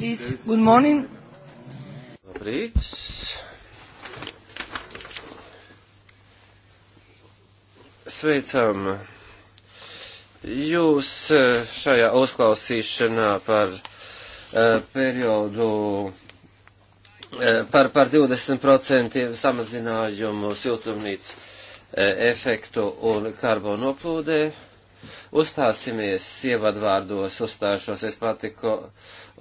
Please, good morning. Labrīt. Sveicam jūs šajā uzklausīšanā par eh, periodu eh, par, par 20% samazinājumu siltumnīcas eh, efektu un karbonu noplūdē. Uzstāsimies ievadvārdos, uzstāšos es pati ko,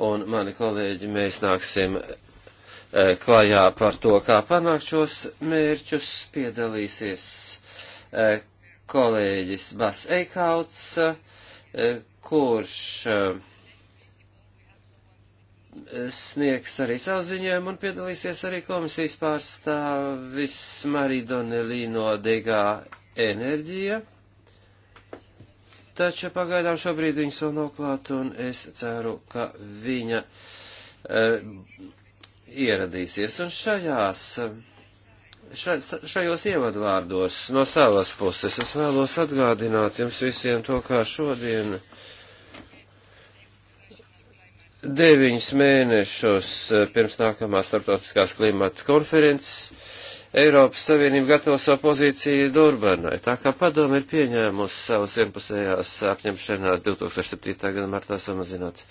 un mani kolēģi, mēs nāksim e, klajā par to, kā panākt šos mērķus. Piedalīsies e, kolēģis Bas Eikauts, e, kurš e, sniegs arī savu ziņojumu un piedalīsies arī komisijas pārstāvis Marija Donelino Degā enerģija taču pagaidām šobrīd viņas vēl nav klāt, un es ceru, ka viņa e, ieradīsies. Un šajās, ša, šajos ievadvārdos no savas puses es vēlos atgādināt jums visiem to, kā šodien deviņus mēnešus eh, pirms nākamās starptautiskās klimata konferences Eiropas Savienība gatavo savu pozīciju Durbanai. Tā kā padomu ir pieņēmusi savas vienpusējās apņemšanās 2007. gada martā samazināt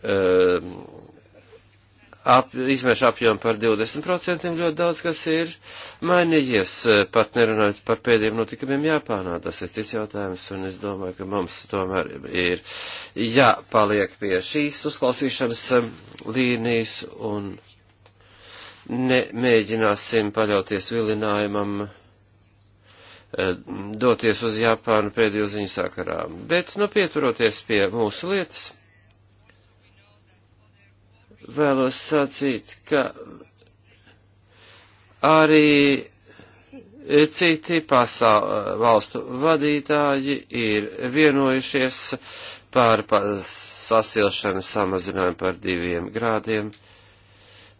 um, ap, izmešu apjomu par 20% ļoti daudz, kas ir mainījies, eh, pat nerunājot par pēdējiem notikumiem Japānā. Tas ir cits jautājums, un es domāju, ka mums tomēr ir jāpaliek pie šīs uzklausīšanas ehm, līnijas, un nemēģināsim paļauties vilinājumam eh, doties uz Japānu pēdējo ziņu sakarā. Bet, nu, pieturoties pie mūsu lietas, vēlos sacīt, ka arī citi pasaules valstu vadītāji ir vienojušies par sasilšanas samazinājumu par diviem grādiem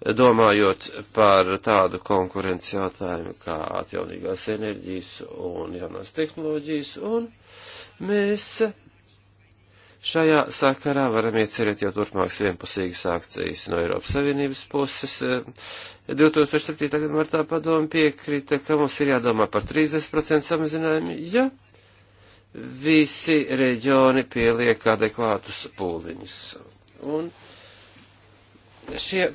domājot par tādu konkurences jautājumu kā atjaunīgās enerģijas un jaunās tehnoloģijas, un mēs šajā sakarā varam iecerēt jau turpmākas vienpusīgas akcijas no Eiropas Savienības puses. 2007. Eh, gada martā padomu piekrita, ka mums ir jādomā par 30% samazinājumu, ja visi reģioni pieliek adekvātus pūliņus. Un šie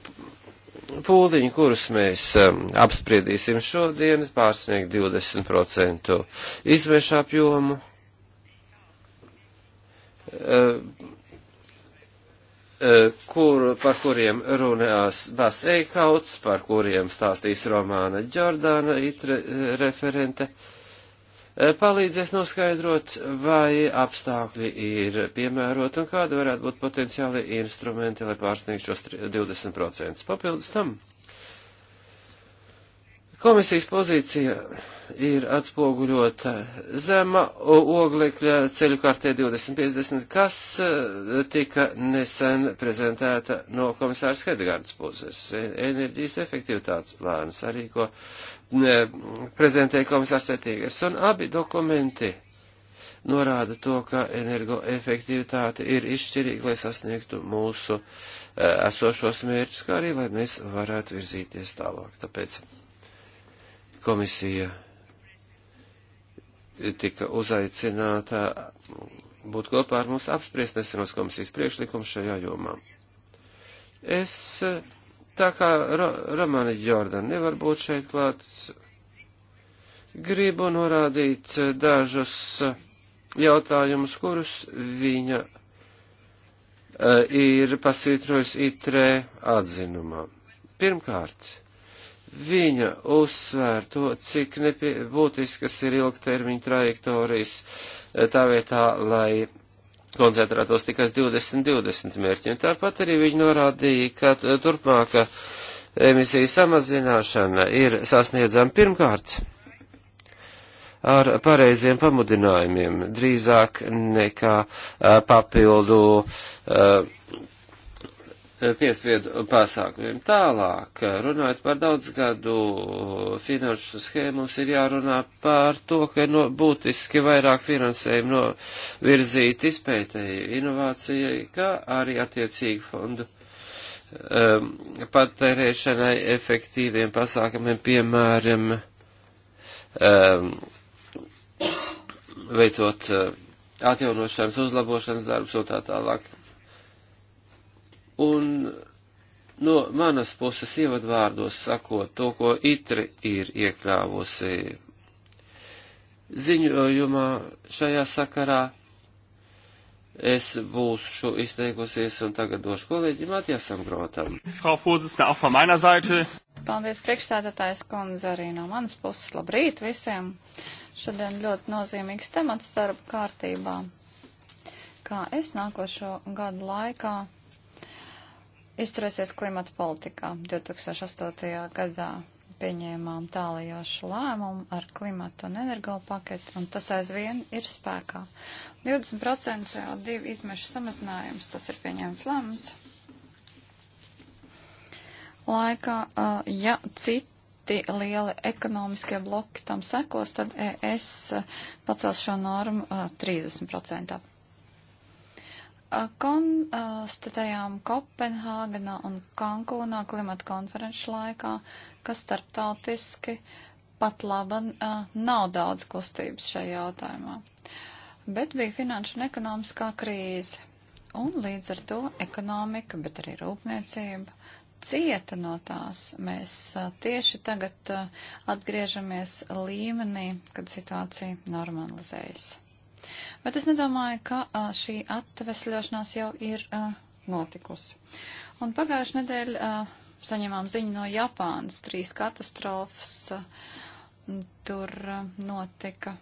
pūliņi, kurus mēs um, apspriedīsim šodien, pārsniegt 20% izmešu apjomu. Uh, uh, kur, par kuriem runās Bas Eikauts, par kuriem stāstīs Romāna Džordāna, it referente. Uh, Eh, palīdzēs noskaidrot, vai apstākļi ir piemēroti un kāda varētu būt potenciāli instrumenti, lai pārsniegtu šos 20%. Papildus tam Komisijas pozīcija ir atspoguļota zema oglekļa ceļu kartē 2050, kas e, tika nesen prezentēta no komisāras Hedegārdas puses. E, enerģijas efektivitātes plāns arī, ko ne, prezentēja komisārs Etīgers. Un abi dokumenti norāda to, ka energoefektivitāte ir izšķirīga, lai sasniegtu mūsu e, esošos mērķus, kā arī, lai mēs varētu virzīties tālāk. Tāpēc komisija tika uzaicināta būt kopā ar mums apspriest nesenos komisijas priekšlikumus šajā jomā. Es, tā kā Ro Romana Jordan nevar būt šeit klāts, gribu norādīt dažus jautājumus, kurus viņa uh, ir pasvītrojusi itrē atzinumā. Pirmkārt, Viņa uzsvēr to, cik nepie, būtiskas ir ilgtermiņa trajektorijas eh, tā vietā, lai koncentrētos tikai uz 2020 mērķiem. Tāpat arī viņa norādīja, ka turpmāka emisiju samazināšana ir sasniedzama pirmkārt ar pareiziem pamudinājumiem, drīzāk nekā uh, papildu uh, Eh, piespiedu pasākumiem. Tālāk, eh, runājot par daudzgadu eh, finanšu schēmu, mums ir jārunā par to, ka no, būtiski vairāk finansējumu no virzīt izpētēji inovācijai, kā arī attiecīgi fondu um, patērēšanai efektīviem pasākumiem, piemēram, um, veicot uh, atjaunošanas, uzlabošanas darbus un tā tālāk Un no manas puses ievadvārdos sakot to, ko itri ir iekļāvusi ziņojumā šajā sakarā, es būšu izteikusies un tagad došu kolēģim Matjasam Grotam. Frau Vorsitzende, auch von meiner Seite. Paldies priekšstādātājs kundze arī no manas puses. Labrīt visiem! Šodien ļoti nozīmīgs temats darba kārtībā. Kā es nākošo gadu laikā izturēsies klimata politikā. 2008. gadā pieņēmām tālajošu lēmumu ar klimatu un energo paketu, un tas aizvien ir spēkā. 20% CO2 izmešu samazinājums, tas ir pieņēmts lēmums. Laikā, ja citi lieli ekonomiskie bloki tam sekos, tad ES pacels šo normu 30% konstatējām Kopenhāgenā un Kankūnā klimata konferenču laikā, ka starptautiski pat laban nav daudz kustības šajā jautājumā. Bet bija finanšu un ekonomiskā krīze, un līdz ar to ekonomika, bet arī rūpniecība cieta no tās. Mēs tieši tagad atgriežamies līmenī, kad situācija normalizējas. Bet es nedomāju, ka a, šī atvesļošanās jau ir a, notikusi. Un pagājušajā nedēļā saņemām ziņu no Japānas trīs katastrofas. A, tur a, notika.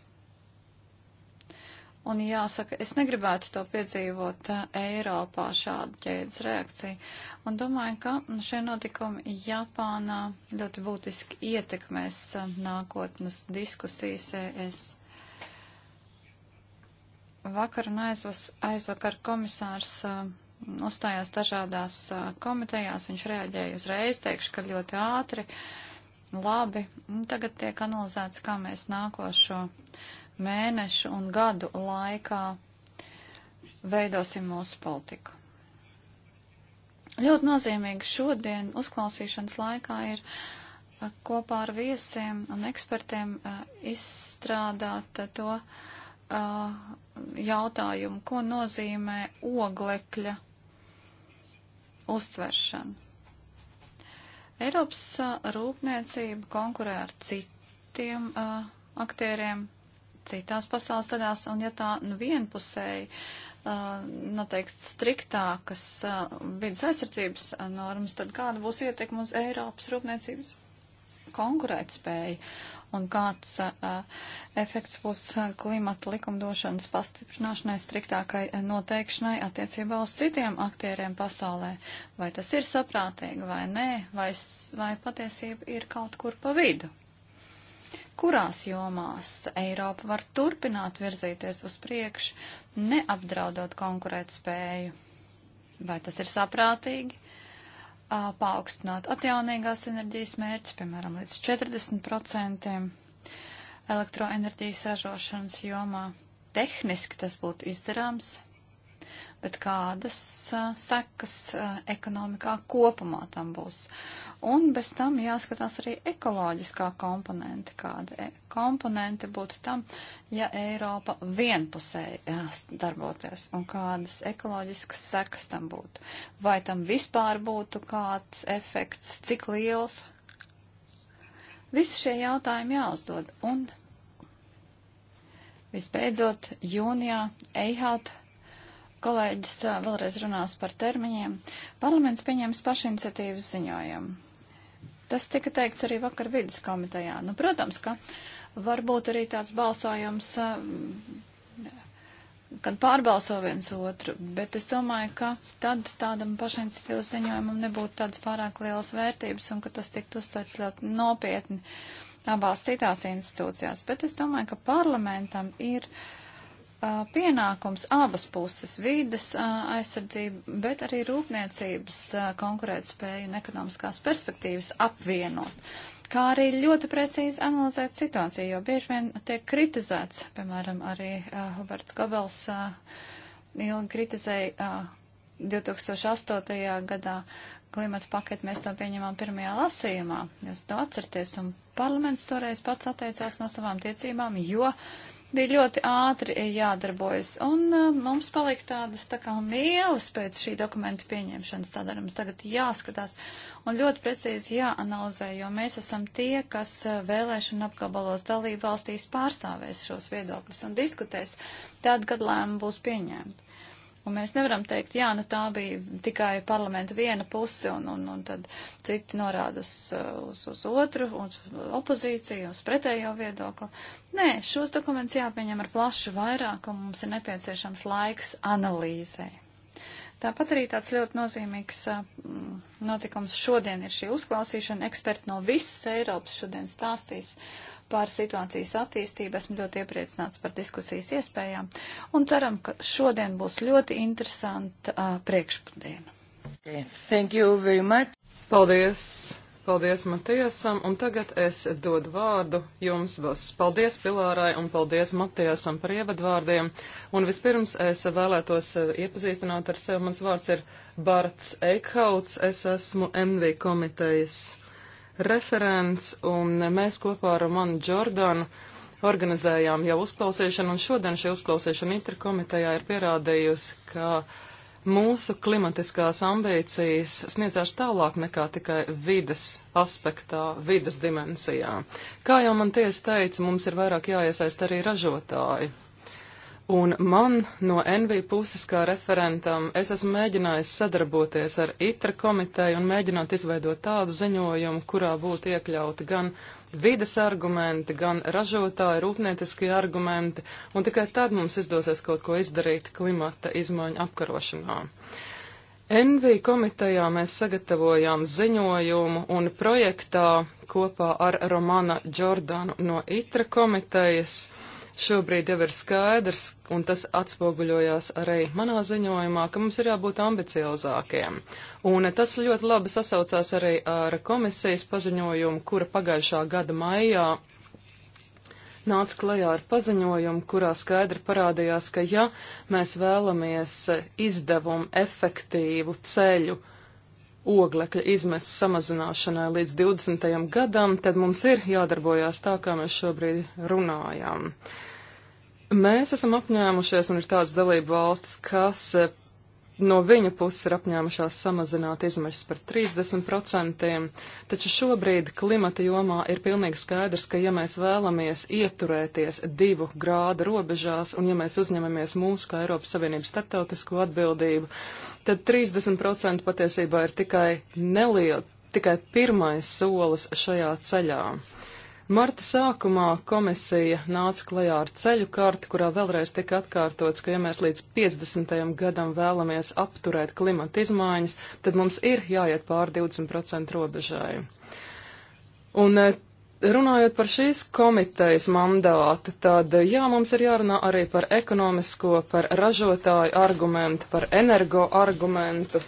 Un jāsaka, es negribētu to piedzīvot a, Eiropā šādu ķēdes reakciju. Un domāju, ka šie notikumi Japānā ļoti būtiski ietekmēs a, nākotnes diskusijas ES. Vakar un aizvas, aizvakar komisārs uh, uzstājās dažādās uh, komitejās, viņš reaģēja uzreiz, teikšu, ka ļoti ātri, labi. Un tagad tiek analizēts, kā mēs nākošo mēnešu un gadu laikā veidosim mūsu politiku. Ļoti nozīmīgi šodien uzklausīšanas laikā ir uh, kopā ar viesiem un ekspertiem uh, izstrādāt to, jautājumu, ko nozīmē oglekļa uztveršana. Eiropas rūpniecība konkurē ar citiem uh, aktieriem citās pasaules daļās, un ja tā nu, vienpusēji uh, noteikti striktākas uh, vidas aizsardzības normas, tad kāda būs ietekma uz Eiropas rūpniecības konkurētspēju? un kāds uh, efekts būs klimata likumdošanas pastiprināšanai, striktākai noteikšanai attiecībā uz citiem aktieriem pasaulē. Vai tas ir saprātīgi vai nē, vai, vai patiesība ir kaut kur pa vidu? Kurās jomās Eiropa var turpināt virzīties uz priekšu, neapdraudot konkurētspēju? Vai tas ir saprātīgi? paaugstināt atjaunīgās enerģijas mērķus, piemēram, līdz 40% elektroenerģijas ražošanas jomā. Tehniski tas būtu izdarāms, bet kādas uh, sekas uh, ekonomikā kopumā tam būs. Un bez tam jāskatās arī ekoloģiskā komponente, kāda e, komponente būtu tam, ja Eiropa vienpusēji darboties, un kādas ekoloģiskas sekas tam būtu. Vai tam vispār būtu kāds efekts, cik liels? Visi šie jautājumi jāuzdod, un visbeidzot jūnijā Eihaut Kolēģis vēlreiz runās par termiņiem. Parlaments pieņems pašiniciatīvas ziņojumu. Tas tika teikts arī vakar vidas komitejā. Nu, protams, ka varbūt arī tāds balsojums, kad pārbalso viens otru, bet es domāju, ka tad tādam pašiniciatīvas ziņojumam nebūtu tādas pārāk lielas vērtības un ka tas tiktu uztvērts ļoti nopietni abās citās institūcijās. Bet es domāju, ka parlamentam ir. Uh, pienākums abas puses - vīdes aizsardzību, bet arī rūpniecības konkurētspēju un ekonomiskās perspektīvas apvienot. Kā arī ļoti precīzi analizēt situāciju, jo bieži vien tiek kritizēts, piemēram, arī uh, Huberts Gobels uh, ilgi kritizēja uh, 2008. gadā klimata paketu, mēs to pieņemām pirmajā lasījumā, jūs to atcerties, un parlaments toreiz pats atteicās no savām tiecībām, jo uh, bija ļoti ātri jādarbojas, un uh, mums palika tādas tā kā mīlas pēc šī dokumenta pieņemšanas, tādēļ mums tagad jāskatās un ļoti precīzi jāanalizē, jo mēs esam tie, kas uh, vēlēšana apgabalos dalību valstīs pārstāvēs šos viedokļus un diskutēs, tad, kad lēma būs pieņemta. Un mēs nevaram teikt, jā, nu tā bija tikai parlamenta viena puse, un, un, un tad citi norāda uz, uh, uz, uz otru, uz opozīciju, uz pretējo viedokli. Nē, šos dokumentus jāpieņem ar plašu vairākumu, mums ir nepieciešams laiks analīzei. Tāpat arī tāds ļoti nozīmīgs uh, notikums šodien ir šī uzklausīšana. Eksperti no visas Eiropas šodien stāstīs. Uh, pār situācijas attīstību. Esmu ļoti iepriecināts par diskusijas iespējām un ceram, ka šodien būs ļoti interesanta uh, priekšpadiena. Thank you very much. Paldies. Paldies Matiesam, un tagad es dodu vārdu jums, Bos. Paldies Pilārai un paldies Matiesam par ievadvārdiem. Un vispirms es vēlētos iepazīstināt ar sevi. Mans vārds ir Barts Eikhauts, es esmu MV komitejas referents, un mēs kopā ar manu Jordanu organizējām jau uzklausīšanu, un šodien šī uzklausīšana Itra komitejā ir pierādījusi, ka mūsu klimatiskās ambīcijas sniedzās tālāk nekā tikai vides aspektā, vides dimensijā. Kā jau man tiesa teica, mums ir vairāk jāiesaist arī ražotāji, Un man no NV puses kā referentam es esmu mēģinājis sadarboties ar ITRA komiteju un mēģināt izveidot tādu ziņojumu, kurā būtu iekļauti gan vides argumenti, gan ražotāji, rūpnieciskie argumenti, un tikai tad mums izdosies kaut ko izdarīt klimata izmaiņu apkarošanā. NV komitejā mēs sagatavojām ziņojumu un projektā kopā ar Romana Džordanu no ITRA komitejas Šobrīd jau ir skaidrs, un tas atspoguļojās arī manā ziņojumā, ka mums ir jābūt ambiciozākiem. Un tas ļoti labi sasaucās arī ar komisijas paziņojumu, kura pagājušā gada maijā nāca klajā ar paziņojumu, kurā skaidri parādījās, ka ja mēs vēlamies izdevumu efektīvu ceļu, oglekļa izmesu samazināšanai līdz 20. gadam, tad mums ir jādarbojās tā, kā mēs šobrīd runājam. Mēs esam apņēmušies un ir tāds dalība valstis, kas eh, no viņa puses ir apņēmušās samazināt izmešas par 30%, taču šobrīd klimata jomā ir pilnīgi skaidrs, ka ja mēs vēlamies ieturēties divu grādu robežās un ja mēs uzņemamies mūsu kā Eiropas Savienības starptautisko atbildību, tad 30% patiesībā ir tikai neliela, tikai pirmais solis šajā ceļā. Marta sākumā komisija nāca klajā ar ceļu karti, kurā vēlreiz tika atkārtots, ka ja mēs līdz 50. gadam vēlamies apturēt klimata izmaiņas, tad mums ir jāiet pār 20% robežai. Un eh, runājot par šīs komitejas mandātu, tad eh, jā, mums ir jārunā arī par ekonomisko, par ražotāju argumentu, par energo argumentu,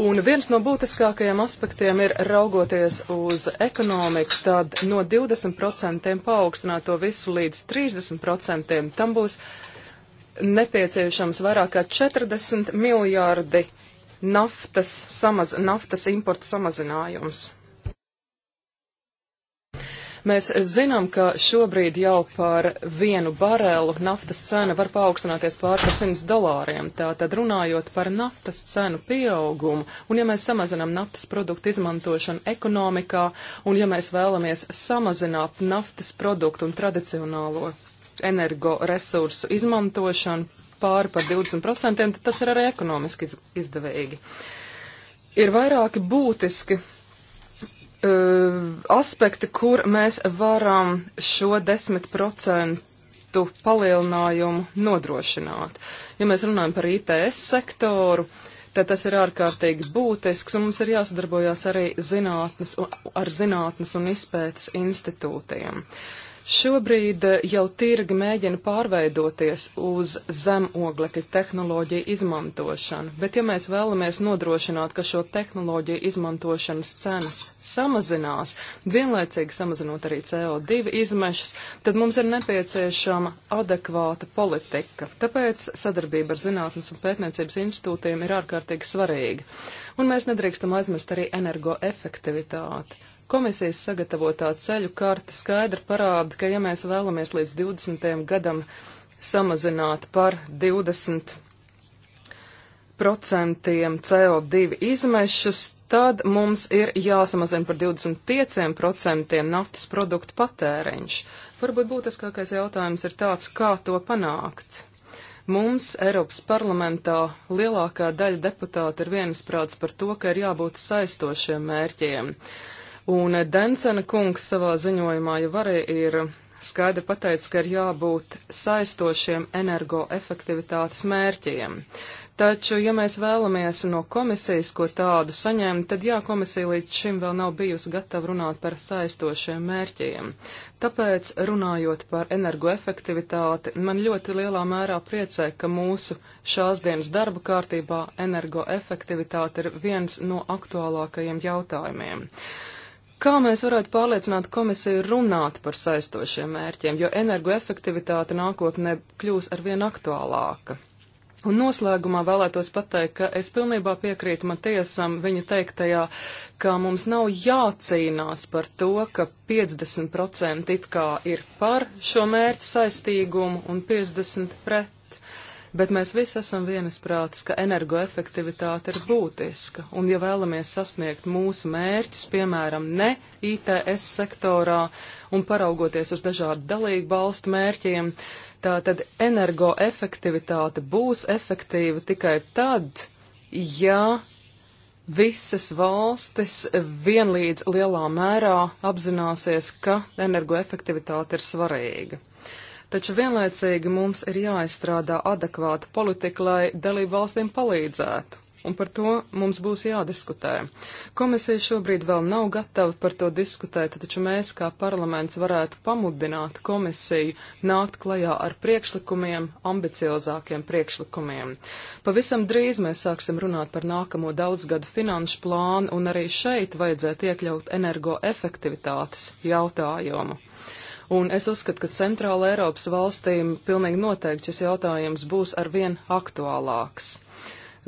Un viens no būtiskākajiem aspektiem ir raugoties uz ekonomiku, tad no 20% paaugstināt to visu līdz 30% tam būs nepieciešams vairāk kā 40 miljārdi naftas, samaz, naftas importa samazinājums. Mēs zinām, ka šobrīd jau par vienu barelu naftas cena var paaugstināties pār par 100 dolāriem. Tātad runājot par naftas cenu pieaugumu, un ja mēs samazinām naftas produktu izmantošanu ekonomikā, un ja mēs vēlamies samazināt naftas produktu un tradicionālo energoresursu izmantošanu, pāri par 20%, tad tas ir arī ekonomiski izdevīgi. Ir vairāki būtiski Uh, aspekti, kur mēs varam šo 10% palielinājumu nodrošināt. Ja mēs runājam par ITS sektoru, tad tas ir ārkārtīgi būtisks, un mums ir jāsadarbojās arī zinātnes, ar zinātnes un izpētes institūtiem. Uh, Šobrīd eh, jau tirgi mēģina pārveidoties uz zemoglekļa tehnoloģiju izmantošanu, bet ja mēs vēlamies nodrošināt, ka šo tehnoloģiju izmantošanas cenas samazinās, vienlaicīgi samazinot arī CO2 izmešas, tad mums ir nepieciešama adekvāta politika. Tāpēc sadarbība ar zinātnes un pētniecības institūtiem ir ārkārtīgi svarīga. Un mēs nedrīkstam aizmirst arī energoefektivitāti. Komisijas sagatavotā ceļu karta skaidri parāda, ka ja mēs vēlamies līdz 20. gadam samazināt par 20% CO2 izmešus, tad mums ir jāsamazina par 25% naftas produktu patēriņš. Varbūt būtiskākais jautājums ir tāds, kā to panākt. Mums Eiropas parlamentā lielākā daļa deputāta ir viensprāts par to, ka ir jābūt saistošiem mērķiem. Uh, Un Densena kungs savā ziņojumā jau arī ir skaidri pateicis, ka ir jābūt saistošiem energoefektivitātes mērķiem. Taču, ja mēs vēlamies no komisijas ko tādu saņemt, tad jā, komisija līdz šim vēl nav bijusi gatava runāt par saistošiem mērķiem. Tāpēc, runājot par energoefektivitāti, man ļoti lielā mērā priecē, ka mūsu šās dienas darba kārtībā energoefektivitāte ir viens no aktuālākajiem jautājumiem. Uh, Kā mēs varētu pārliecināt komisiju runāt par saistošiem mērķiem, jo energoefektivitāte nākotnē kļūs arvien aktuālāka? Un noslēgumā vēlētos pateikt, ka es pilnībā piekrītu Matiesam viņa teiktajā, ka mums nav jācīnās par to, ka 50% it kā ir par šo mērķu saistīgumu un 50% pret bet mēs visi esam vienisprātis, ka energoefektivitāte ir būtiska, un ja vēlamies sasniegt mūsu mērķus, piemēram, ne ITS sektorā, un paraugoties uz dažādu dalību valstu mērķiem, tātad energoefektivitāte būs efektīva tikai tad, ja visas valstis vienlīdz lielā mērā apzināsies, ka energoefektivitāte ir svarīga taču vienlaicīgi mums ir jāizstrādā adekvāta politika, lai dalību valstīm palīdzētu. Un par to mums būs jādiskutē. Komisija šobrīd vēl nav gatava par to diskutēt, taču mēs kā parlaments varētu pamudināt komisiju nākt klajā ar priekšlikumiem, ambiciozākiem priekšlikumiem. Pavisam drīz mēs sāksim runāt par nākamo daudzgadu finanšu plānu, un arī šeit vajadzētu iekļaut energoefektivitātes jautājumu un es uzskatu, ka Centrāla Eiropas valstīm pilnīgi noteikti šis jautājums būs arvien aktuālāks.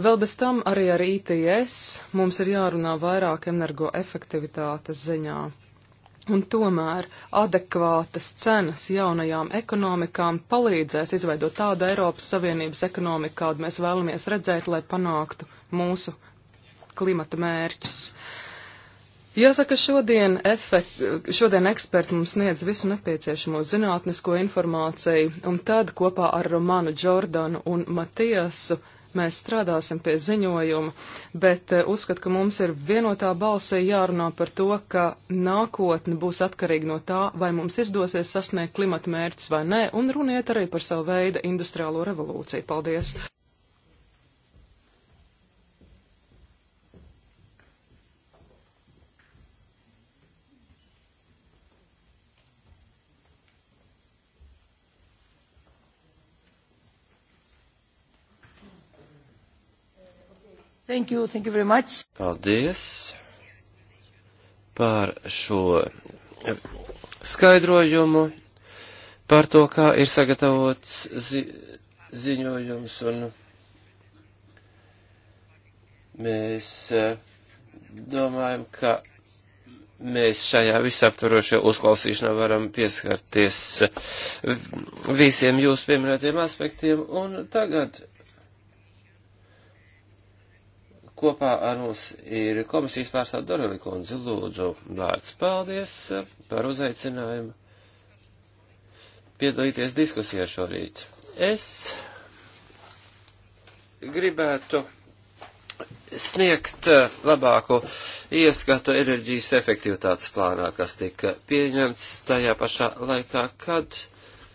Vēl bez tam arī ar ITS mums ir jārunā vairāk energoefektivitātes ziņā. Un tomēr adekvātas cenas jaunajām ekonomikām palīdzēs izveidot tādu Eiropas Savienības ekonomiku, kādu mēs vēlamies redzēt, lai panāktu mūsu klimata mērķus. Jāsaka, šodien, efekt, šodien eksperti mums sniedz visu nepieciešamo zinātnisko informāciju, un tad kopā ar Romanu Jordanu un Matiesu mēs strādāsim pie ziņojuma, bet eh, uzskat, ka mums ir vienotā balsē jārunā par to, ka nākotne būs atkarīga no tā, vai mums izdosies sasniegt klimata mērķis vai nē, un runiet arī par savu veidu industriālo revolūciju. Paldies! Thank you, thank you very much. Paldies par šo skaidrojumu, par to, kā ir sagatavots zi ziņojums, un mēs eh, domājam, ka mēs šajā visaptvarošajā uzklausīšanā varam pieskarties eh, visiem jūs pieminētiem aspektiem, un tagad Kopā ar mums ir komisijas pārstāv Dorili Kundze. Lūdzu, vārds paldies par uzaicinājumu piedalīties diskusijā šorīt. Es gribētu sniegt labāku ieskatu enerģijas efektivitātes plānā, kas tika pieņemts tajā pašā laikā, kad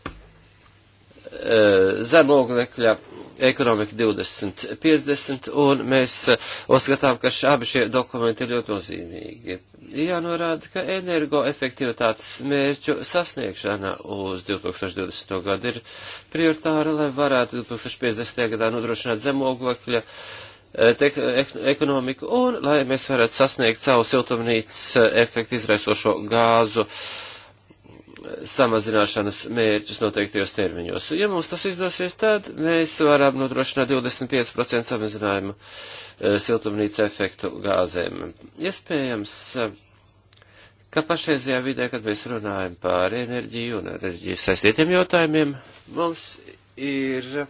e, eh, zemoglekļa ekonomika 2050, un mēs eh, uzskatām, ka abi šie dokumenti ir ļoti nozīmīgi. Jānorāda, ka energoefektivitātes mērķu sasniegšana uz 2020. gadu ir prioritāra, lai varētu 2050. gadā nodrošināt zemoglekļa eh, Te, ekonomiku un lai mēs varētu sasniegt savu siltumnīcas eh, efektu izraisošo gāzu uh, samazināšanas mērķus noteiktajos termiņos. Ja mums tas izdosies, tad mēs varam nodrošināt 25% samazinājumu eh, siltumnīca efektu gāzēm. Iespējams, eh, ka pašreizajā vidē, kad mēs runājam par enerģiju un enerģiju saistītiem jautājumiem, mums ir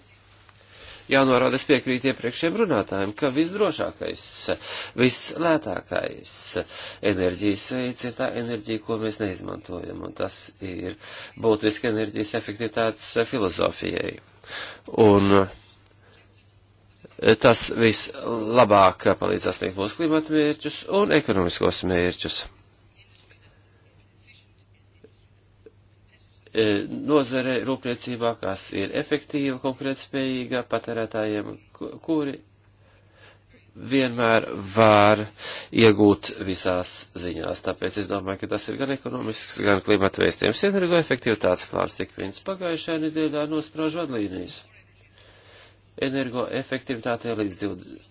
jānorāda, es piekrītu iepriekšējiem runātājiem, ka visdrošākais, vislētākais enerģijas veids ir tā enerģija, ko mēs neizmantojam, un tas ir būtiski enerģijas efektivitātes filozofijai. Un tas vislabāk palīdzēs sniegt mūsu klimata mērķus un ekonomiskos mērķus. E, nozare rūpniecībā, kas ir efektīva, konkurētspējīga patērētājiem, kuri vienmēr var iegūt visās ziņās. Tāpēc es domāju, ka tas ir gan ekonomisks, gan klimata vēstījums. Energoefektivitātes plāns tik viens pagājušajā nedēļā nosprauž vadlīnijas. Energoefektivitātei līdz 20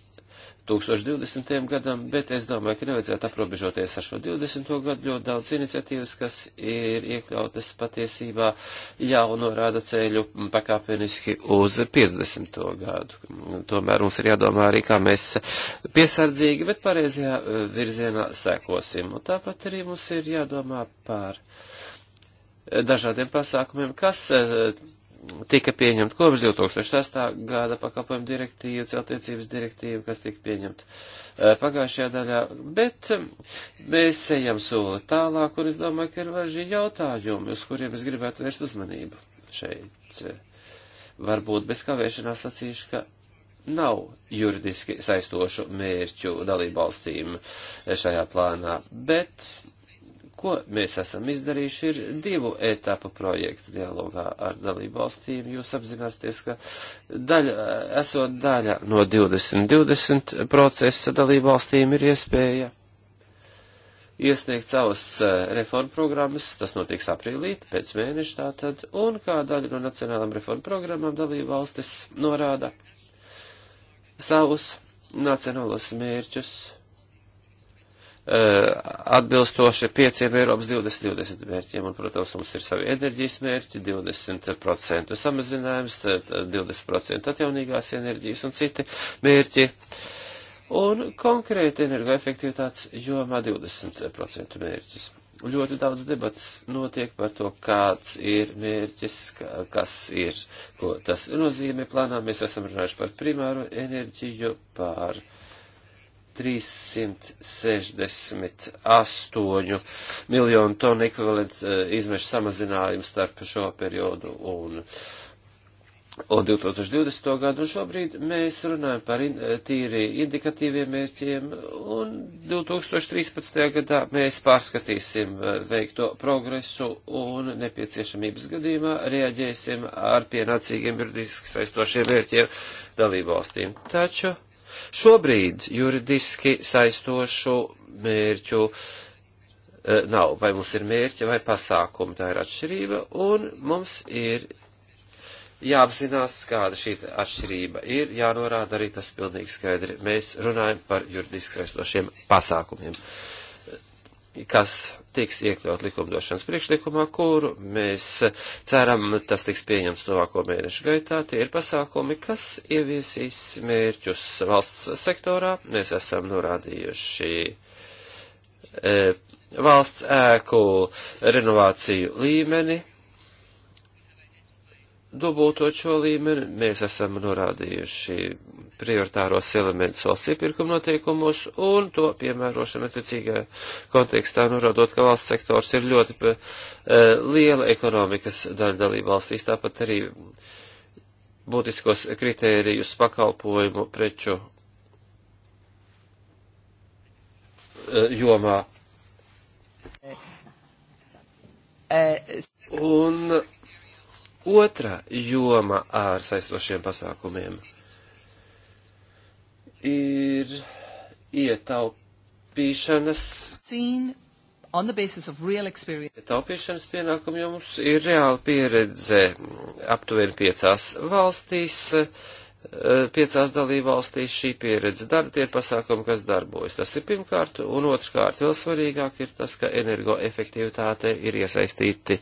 2020. gadam, bet es domāju, ka nevajadzētu aprobežoties ar šo 20. gadu. Ļoti daudz iniciatīvas, kas ir iekļautas patiesībā, jau norāda ceļu pakāpeniski uz 50. gadu. Tomēr mums ir jādomā arī, kā mēs piesardzīgi, bet pareizajā eh, virzienā sekosim. Un tāpat arī mums ir jādomā par eh, dažādiem pasākumiem, kas eh, tika pieņemta kopš 2006. gada pakalpojumu direktīva, celtniecības direktīva, kas tika pieņemta eh, pagājušajā daļā, bet eh, mēs ejam soli tālāk, un es domāju, ka ir važi jautājumi, uz kuriem es gribētu vērst uzmanību šeit. Varbūt bez kavēšanās sacīšu, ka nav juridiski saistošu mērķu dalībvalstīm eh, šajā plānā, bet Ko mēs esam izdarījuši, ir divu etapu projekts dialogā ar dalību valstīm. Jūs apzināties, ka daļa, esot daļa no 2020 procesa dalību valstīm ir iespēja iesniegt savas eh, reformu programmas, tas notiks aprīlī, pēc mēneša tātad, un kā daļa no nacionālām reformu programmām dalību valstis norāda savus nacionālos mērķus Eh, atbilstoši 5 Eiropas 2020 mērķiem, un, protams, mums ir savi enerģijas mērķi, 20% samazinājums, 20% eh, atjaunīgās enerģijas un citi mērķi, un konkrēti energoefektivitātes jomā 20% mērķis. Ļoti daudz debats notiek par to, kāds ir mērķis, kas ir, ko tas nozīmē plānā. Mēs esam runājuši par primāro enerģiju, par uh, 368 miljonu tonu ekvivalents eh, izmešu samazinājumu starp šo periodu un, un 2020. gadu. Un šobrīd mēs runājam par in, eh, tīri indikatīviem mērķiem, un 2013. gadā mēs pārskatīsim eh, veikto progresu un nepieciešamības gadījumā reaģēsim ar pienācīgiem juridiski saistošiem mērķiem dalībvalstīm. Taču Šobrīd juridiski saistošu mērķu e, nav. Vai mums ir mērķi vai pasākumi, tā ir atšķirība, un mums ir jāapzinās, kāda šī atšķirība ir, jānorāda arī tas pilnīgi skaidri. Mēs runājam par juridiski saistošiem pasākumiem. Uh, kas tiks iekļaut likumdošanas priekšlikumā, kuru mēs ceram, tas tiks pieņems tuvāko mēnešu gaitā. Tie ir pasākumi, kas ieviesīs mērķus valsts sektorā. Mēs esam norādījuši e, valsts ēku renovāciju līmeni, dubultot šo līmeni, mēs esam norādījuši prioritāros elementus valsts iepirkuma noteikumos un to piemērošanu attiecīgā kontekstā, norādot, ka valsts sektors ir ļoti e, liela ekonomikas daļa dalība valstīs, tāpat arī būtiskos kritērijus pakalpojumu preču e, jomā. Eh, un Otra joma ar saistošiem pasākumiem ir ietaupīšanas. Ietaupīšanas pienākumu jums ir reāla pieredze aptuveni piecās valstīs. Uh, Eh, piecās dalībvalstīs šī pieredze dara, tie ir pasākumi, kas darbojas. Tas ir pirmkārt, un otrkārt vēl svarīgāk ir tas, ka energoefektivitāte ir iesaistīti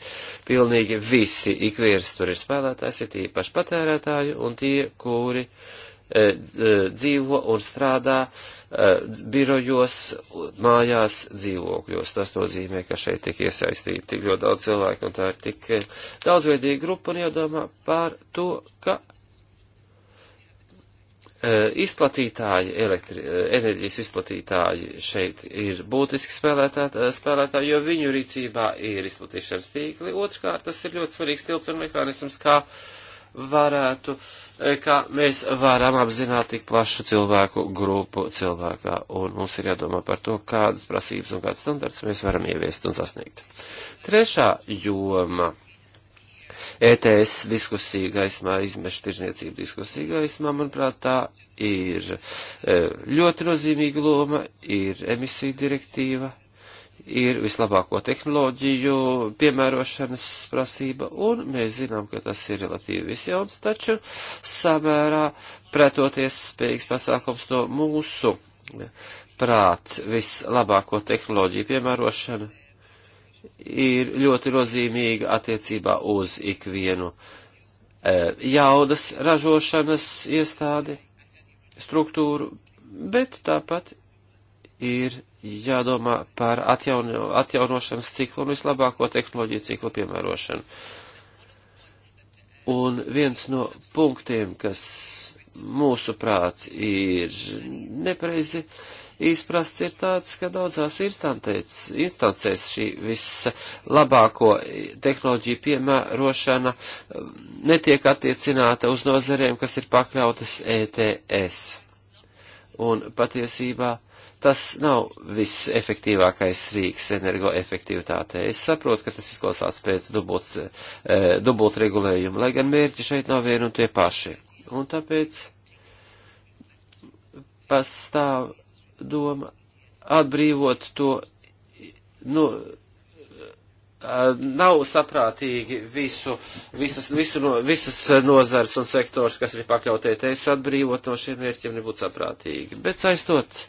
pilnīgi visi, ik viens tur ir spēlētājs, ir īpaši patērētāji un tie, kuri e, dzīvo un strādā e, birojos, mājās, dzīvokļos. Tas nozīmē, ka šeit tik iesaistīti tik ļoti daudz cilvēku, un tā ir tik daudzveidīga grupa, un jādomā par to, ka Eh, izplatītāji, elektri, eh, enerģijas izplatītāji šeit ir būtiski spēlētā, eh, spēlētāji, jo viņu rīcībā ir izplatīšanas tīkli. Otrkārt, tas ir ļoti svarīgs tilts un mehānisms, kā varētu, kā mēs varam apzināt tik plašu cilvēku grupu cilvēkā. Un mums ir jādomā par to, kādas prasības un kādas standarts mēs varam ieviest un sasniegt. Trešā joma. ETS diskusiju gaismā, izmešu tirzniecību diskusiju gaismā, manuprāt, tā ir e, ļoti nozīmīga loma, ir emisija direktīva, ir vislabāko tehnoloģiju piemērošanas prasība, un mēs zinām, ka tas ir relatīvi visjauns, taču samērā pretoties spējīgs pasākums no mūsu prāt vislabāko tehnoloģiju piemērošana ir ļoti nozīmīga attiecībā uz ikvienu e, jaudas ražošanas iestādi, struktūru, bet tāpat ir jādomā par atjauno, atjaunošanas ciklu un vislabāko tehnoloģiju ciklu piemērošanu. Un viens no punktiem, kas mūsu prāts ir nepareizi, uh, izprasts ir tāds, ka daudzās instancēs šī vislabāko tehnoloģiju piemērošana um, netiek attiecināta uz nozerēm, kas ir pakļautas ETS. Un patiesībā tas nav visefektīvākais rīks energoefektivitātei. Es saprotu, ka tas izklausās pēc dubults, e, dubult regulējuma, lai gan mērķi šeit nav vien un tie paši. Un tāpēc pastāv doma atbrīvot to, nu, nav saprātīgi visu, visas, visu no, visas nozars un sektors, kas ir pakļauti ETS, atbrīvot no šiem mērķiem nebūtu saprātīgi. Bet saistot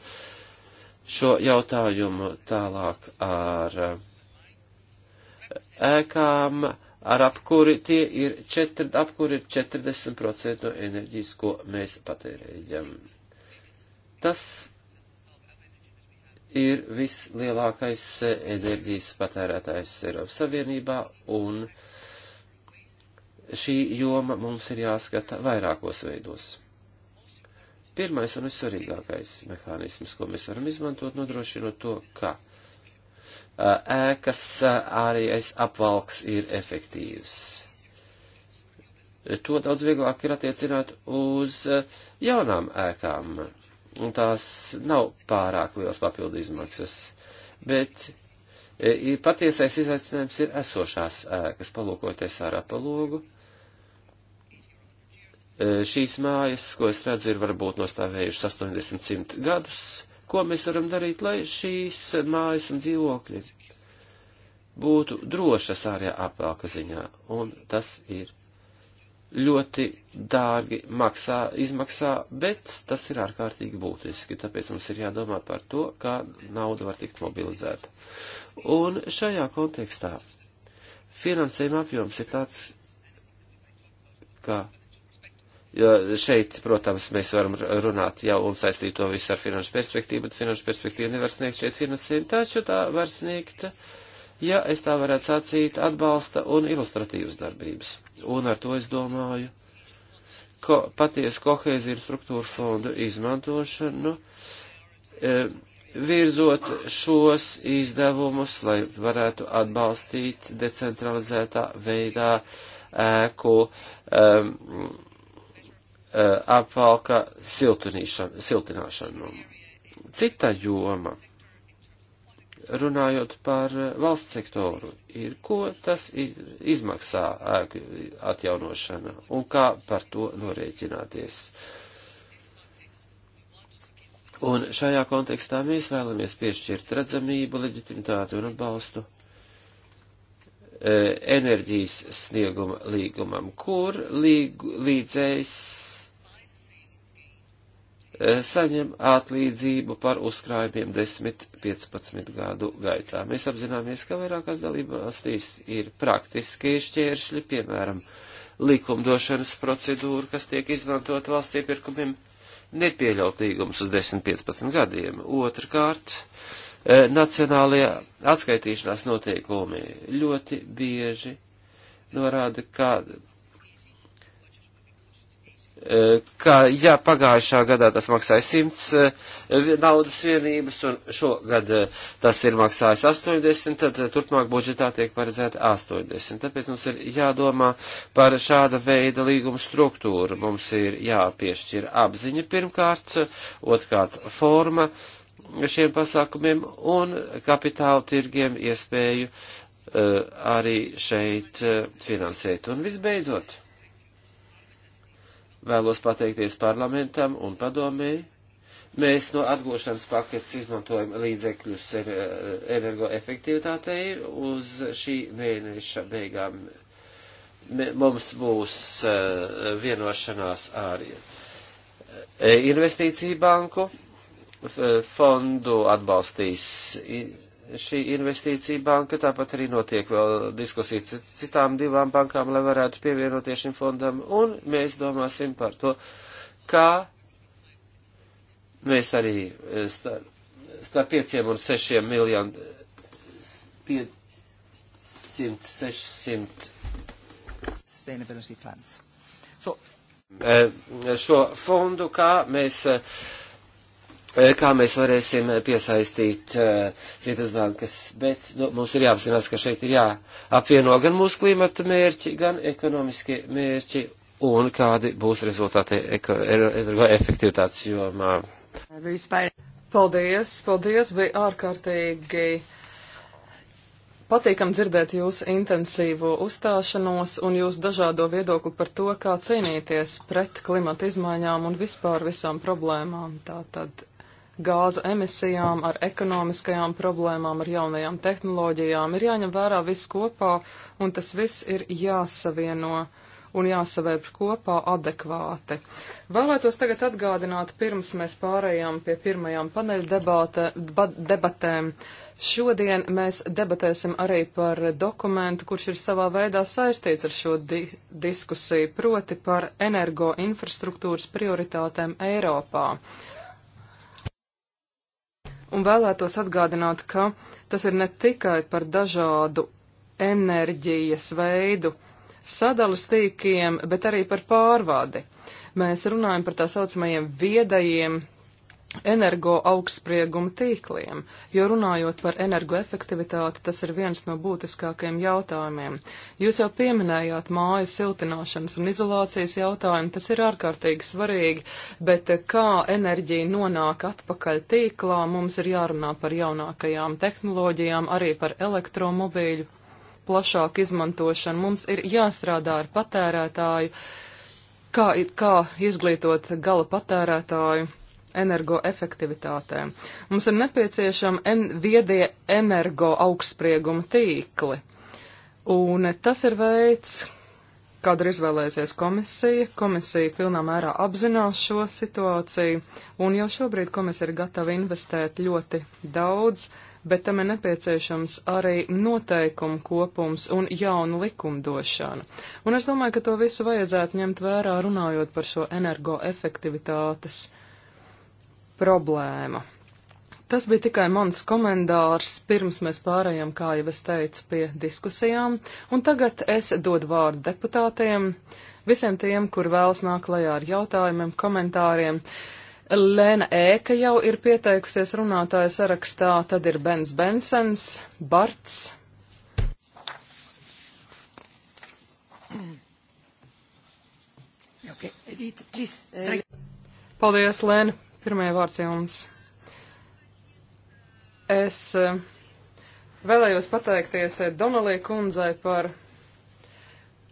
šo jautājumu tālāk ar ēkām, ar apkuri, tie ir, četri, apkuri ir 40% no enerģijas, ko mēs patērējam. Tas ir vislielākais eh, enerģijas patērētājs Eiropas Savienībā, un šī joma mums ir jāskata vairākos veidos. Pirmais un vissvarīgākais mehānisms, ko mēs varam izmantot, nodrošinot to, ka eh, ēkas eh, ārējais apvalks ir efektīvs. To daudz vieglāk ir attiecināt uz jaunām ēkām, tās nav pārāk liels papildu izmaksas, bet e, ir patiesais izaicinājums ir esošās ēkas, palūkoties ārā palūgu. E, šīs mājas, ko es redzu, ir varbūt nostāvējušas 80-100 gadus. Ko mēs varam darīt, lai šīs mājas un dzīvokļi būtu drošas ārējā apvalka ziņā? Un tas ir ļoti dārgi maksā, izmaksā, bet tas ir ārkārtīgi būtiski, tāpēc mums ir jādomā par to, kā nauda var tikt mobilizēta. Un šajā kontekstā finansējuma apjoms ir tāds, ka ja šeit, protams, mēs varam runāt jau un saistīt to visu ar finanšu perspektīvu, bet finanšu perspektīvu nevar sniegt šeit finansējumu, taču tā var sniegt, ja es tā varētu sacīt, atbalsta un ilustratīvas darbības Un ar to es domāju, ko, patiesu kohēziju struktūru fondu izmantošanu, e, virzot šos izdevumus, lai varētu atbalstīt decentralizētā veidā ēku e, e, apvalka siltināšanu. Cita joma runājot par eh, valsts sektoru, ir ko tas izmaksā ēku atjaunošana un kā par to norēķināties. Un šajā kontekstā mēs vēlamies piešķirt redzamību, leģitimitāti un atbalstu eh, enerģijas snieguma līgumam, kur līg, līdzējs Eh, saņem atlīdzību par uzkrājumiem 10-15 gadu gaitā. Mēs apzināmies, ka vairākās dalībvalstīs ir praktiskie šķēršļi, piemēram, likumdošanas procedūra, kas tiek izmantot valsts iepirkumiem, nepieļaut līgumus uz 10-15 gadiem. Otrkārt, eh, nacionālajā atskaitīšanās noteikumi ļoti bieži norāda, ka ka, ja pagājušā gadā tas maksāja 100 eh, naudas vienības un šogad eh, tas ir maksājis 80, tad eh, turpmāk budžetā tiek paredzēta 80. Tāpēc mums ir jādomā par šāda veida līguma struktūru. Mums ir jāpiešķir apziņa pirmkārt, otrkārt forma šiem pasākumiem un kapitāla tirgiem iespēju uh, arī šeit uh, finansēt. Un visbeidzot Vēlos pateikties parlamentam un padomēji. Mēs no atgūšanas paketes izmantojam līdzekļus energoefektivitātei uz šī mēneša beigām mums būs e, vienošanās ar e, investīciju banku, fondu atbalstīs šī investīcija banka, tāpat arī notiek vēl diskusija citām divām bankām, lai varētu pievienoties šim fondam, un mēs domāsim par to, kā mēs arī eh, starp, starp 5 un 6 miljonu 500, 600 sustainability plans. So, eh, šo fondu, kā mēs eh, Eh, kā mēs varēsim piesaistīt uh, citas bankas, bet nu, mums ir jāapzinās, ka šeit ir jāapvieno gan mūsu klimata mērķi, gan ekonomiskie mērķi un kādi būs rezultāti er, energoefektivitātes jomā. Paldies, paldies, bija ārkārtīgi patīkam dzirdēt jūsu intensīvo uzstāšanos un jūsu dažādo viedokli par to, kā cīnīties pret klimata izmaiņām un vispār visām problēmām. Tātad gāzu emisijām, ar ekonomiskajām problēmām, ar jaunajām tehnoloģijām. Ir jāņem vērā viss kopā, un tas viss ir jāsavieno un jāsavēr kopā adekvāti. Vēlētos tagad atgādināt, pirms mēs pārējām pie pirmajām paneļa debatēm. Šodien mēs debatēsim arī par dokumentu, kurš ir savā veidā saistīts ar šo di diskusiju, proti par energoinfrastruktūras prioritātēm Eiropā un vēlētos atgādināt, ka tas ir ne tikai par dažādu enerģijas veidu sadalas tīkiem, bet arī par pārvādi. Mēs runājam par tā saucamajiem viedajiem energo augstsprieguma tīkliem, jo runājot par energoefektivitāti, tas ir viens no būtiskākajiem jautājumiem. Jūs jau pieminējāt māju siltināšanas un izolācijas jautājumu, tas ir ārkārtīgi svarīgi, bet kā enerģija nonāk atpakaļ tīklā, mums ir jārunā par jaunākajām tehnoloģijām, arī par elektromobīļu plašāku izmantošanu. Mums ir jāstrādā ar patērētāju, kā, kā izglītot gala patērētāju energoefektivitātēm. Mums ir nepieciešama en viedie energo augstsprieguma tīkli. Un tas ir veids, kāda ir izvēlējusies komisija. Komisija pilnā mērā apzinās šo situāciju, un jau šobrīd komisija ir gatava investēt ļoti daudz, bet tam ir nepieciešams arī noteikumu kopums un jauna likumdošana. Un es domāju, ka to visu vajadzētu ņemt vērā runājot par šo energoefektivitātes problēma. Tas bija tikai mans komendārs, pirms mēs pārējām, kā jau es teicu, pie diskusijām, un tagad es dodu vārdu deputātiem, visiem tiem, kur vēlas nāk lajā ar jautājumiem, komentāriem. Lēna Ēka jau ir pieteikusies runātāja sarakstā, tad ir Bens Bensens, Barts. Okay, Edith, please, uh... Paldies, Lēna! Pirmajā vārds jums. Es eh, vēlējos pateikties eh, Donalī kundzei par.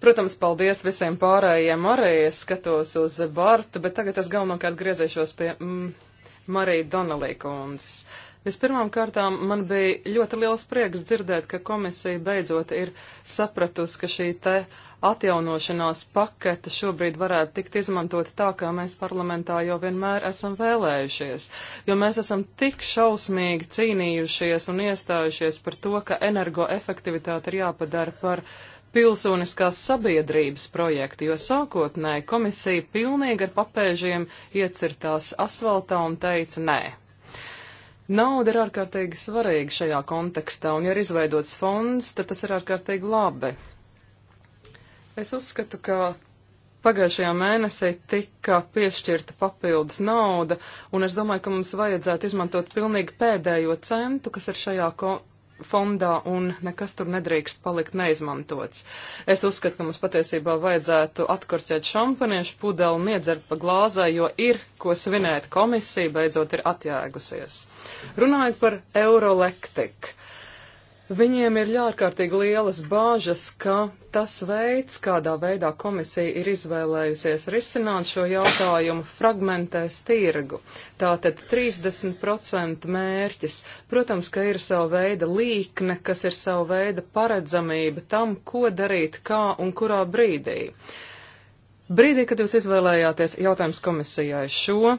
Protams, paldies visiem pārējiem arī. Es skatos uz Bartu, bet tagad es galvenokārt griezīšos pie mm, Marija Donalī kundzes. Vispirmām kārtām man bija ļoti liels prieks dzirdēt, ka komisija beidzot ir sapratusi, ka šī te uh, atjaunošanās pakete šobrīd varētu tikt izmantota tā, kā mēs parlamentā jau vienmēr esam vēlējušies, jo mēs esam tik šausmīgi cīnījušies un iestājušies par to, ka energoefektivitāte ir jāpadara par pilsoniskās sabiedrības projektu, jo sākotnēji komisija pilnīgi ar papēžiem iecirtās asfaltā un teica nē. Nauda ir ārkārtīgi svarīga šajā kontekstā, un ja ir izveidots fonds, tad tas ir ārkārtīgi labi. Es uzskatu, ka pagājušajā mēnesī tika piešķirta papildus nauda, un es domāju, ka mums vajadzētu izmantot pilnīgi pēdējo centu, kas ir šajā fondā, un nekas tur nedrīkst palikt neizmantots. Es uzskatu, ka mums patiesībā vajadzētu atkorķēt šampaniešu pudeli un iedzert pa glāzē, jo ir, ko svinēt komisija, beidzot ir atjēgusies. Runājot par Eurolektiku. Viņiem ir ļārkārtīgi lielas bāžas, ka tas veids, kādā veidā komisija ir izvēlējusies risināt šo jautājumu, fragmentēs tirgu. Tātad 30% mērķis. Protams, ka ir sava veida līkne, kas ir sava veida paredzamība tam, ko darīt, kā un kurā brīdī. Brīdī, kad jūs izvēlējāties jautājums komisijai šo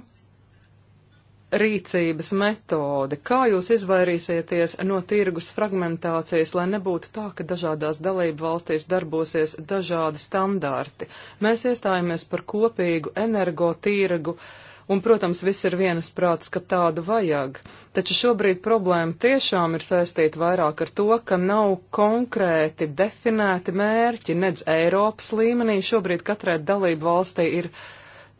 rīcības metode? Kā jūs izvairīsieties no tirgus fragmentācijas, lai nebūtu tā, ka dažādās dalību valstīs darbosies dažādi standarti? Mēs iestājamies par kopīgu energotīrgu. Un, protams, viss ir vienas prāts, ka tādu vajag. Taču šobrīd problēma tiešām ir saistīta vairāk ar to, ka nav konkrēti definēti mērķi, nedz Eiropas līmenī. Šobrīd katrai dalību valstī ir uh,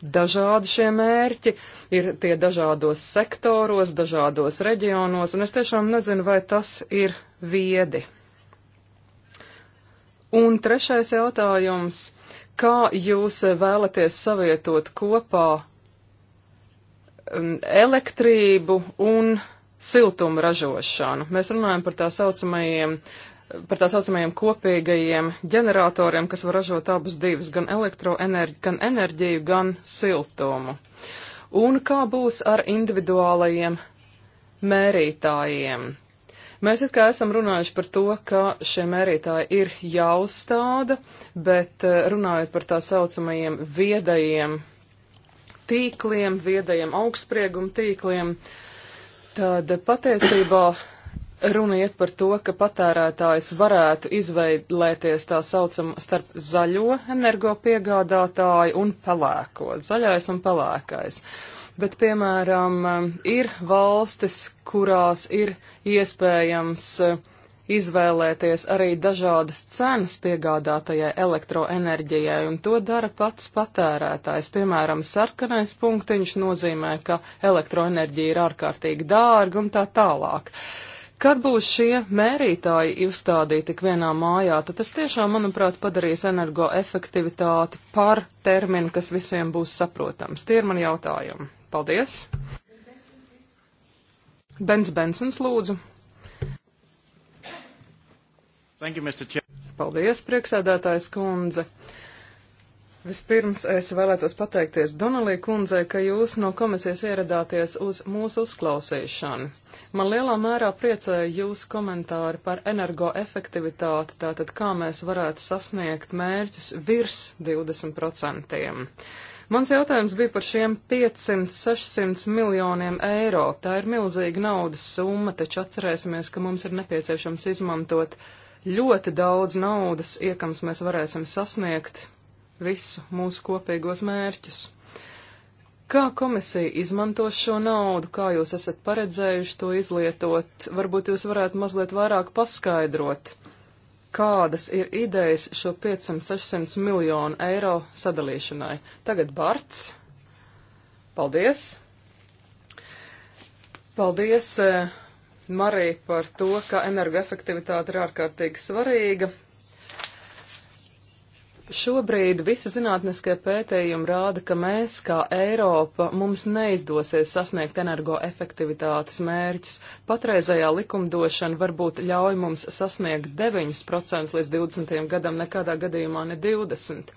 dažādi šie mērķi, ir tie dažādos sektoros, dažādos reģionos, un es tiešām nezinu, vai tas ir viedi. Un trešais jautājums - kā jūs vēlaties savietot kopā um, elektrību un siltumu ražošanu? Mēs runājam par tā saucamajiem uh, par tā saucamajiem kopīgajiem ģeneratoriem, kas var ražot abus divus, gan elektroenerģiju, gan enerģiju, gan siltumu. Un kā būs ar individuālajiem mērītājiem? Mēs it kā esam runājuši par to, ka šie mērītāji ir jāuzstāda, bet eh, runājot par tā saucamajiem viedajiem tīkliem, viedajiem augstsprieguma tīkliem, tad patiesībā Runa iet par to, ka patērētājs varētu izvēlēties tā saucamu starp zaļo energopiegādātāju un pelēko, zaļais un pelēkais. Bet, piemēram, ir valstis, kurās ir iespējams izvēlēties arī dažādas cenas piegādātajai elektroenerģijai, un to dara pats patērētājs. Piemēram, sarkanais punktiņš nozīmē, ka elektroenerģija ir ārkārtīgi dārga un tā tālāk. Uh, Kad būs šie mērītāji uzstādīti tik vienā mājā, tad tas tiešām, manuprāt, padarīs energoefektivitāti par terminu, kas visiem būs saprotams. Tie ir mani jautājumi. Paldies! Bens Bensons, lūdzu. Thank you, Mr. Chair. Paldies, prieksēdētājs kundze. Uh, Vispirms es vēlētos pateikties Donalī kundzei, ka jūs no komisijas ieradāties uz mūsu uzklausīšanu. Man lielā mērā priecēja jūsu komentāri par energoefektivitāti, tātad kā mēs varētu sasniegt mērķus virs 20%. Mans jautājums bija par šiem 500-600 miljoniem eiro. Tā ir milzīga naudas summa, taču atcerēsimies, ka mums ir nepieciešams izmantot ļoti daudz naudas, iekams mēs varēsim sasniegt visu mūsu kopīgos mērķus. Kā komisija izmantos šo naudu, kā jūs esat paredzējuši to izlietot? Varbūt jūs varētu mazliet vairāk paskaidrot, kādas ir idejas šo 500-600 miljonu eiro sadalīšanai. Tagad Barts. Paldies! Paldies, eh, Marija, par to, ka energoefektivitāte ir ārkārtīgi svarīga. Šobrīd visi zinātniskie pētījumi rāda, ka mēs, kā Eiropa, mums neizdosies sasniegt energoefektivitātes mērķus. Patreizējā likumdošana varbūt ļauj mums sasniegt 9% līdz 20. gadam, nekādā gadījumā ne 20%.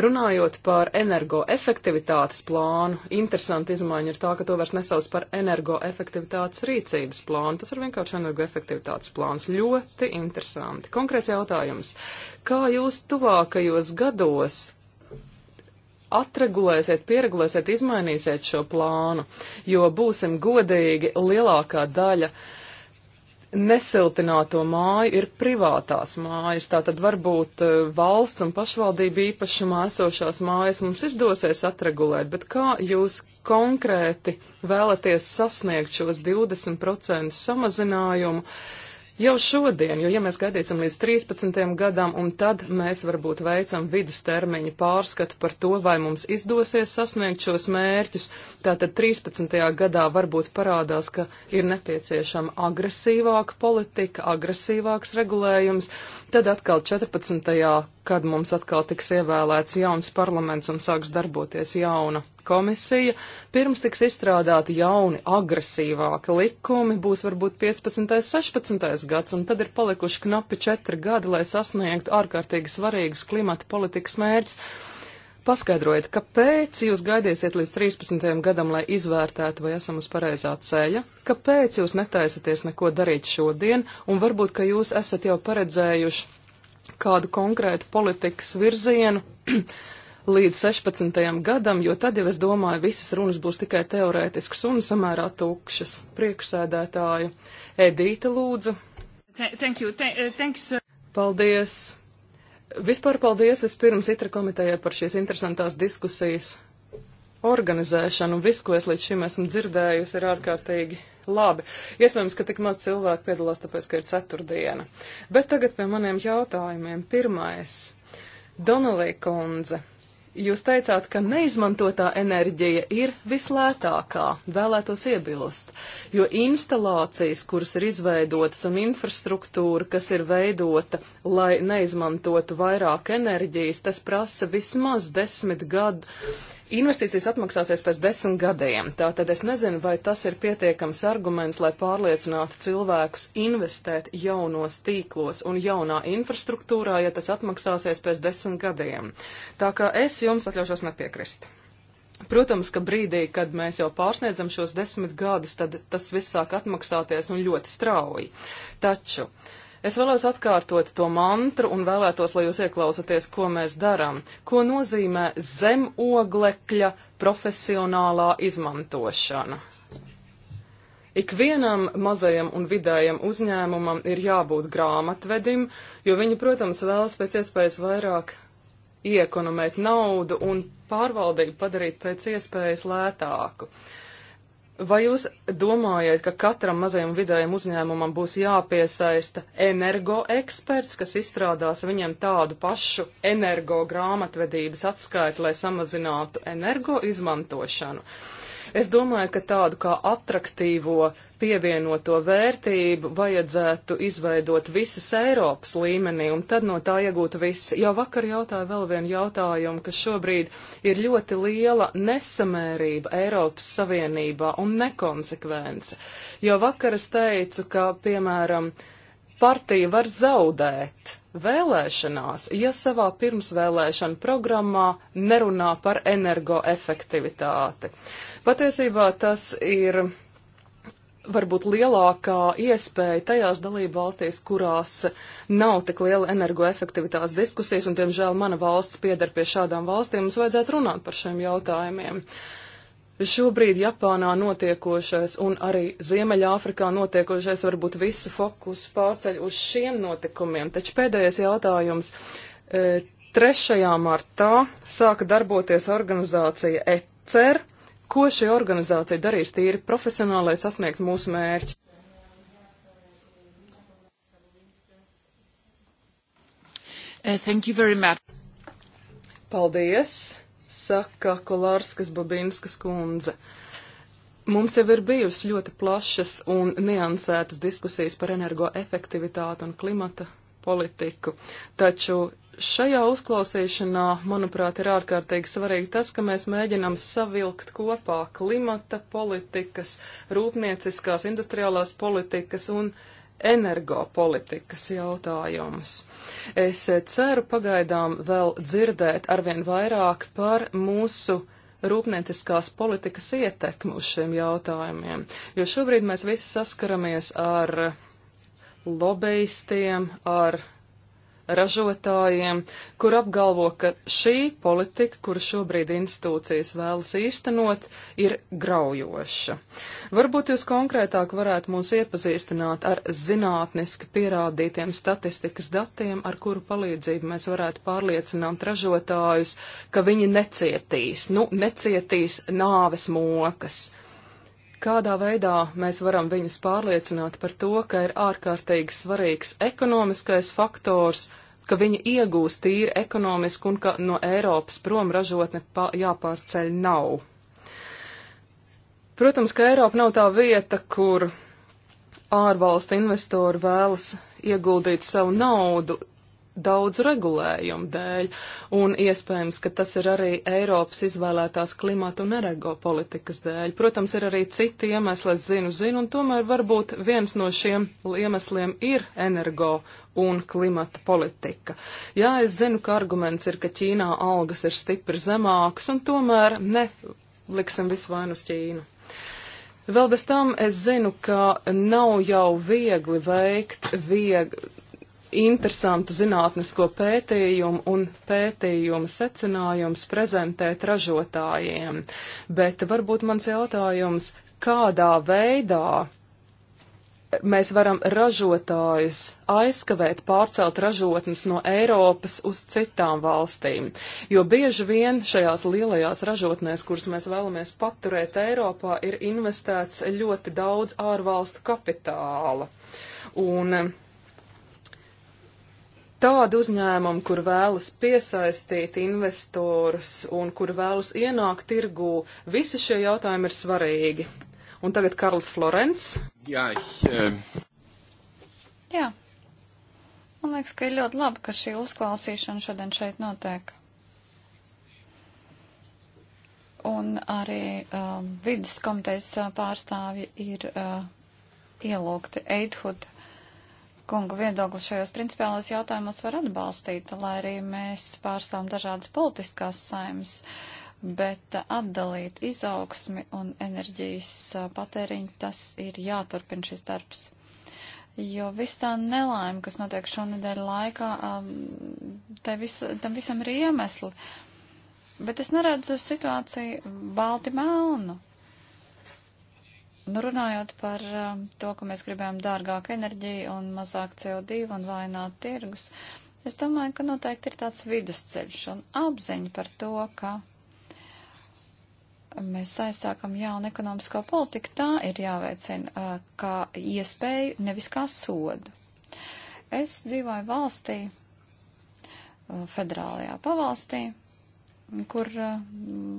Runājot par energoefektivitātes plānu, interesanti izmaiņa ir tā, ka to vairs nesauc par energoefektivitātes rīcības plānu. Tas ir vienkārši energoefektivitātes plāns. Ļoti interesanti. Konkrēts jautājums. Kā jūs tuvākajos gados atregulēsiet, pieregulēsiet, izmainīsiet šo plānu, jo būsim godīgi lielākā daļa uh, nesiltināto māju ir privātās mājas, tātad varbūt eh, valsts un pašvaldība īpašumā esošās mājas mums izdosies atregulēt, bet kā jūs konkrēti vēlaties sasniegt šos 20% samazinājumu? Uh, jau šodien, jo ja mēs gaidīsim līdz 13. gadam, un tad mēs varbūt veicam vidustermiņu pārskatu par to, vai mums izdosies sasniegt šos mērķus, tātad 13. gadā varbūt parādās, ka ir nepieciešama agresīvāka politika, agresīvāks regulējums, tad atkal 14 kad mums atkal tiks ievēlēts jauns parlaments un sāks darboties jauna komisija, pirms tiks izstrādāti jauni, agresīvāki likumi, būs varbūt 15. 16. gads, un tad ir palikuši knapi četri gadi, lai sasniegtu ārkārtīgi svarīgus klimata politikas mērķus. Paskaidrojiet, kāpēc jūs gaidīsiet līdz 13. gadam, lai izvērtētu, vai esam uz pareizā ceļa, kāpēc jūs netaisaties neko darīt šodien, un varbūt, ka jūs esat jau paredzējuši kādu konkrētu politikas virzienu līdz 16. gadam, jo tad jau es domāju, visas runas būs tikai teorētiskas un samērā tūkšas. Priekšsēdētāja Edīta lūdzu. Thank you. Uh, thank you, paldies. Vispār paldies vispirms itra komitejai par šīs interesantās diskusijas organizēšanu. Viss, ko es līdz šim esmu dzirdējusi, ir ārkārtīgi labi. Iespējams, ka tik maz cilvēku piedalās, tāpēc, ka ir ceturtdiena. Bet tagad pie maniem jautājumiem. Pirmais. Donalī kundze, jūs teicāt, ka neizmantotā enerģija ir vislētākā, vēlētos iebilst, jo instalācijas, kuras ir izveidotas un infrastruktūra, kas ir veidota, lai neizmantotu vairāk enerģijas, tas prasa vismaz desmit gadu investīcijas atmaksāsies pēc desmit gadiem. Tātad es nezinu, vai tas ir pietiekams arguments, lai pārliecinātu cilvēkus investēt jaunos tīklos un jaunā infrastruktūrā, ja tas atmaksāsies pēc desmit gadiem. Tā kā es jums atļaušos nepiekrist. Protams, ka brīdī, kad mēs jau pārsniedzam šos desmit gadus, tad tas viss sāk atmaksāties un ļoti strauji. Taču uh, Es vēlos atkārtot to mantru un vēlētos, lai jūs ieklausaties, ko mēs darām. Ko nozīmē zemoglekļa profesionālā izmantošana? Ikvienam mazajam un vidējam uzņēmumam ir jābūt grāmatvedim, jo viņi, protams, vēlas pēc iespējas vairāk iekonomēt naudu un pārvaldību padarīt pēc iespējas lētāku. Vai jūs domājat, ka katram mazajam vidējam uzņēmumam būs jāpiesaista energoeksperts, kas izstrādās viņam tādu pašu energo grāmatvedības atskaitu, lai samazinātu energo izmantošanu? Uh, Es domāju, ka tādu kā atraktīvo pievienoto vērtību vajadzētu izveidot visas Eiropas līmenī, un tad no tā iegūtu visi. Jau vakar jautāja vēl vienu jautājumu, ka šobrīd ir ļoti liela nesamērība Eiropas Savienībā un nekonsekvence. Jau vakar es teicu, ka, piemēram, uh, partija var zaudēt vēlēšanās, ja savā pirmsvēlēšana programmā nerunā par energoefektivitāti. Patiesībā tas ir varbūt lielākā iespēja tajās dalību valstīs, kurās nav tik liela energoefektivitātes diskusijas, un, diemžēl, mana valsts piedar pie šādām valstīm, mums vajadzētu runāt par šiem jautājumiem. Uh, Šobrīd Japānā notiekošais un arī Ziemeļāfrikā notiekošais varbūt visu fokusu pārceļ uz šiem notikumiem. Taču pēdējais jautājums. 3. E, martā sāka darboties organizācija ECER. Ko šī organizācija darīs tīri profesionāli, lai sasniegtu mūsu mērķi? Uh, thank you very much. Paldies! saka Kolārskas Babinskas kundze. Mums jau ir bijusi ļoti plašas un niansētas diskusijas par energoefektivitāti un klimata politiku, taču šajā uzklausīšanā, manuprāt, ir ārkārtīgi svarīgi tas, ka mēs mēģinām savilkt kopā klimata politikas, rūpnieciskās, industriālās politikas un uh, energopolitikas jautājumus. Es ceru pagaidām vēl dzirdēt arvien vairāk par mūsu rūpnieciskās politikas ietekmi uz šiem jautājumiem, jo šobrīd mēs visi saskaramies ar lobbyistiem, ar ražotājiem, kur apgalvo, ka šī politika, kuru šobrīd institūcijas vēlas īstenot, ir graujoša. Varbūt jūs konkrētāk varētu mūs iepazīstināt ar zinātniski pierādītiem statistikas datiem, ar kuru palīdzību mēs varētu pārliecināt ražotājus, ka viņi necietīs, nu, necietīs nāves mokas. Kādā veidā mēs varam viņus pārliecināt par to, ka ir ārkārtīgi svarīgs ekonomiskais faktors, ka viņi iegūs tīri ekonomiski un ka no Eiropas prom ražotne jāpārceļ nav. Protams, ka Eiropa nav tā vieta, kur ārvalstu investori vēlas ieguldīt savu naudu, daudz regulējumu dēļ, un iespējams, ka tas ir arī Eiropas izvēlētās klimata un energo politikas dēļ. Protams, ir arī citi iemesli, es zinu, zinu, un tomēr varbūt viens no šiem iemesliem ir energo un klimata politika. Jā, es zinu, ka arguments ir, ka Ķīnā algas ir stipri zemākas, un tomēr ne liksim visu vainu uz Ķīnu. Vēl bez tam es zinu, ka nav jau viegli veikt viegli interesantu zinātnisko pētījumu un pētījumu secinājums prezentēt ražotājiem. Bet varbūt mans jautājums, kādā veidā mēs varam ražotājus aizkavēt, pārcelt ražotnes no Eiropas uz citām valstīm. Jo bieži vien šajās lielajās ražotnēs, kuras mēs vēlamies paturēt Eiropā, ir investēts ļoti daudz ārvalstu kapitāla. Un Tāda uzņēmuma, kur vēlas piesaistīt investorus un kur vēlas ienākt tirgū, visi šie jautājumi ir svarīgi. Un tagad Karls Florence. Jā, jā. Eh, jā. Man liekas, ka ir ļoti labi, ka šī uzklausīšana šodien šeit notiek. Un arī uh, vidas komitejas eh, pārstāvji ir uh, ielūgti. Eidhud kungu viedokli šajos principiālos jautājumos var atbalstīt, lai arī mēs pārstāvam dažādas politiskās saimas, bet atdalīt izaugsmi un enerģijas patēriņu, tas ir jāturpina šis darbs. Jo viss tā nelaime, kas notiek šonadēļ laikā, tam vis, visam ir iemesli. Bet es neredzu situāciju balti melnu. Nu, runājot par um, to, ka mēs gribējām dārgāku enerģiju un mazāk CO2 un vainot tirgus, es domāju, ka noteikti ir tāds vidusceļš un apziņa par to, ka mēs aizsākam jaunu ekonomisko politiku, tā ir jāveicina uh, kā iespēju, nevis kā sodu. Es dzīvoju valstī, uh, federālajā pavalstī, kur uh,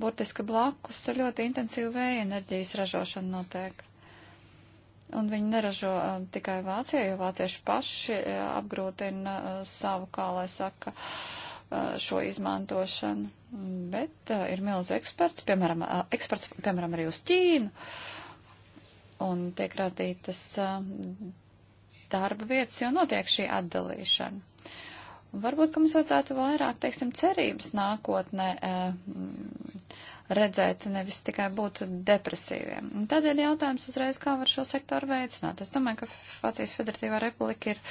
burtiski blakus ļoti intensīva vēja enerģijas ražošana notiek. Un viņi neražo uh, tikai Vācijā, jo vācieši paši uh, apgrūtina savu, kā lai saka, šo izmantošanu. Bet ir milz eksperts, piemēram, eksperts, piemēram, arī uz Ķīnu. Un tiek radītas darba vietas, jo notiek šī atdalīšana. Un varbūt, ka mums vajadzētu vairāk, teiksim, cerības nākotnē eh, redzēt, nevis tikai būt depresīviem. Un tad ir jautājums uzreiz, kā var šo sektoru veicināt. Es domāju, ka Vācijas Federatīvā republika ir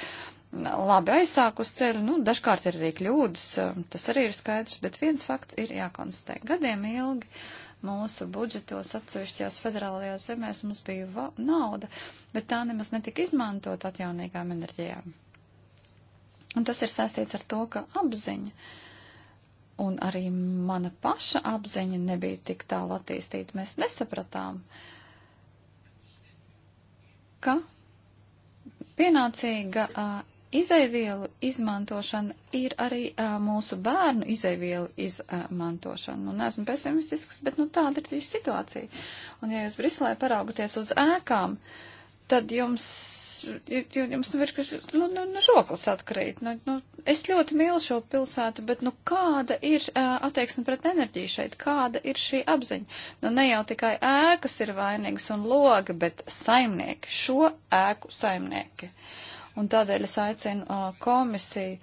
labi aizsākus ceļu, nu, dažkārt ir arī kļūdas, e, tas arī ir skaidrs, bet viens fakts ir jākonstatē. Gadiem ilgi mūsu budžetos atsevišķajās federālajās zemēs mums bija nauda, bet tā nemaz netika izmantot atjaunīgām enerģijām. Un tas ir saistīts ar to, ka apziņa un arī mana paša apziņa nebija tik tālu attīstīta. Mēs nesapratām, ka pienācīga uh, izaivielu izmantošana ir arī uh, mūsu bērnu izaivielu izmantošana. Nu, neesmu pesimistisks, bet nu, tāda ir tieši situācija. Un ja jūs Briselē paraugaties uz ēkām, tad jums jums nu, ir kas, nu, nu, nu žoklis atkrīt. Nu, nu, es ļoti mīlu šo pilsētu, bet, nu, kāda ir uh, attieksme pret enerģiju šeit? Kāda ir šī apziņa? Nu, ne jau tikai ēkas ir vainīgas un logi, bet saimnieki, šo ēku saimnieki. Un tādēļ es aicinu uh, komisiju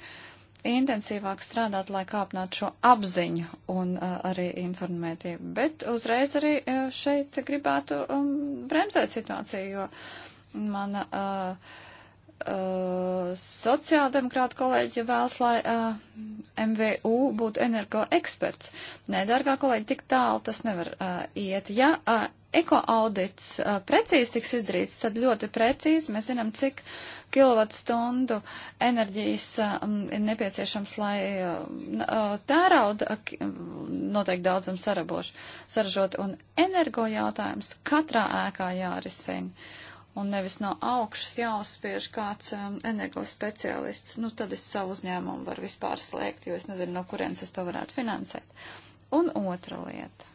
intensīvāk strādāt, lai kāpinātu šo apziņu un uh, arī informētību. Bet uzreiz arī uh, šeit gribētu um, bremzēt situāciju, jo Mana uh, uh, sociāldemokrāta kolēģi vēlas, lai uh, MVU būtu energoeksperts. Nē, dārgā kolēģi, tik tālu tas nevar uh, iet. Ja uh, ekoaudits uh, precīzi tiks izdarīts, tad ļoti precīzi mēs zinām, cik kilovatstundu enerģijas uh, ir nepieciešams, lai uh, uh tērauda uh, noteikti daudzam saražot. Un energo jautājums katrā ēkā jārisina un nevis no augšas jāuzspiež kāds um, energospeciālists, nu tad es savu uzņēmumu varu vispār slēgt, jo es nezinu, no kurienes es to varētu finansēt. Un otra lieta.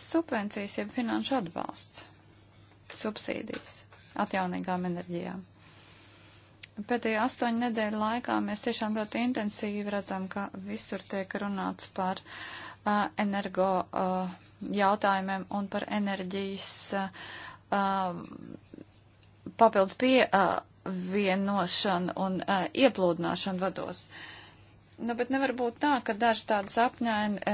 Subvencijas jeb finanšu atbalsts. Subsīdijas atjaunīgām enerģijām. Pēdējo astoņu nedēļu laikā mēs tiešām ļoti intensīvi redzam, ka visur tiek runāts par uh, energo uh, jautājumiem un par enerģijas uh, um, papildus pievienošanu uh, un uh, ieplūdināšanu vados. Nu, bet nevar būt tā, ka daži tādas apņēni uh,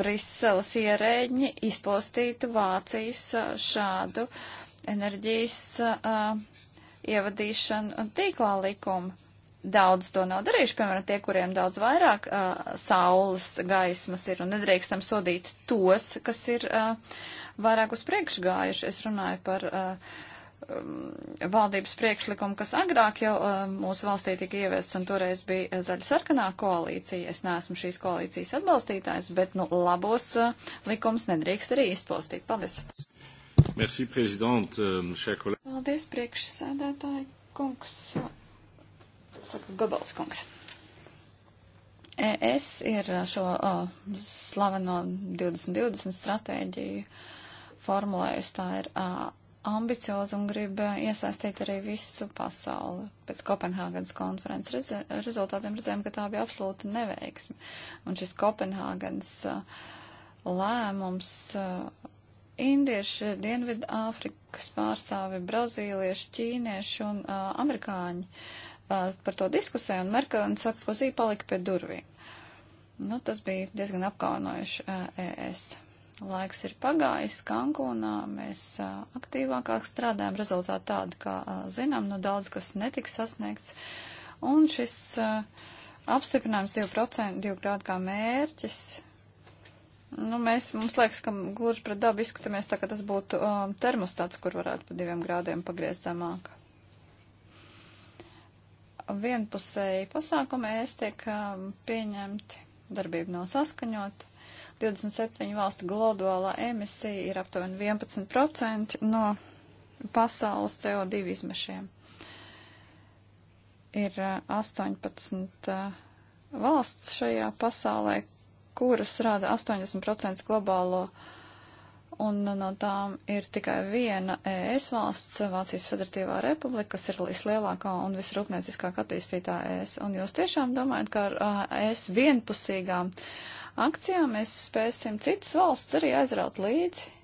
Briseles ierēģi izpostītu Vācijas uh, šādu enerģijas uh, ievadīšanu tīklā likumu Daudz to nav darījuši, piemēram, tie, kuriem daudz vairāk uh, saules gaismas ir, un nedrīkstam sodīt tos, kas ir uh, vairāk uz priekšu gājuši. Es runāju par uh, um, valdības priekšlikumu, kas agrāk jau uh, mūsu valstī tika ieviests, un toreiz bija zaļa sarkanā koalīcija. Es neesmu šīs koalīcijas atbalstītājs, bet nu, labos uh, likums nedrīkst arī izpostīt. Paldies! Merci, prezident, um, euh, Paldies, priekšsēdētāji kungs, saka Gabals kungs. ES ir šo o, slaveno 2020 stratēģiju formulējusi. Tā ir a, ambicioza un grib iesaistīt arī visu pasauli. Pēc Kopenhāgenes konferences rez rezultātiem redzējām, ka tā bija absolūta neveiksme. Un šis Kopenhāgenes a, lēmums. A, Indieši, Dienvidu Āfrikas pārstāvi, brazīlieši, ķīnieši un uh, amerikāņi uh, par to diskusēju, un Merkel un Sarkozī palika pie durvīm. Nu, tas bija diezgan apkaunojuši ES. Laiks ir pagājis, Kankūnā mēs aktīvākāk strādājam, rezultāti tādi, kā zinām, nu daudz kas netiks sasniegts. Un šis apstiprinājums 2%, 2 grādu kā mērķis, Nu, mēs, mums liekas, ka gluži pret dabu izskatāmies tā, ka tas būtu um, termostats, kur varētu pa diviem grādiem pagriezt zemāk vienpusēji pasākumi ēst e tiek um, pieņemti, darbība nav saskaņota. 27 valstu globālā emisija ir aptuveni 11% no pasaules CO2 izmešiem. Ir 18 uh, uh, valsts šajā pasaulē, kuras rada 80% globālo emisiju un no tām ir tikai viena ES valsts, Vācijas Federatīvā republika, kas ir vislielākā un visrūpnieciskāk attīstītā ES. Un jūs tiešām domājat, ka ar ES vienpusīgām akcijām mēs spēsim citas valsts arī aizraut līdzi?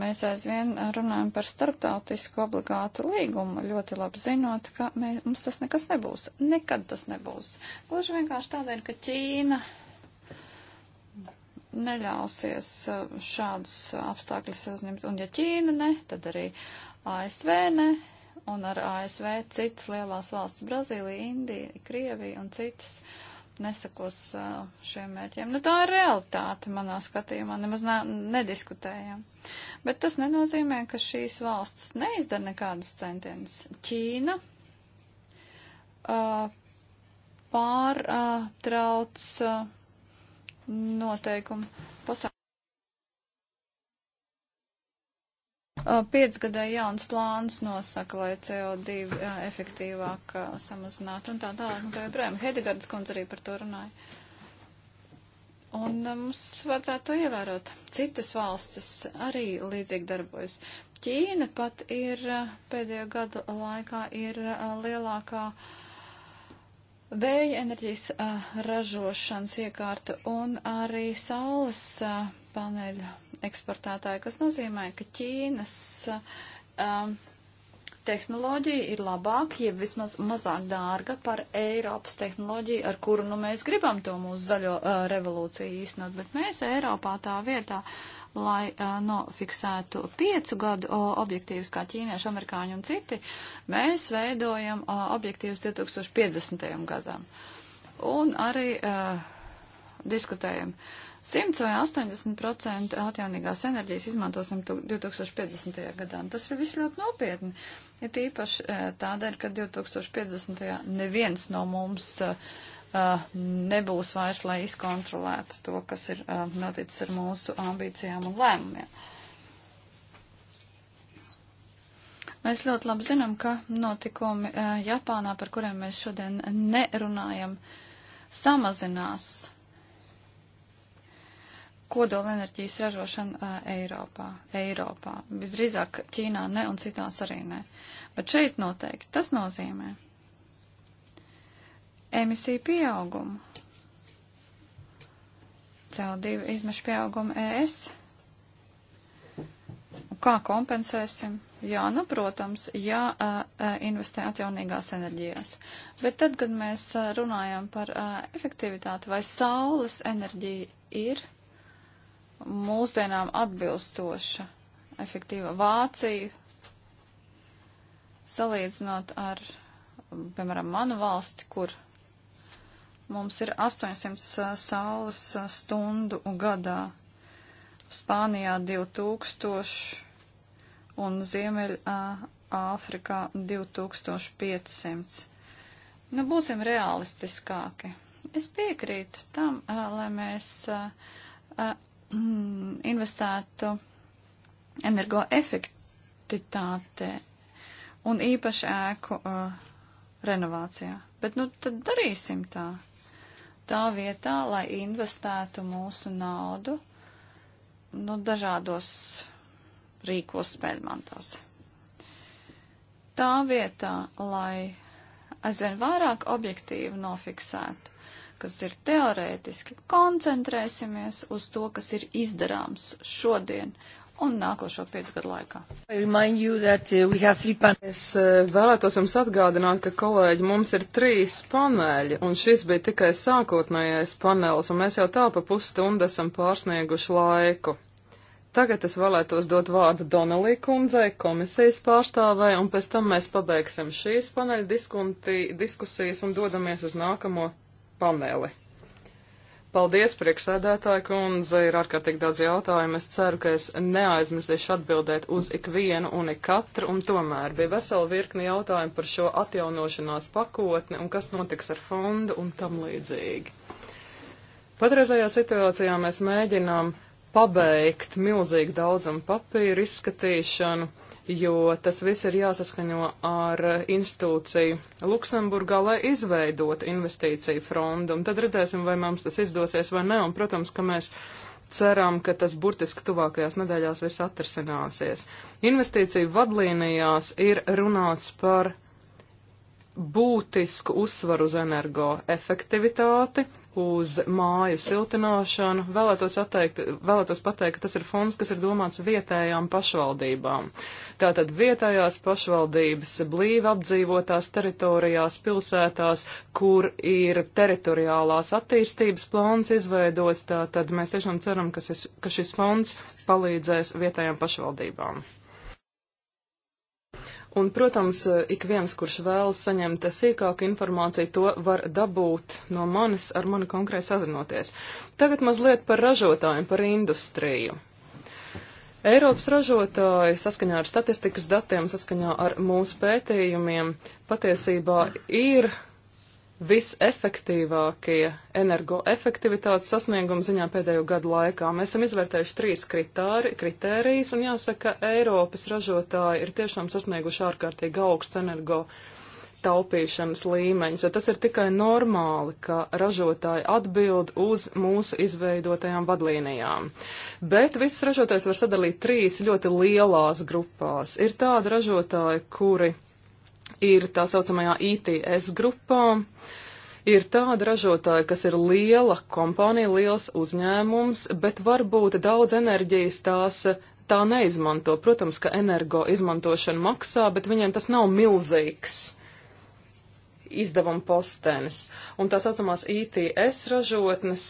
Mēs aizvien runājam par starptautisku obligātu līgumu, ļoti labi zinot, ka mēs, mums tas nekas nebūs. Nekad tas nebūs. Gluži vienkārši tādēļ, ka Ķīna neļausies eh, šādus apstākļus uzņemt. Un ja Ķīna ne, tad arī ASV ne, un ar ASV citas lielās valsts - Brazīlija, Indija, Krievija un citas nesakos eh, šiem mērķiem. Nu, tā ir realitāte manā skatījumā, nemaz ne, nediskutējam. Bet tas nenozīmē, ka šīs valstis neizdara nekādas centienas. Ķīna uh, pārtrauc uh, noteikumu pasākumu. Piecgadēji jauns plāns nosaka, lai CO2 efektīvāk samazinātu un tā tālāk. Nu, tā joprojām Hedegardas kundze arī par to runāja. Un mums vajadzētu to ievērot. Citas valstis arī līdzīgi darbojas. Ķīna pat ir pēdējo gadu laikā ir lielākā uh, vēja enerģijas uh, ražošanas iekārta un arī saules uh, paneļa eksportētāja, kas nozīmē, ka Ķīnas uh, tehnoloģija ir labāka, jeb vismaz mazāk dārga par Eiropas tehnoloģiju, ar kuru nu mēs gribam to mūsu zaļo uh, revolūciju īstenot, bet mēs Eiropā tā vietā lai uh, nofiksētu piecu gadu uh, objektīvus, kā ķīnieši, amerikāņi un citi, mēs veidojam uh, objektīvus 2050. gadam. Un arī uh, diskutējam. 100 vai 80% atjaunīgās enerģijas izmantosim 2050. gadā. Un tas ir viss ļoti nopietni. Ir ja tīpaši tādēļ, ka 2050. neviens no mums uh, Eh, nebūs vairs, lai izkontrolētu to, kas ir eh, noticis ar mūsu ambīcijām un lēmumiem. Mēs ļoti labi zinām, ka notikumi eh, Japānā, par kuriem mēs šodien nerunājam, samazinās kodolenerģijas ražošana Eiropā. Eiropā. Visdrīzāk Ķīnā ne un citās arī ne. Bet šeit noteikti tas nozīmē, emisiju pieaugumu. CO2 izmešu pieaugumu ES. Kā kompensēsim? Jā, nu, protams, jā, investē atjaunīgās enerģijās. Bet tad, kad mēs runājam par efektivitāti, vai saules enerģija ir mūsdienām atbilstoša, efektīva Vācija, salīdzinot ar, piemēram, manu valsti, kur Mums ir 800 saules stundu gadā. Spānijā 2000 un Ziemeļ Āfrikā 2500. Nu, būsim realistiskāki. Es piekrītu tam, lai mēs mm, investētu energoefektitātē un īpaši ēku renovācijā. Bet, nu, tad darīsim tā tā vietā, lai investētu mūsu naudu nu, dažādos rīkos spēļmantās. Tā vietā, lai aizvien vairāk objektīvu nofiksētu, kas ir teorētiski, koncentrēsimies uz to, kas ir izdarāms šodien un nākošo piecu gadu laikā. Uh, es uh, vēlētos jums atgādināt, ka, kolēģi, mums ir trīs paneļi, un šis bija tikai sākotnējais panelis, un mēs jau tā pa pusstundu esam pārsnieguši laiku. Tagad es vēlētos dot vārdu Donalī kundzei, komisijas pārstāvai, un pēc tam mēs pabeigsim šīs paneļa diskusijas un dodamies uz nākamo paneli. Paldies, priekšsēdētāja kundze, ir ārkārtīgi daudz jautājumu. Es ceru, ka es neaizmirsīšu atbildēt uz ikvienu un ikatru, un tomēr bija vesela virkni jautājumu par šo atjaunošanās pakotni un kas notiks ar fondu un tam līdzīgi. Patreizajā situācijā mēs mēģinām pabeigt milzīgu daudzumu papīru izskatīšanu, jo tas viss ir jāsaskaņo ar institūciju Luksemburgā, lai izveidot investīciju fondu. Un tad redzēsim, vai mums tas izdosies vai ne. Un, protams, ka mēs ceram, ka tas burtiski tuvākajās nedēļās viss atrasināsies. Investīciju vadlīnijās ir runāts par būtisku uzsvaru uz energoefektivitāti, uz māju siltināšanu. Vēlētos, atteikt, vēlētos pateikt, ka tas ir fonds, kas ir domāts vietējām pašvaldībām. Tātad vietējās pašvaldības blīvi apdzīvotās teritorijās, pilsētās, kur ir teritoriālās attīstības plāns izveidos, tātad mēs tiešām ceram, ka šis, ka šis fonds palīdzēs vietējām pašvaldībām. Un, protams, ik viens, kurš vēlas saņemt sīkāku informāciju, to var dabūt no manis, ar mani konkrēti sazinoties. Tagad mazliet par ražotājiem, par industriju. Eiropas ražotāji saskaņā ar statistikas datiem, saskaņā ar mūsu pētījumiem patiesībā ir visefektīvākie energoefektivitātes sasnieguma ziņā pēdējo gadu laikā. Mēs esam izvērtējuši trīs kritāri, kritērijas, un jāsaka, Eiropas ražotāji ir tiešām sasnieguši ārkārtīgi augsts energo taupīšanas līmeņus, jo tas ir tikai normāli, ka ražotāji atbild uz mūsu izveidotajām vadlīnijām. Bet visus ražotājus var sadalīt trīs ļoti lielās grupās. Ir tādi ražotāji, kuri ir tā saucamajā ITS grupā. Ir tāda ražotāja, kas ir liela kompānija, liels uzņēmums, bet varbūt daudz enerģijas tās tā neizmanto. Protams, ka energo izmantošana maksā, bet viņiem tas nav milzīgs izdevuma postenis. Un tā saucamās ITS ražotnes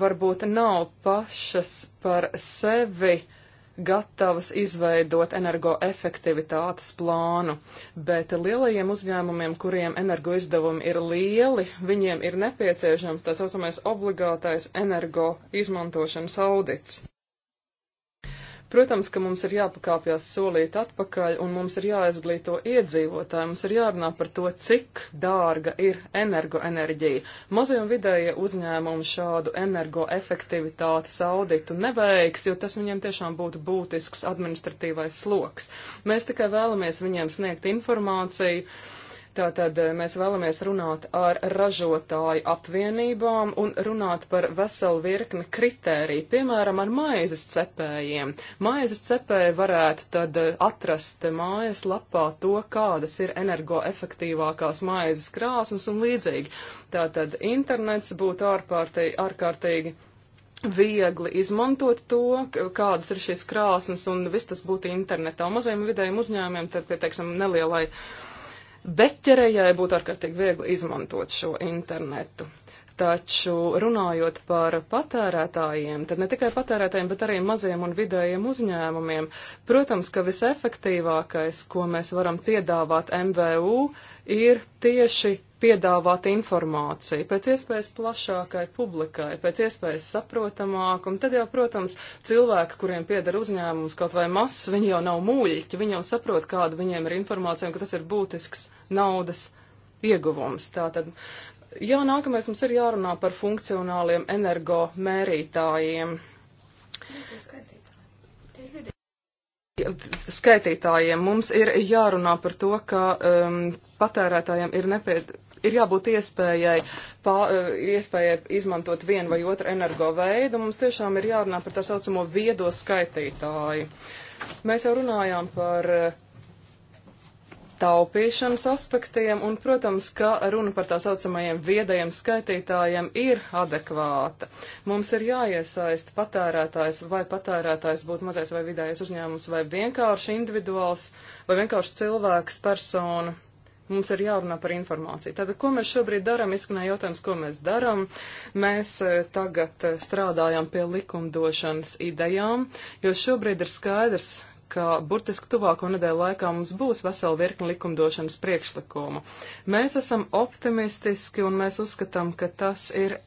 varbūt nav pašas par sevi uh, gatavas izveidot energoefektivitātes plānu, bet lielajiem uzņēmumiem, kuriem energoizdevumi ir lieli, viņiem ir nepieciešams tā saucamais obligātais energo izmantošanas audits. Protams, ka mums ir jāpakāpjas solīt atpakaļ un mums ir jāizglīto iedzīvotāji, mums ir jārunā par to, cik dārga ir energoenerģija. Mazie un vidējie uzņēmumi šādu energoefektivitātes auditu neveiks, jo tas viņiem tiešām būtu būtisks administratīvais sloks. Mēs tikai vēlamies viņiem sniegt informāciju Tātad eh, mēs vēlamies runāt ar ražotāju apvienībām un runāt par veselu virkni kritēriju, piemēram, ar maizes cepējiem. Maizes cepēji varētu tad eh, atrast mājas lapā to, kādas ir energoefektīvākās maizes krāsas un līdzīgi. Tātad internets būtu ārkārtīgi. ārkārtīgi viegli izmantot to, kādas ir šīs krāsnes, un viss tas būtu internetā. Mazajiem vidējiem uzņēmumiem, tad, pie, teiksim, nelielai uh, beķerējai būtu ārkārtīgi viegli izmantot šo internetu. Taču runājot par patērētājiem, tad ne tikai patērētājiem, bet arī maziem un vidējiem uzņēmumiem, protams, ka visefektīvākais, ko mēs varam piedāvāt MVU, ir tieši piedāvāt informāciju pēc iespējas plašākai publikai, pēc iespējas saprotamāk, un tad jau, protams, cilvēki, kuriem pieder uzņēmums kaut vai mazs, viņi jau nav mūļiķi, viņi jau saprot, kāda viņiem ir informācija, un ka tas ir būtisks naudas ieguvums. Tātad, jā, nākamais mums ir jārunā par funkcionāliem energo mērītājiem. Skaitītājiem mums ir jārunā par to, ka um, patērētājiem ir nepieciešams ir jābūt iespējai, pā, eh, iespējai izmantot vienu vai otru energo veidu. Mums tiešām ir jārunā par tā saucamo viedo skaitītāju. Mēs jau runājām par eh, taupīšanas aspektiem, un, protams, ka runa par tā saucamajiem viedajiem skaitītājiem ir adekvāta. Mums ir jāiesaist patērētājs, vai patērētājs būtu mazais vai vidējais uzņēmums, vai vienkārši individuāls, vai vienkārši cilvēks, persona. Mums ir jārunā par informāciju. Tātad, ko mēs šobrīd darām? Izskanēja jautājums, ko mēs darām. Mēs eh, tagad eh, strādājam pie likumdošanas idejām, jo šobrīd ir skaidrs, ka burtiski tuvāko nedēļu laikā mums būs vesela virkni likumdošanas priekšlikumu. Mēs esam optimistiski un mēs uzskatām, ka tas ir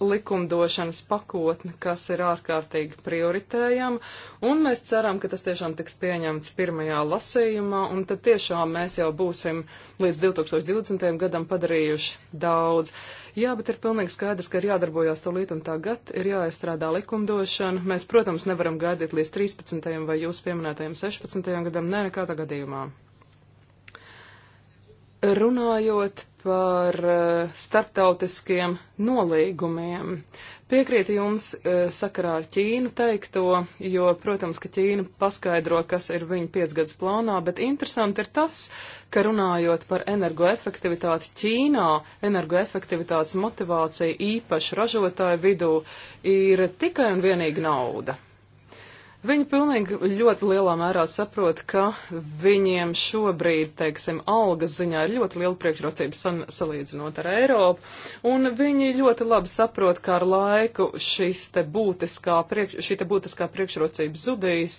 likumdošanas pakotne, kas ir ārkārtīgi prioritējama, un mēs ceram, ka tas tiešām tiks pieņemts pirmajā lasījumā, un tad tiešām mēs jau būsim līdz 2020. gadam padarījuši daudz. Jā, bet ir pilnīgi skaidrs, ka ir jādarbojās tolīt un tagad, ir jāizstrādā likumdošana. Mēs, protams, nevaram gaidīt līdz 13. vai jūs pieminētajam 16. gadam, nē, nekādā gadījumā. Runājot par eh, starptautiskiem nolīgumiem. Piekrītu jums eh, sakarā ar Ķīnu teikto, jo, protams, ka Ķīna paskaidro, kas ir viņa piecgads plānā, bet interesanti ir tas, ka runājot par energoefektivitāti Ķīnā, energoefektivitātes motivācija īpaši ražotāju vidū ir tikai un vienīgi nauda. Viņi pilnīgi ļoti lielā mērā saprot, ka viņiem šobrīd, teiksim, algas ziņā ir ļoti liela priekšrocība salīdzinot ar Eiropu, un viņi ļoti labi saprot, ka ar laiku šis te būtiskā, priekš, šī te būtiskā priekšrocība zudīs,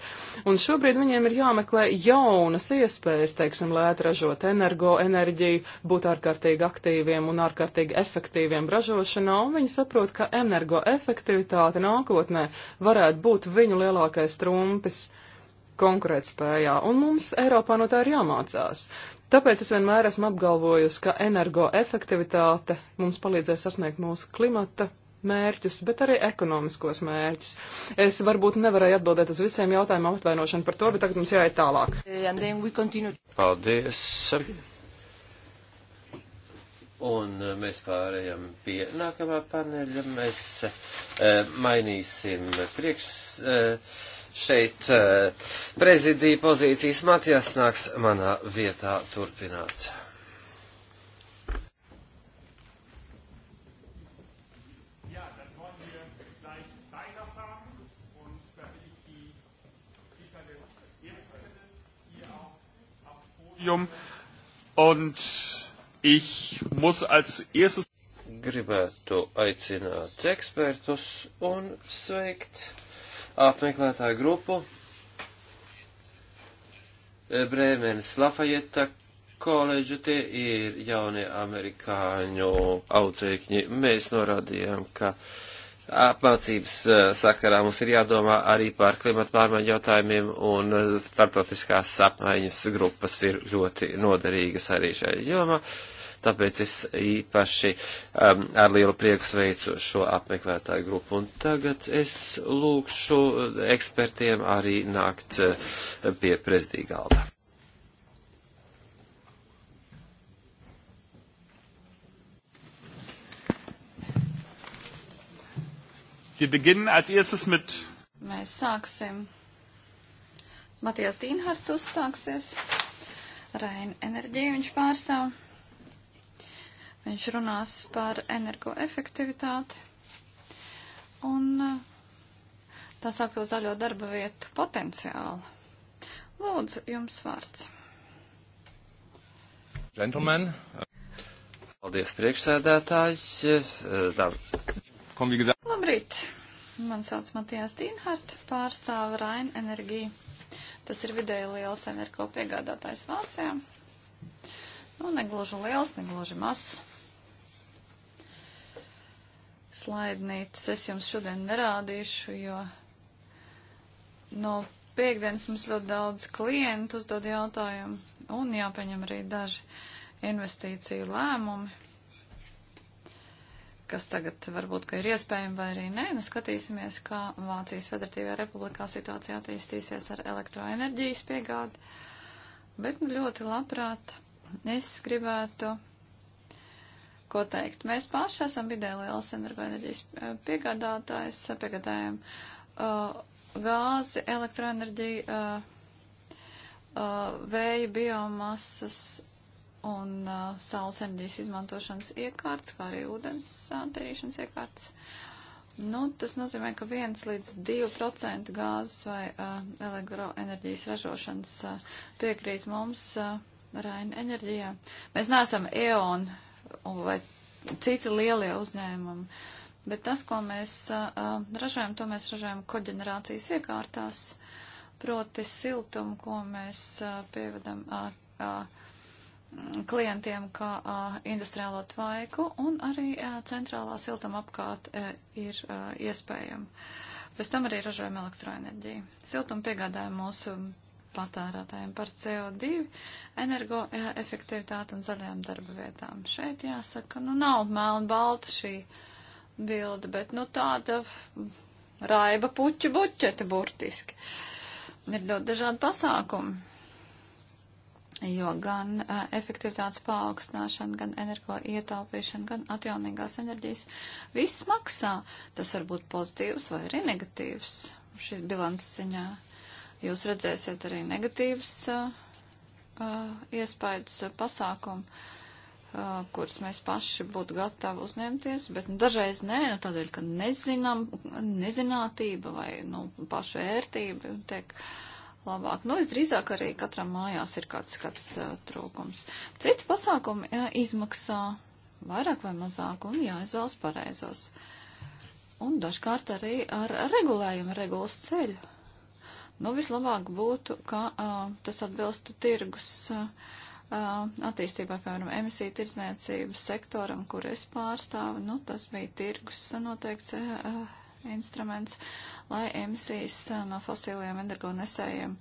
un šobrīd viņiem ir jāmeklē jaunas iespējas, teiksim, lēt ražot energo, enerģiju, būt ārkārtīgi aktīviem un ārkārtīgi efektīviem ražošanā, un viņi saprot, ka energoefektivitāte nākotnē varētu būt viņu lielākais dubultais trumpis konkurētspējā, un mums Eiropā no tā ir jāmācās. Tāpēc es vienmēr esmu apgalvojusi, ka energoefektivitāte mums palīdzēs sasniegt mūsu klimata mērķus, bet arī ekonomiskos mērķus. Es varbūt nevarēju atbildēt uz visiem jautājumiem atvainošanu par to, bet tagad mums jāiet tālāk. Paldies. Un uh, mēs pārējām pie nākamā paneļa. Mēs e, mainīsim priekš. E, šeit eh, prezidija pozīcijas Matijas nāks manā vietā turpināt. Und ich muss als erstes gribētu aicināt ekspertus un sveikt apmeklētāju grupu. Brēmenes Lafajeta koledža tie ir jaunie amerikāņu audzēkņi. Mēs norādījām, ka apmācības eh, sakarā mums ir jādomā arī par klimatu pārmaiņu jautājumiem, un eh, starptautiskās apmaiņas grupas ir ļoti noderīgas arī šajā jomā. Uh, tāpēc es īpaši um, ar lielu prieku sveicu šo apmeklētāju grupu. Un tagad es lūkšu ekspertiem arī nākt uh, pie prezidija galda. Wir beginnen als erstes mit. Mēs sāksim. Matijas Dīnhards uzsāksies. Raina enerģija viņš pārstāv. Viņš runās par energoefektivitāti un eh, tā sākto zaļo darba vietu potenciālu. Lūdzu, jums vārds. Gentlemen. Paldies, priekšsēdētājs. Labrīt. Man sauc Matijās Dīnhart, pārstāvu Rain Energiju. Tas ir vidēji liels energo piegādātājs Vācijā. Nu, negluži liels, negluži mazs slaidnītes es jums šodien nerādīšu, jo no piekdienas mums ļoti daudz klientu uzdod jautājumu un jāpaņem arī daži investīciju lēmumi, kas tagad varbūt, ka ir iespējami vai arī nē. Nu, skatīsimies, kā Vācijas Federatīvajā republikā situācija attīstīsies ar elektroenerģijas piegādi. Bet nu, ļoti labprāt es gribētu ko teikt. Mēs paši esam vidē liels energoenerģijas eh, piegādātājs, eh, piegādājam uh, gāzi, elektroenerģiju, uh, uh, vēja, biomasas un uh, saules enerģijas izmantošanas iekārtas, kā arī ūdens tīrīšanas iekārtas. Nu, tas nozīmē, ka 1 līdz 2% gāzes vai uh, elektroenerģijas ražošanas uh, piekrīt mums uh, Raina enerģijā. Mēs neesam eon vai citi lielie uzņēmumi. Bet tas, ko mēs uh, ražojam, to mēs ražojam koģenerācijas iekārtās, proti siltumu, ko mēs uh, pievedam uh, uh, klientiem kā uh, industriālo tvaiku, un arī uh, centrālā siltuma apkārt uh, ir uh, iespējama. Pēc tam arī ražojam elektroenerģiju. Siltuma piegādāja mūsu patērētājiem par CO2, energoefektivitāti un zaļajām darba vietām. Šeit jāsaka, nu nav melna balta šī bilde, bet nu tāda raiba puķu buķete burtiski. Ir ļoti dažādi pasākumi. Jo gan uh, efektivitātes paaugstināšana, gan energo ietaupīšana, gan atjaunīgās enerģijas, viss maksā. Tas var būt pozitīvs vai arī negatīvs šī bilants ziņā. Uh, Jūs redzēsiet arī negatīvas iespējas pasākumu, kurus mēs paši būtu gatavi uzņemties, bet nu, dažreiz nē, nu, tādēļ, ka nezinām, nezinātība vai nu, paša ērtība tiek labāk. Nu, visdrīzāk arī katram mājās ir kāds, kāds uh, trūkums. Citi pasākumi uh, izmaksā vairāk vai mazāk un jāizvēlas pareizos. Un dažkārt arī ar regulējumu regulas ceļu. Nu, vislabāk būtu, ka uh, tas atbilstu tirgus uh, attīstībai, piemēram, emisiju tirdzniecības sektoram, kur es pārstāvu. Nu, tas bija tirgus noteikts uh, instruments, lai emisijas uh, no fosīliem energonesējiem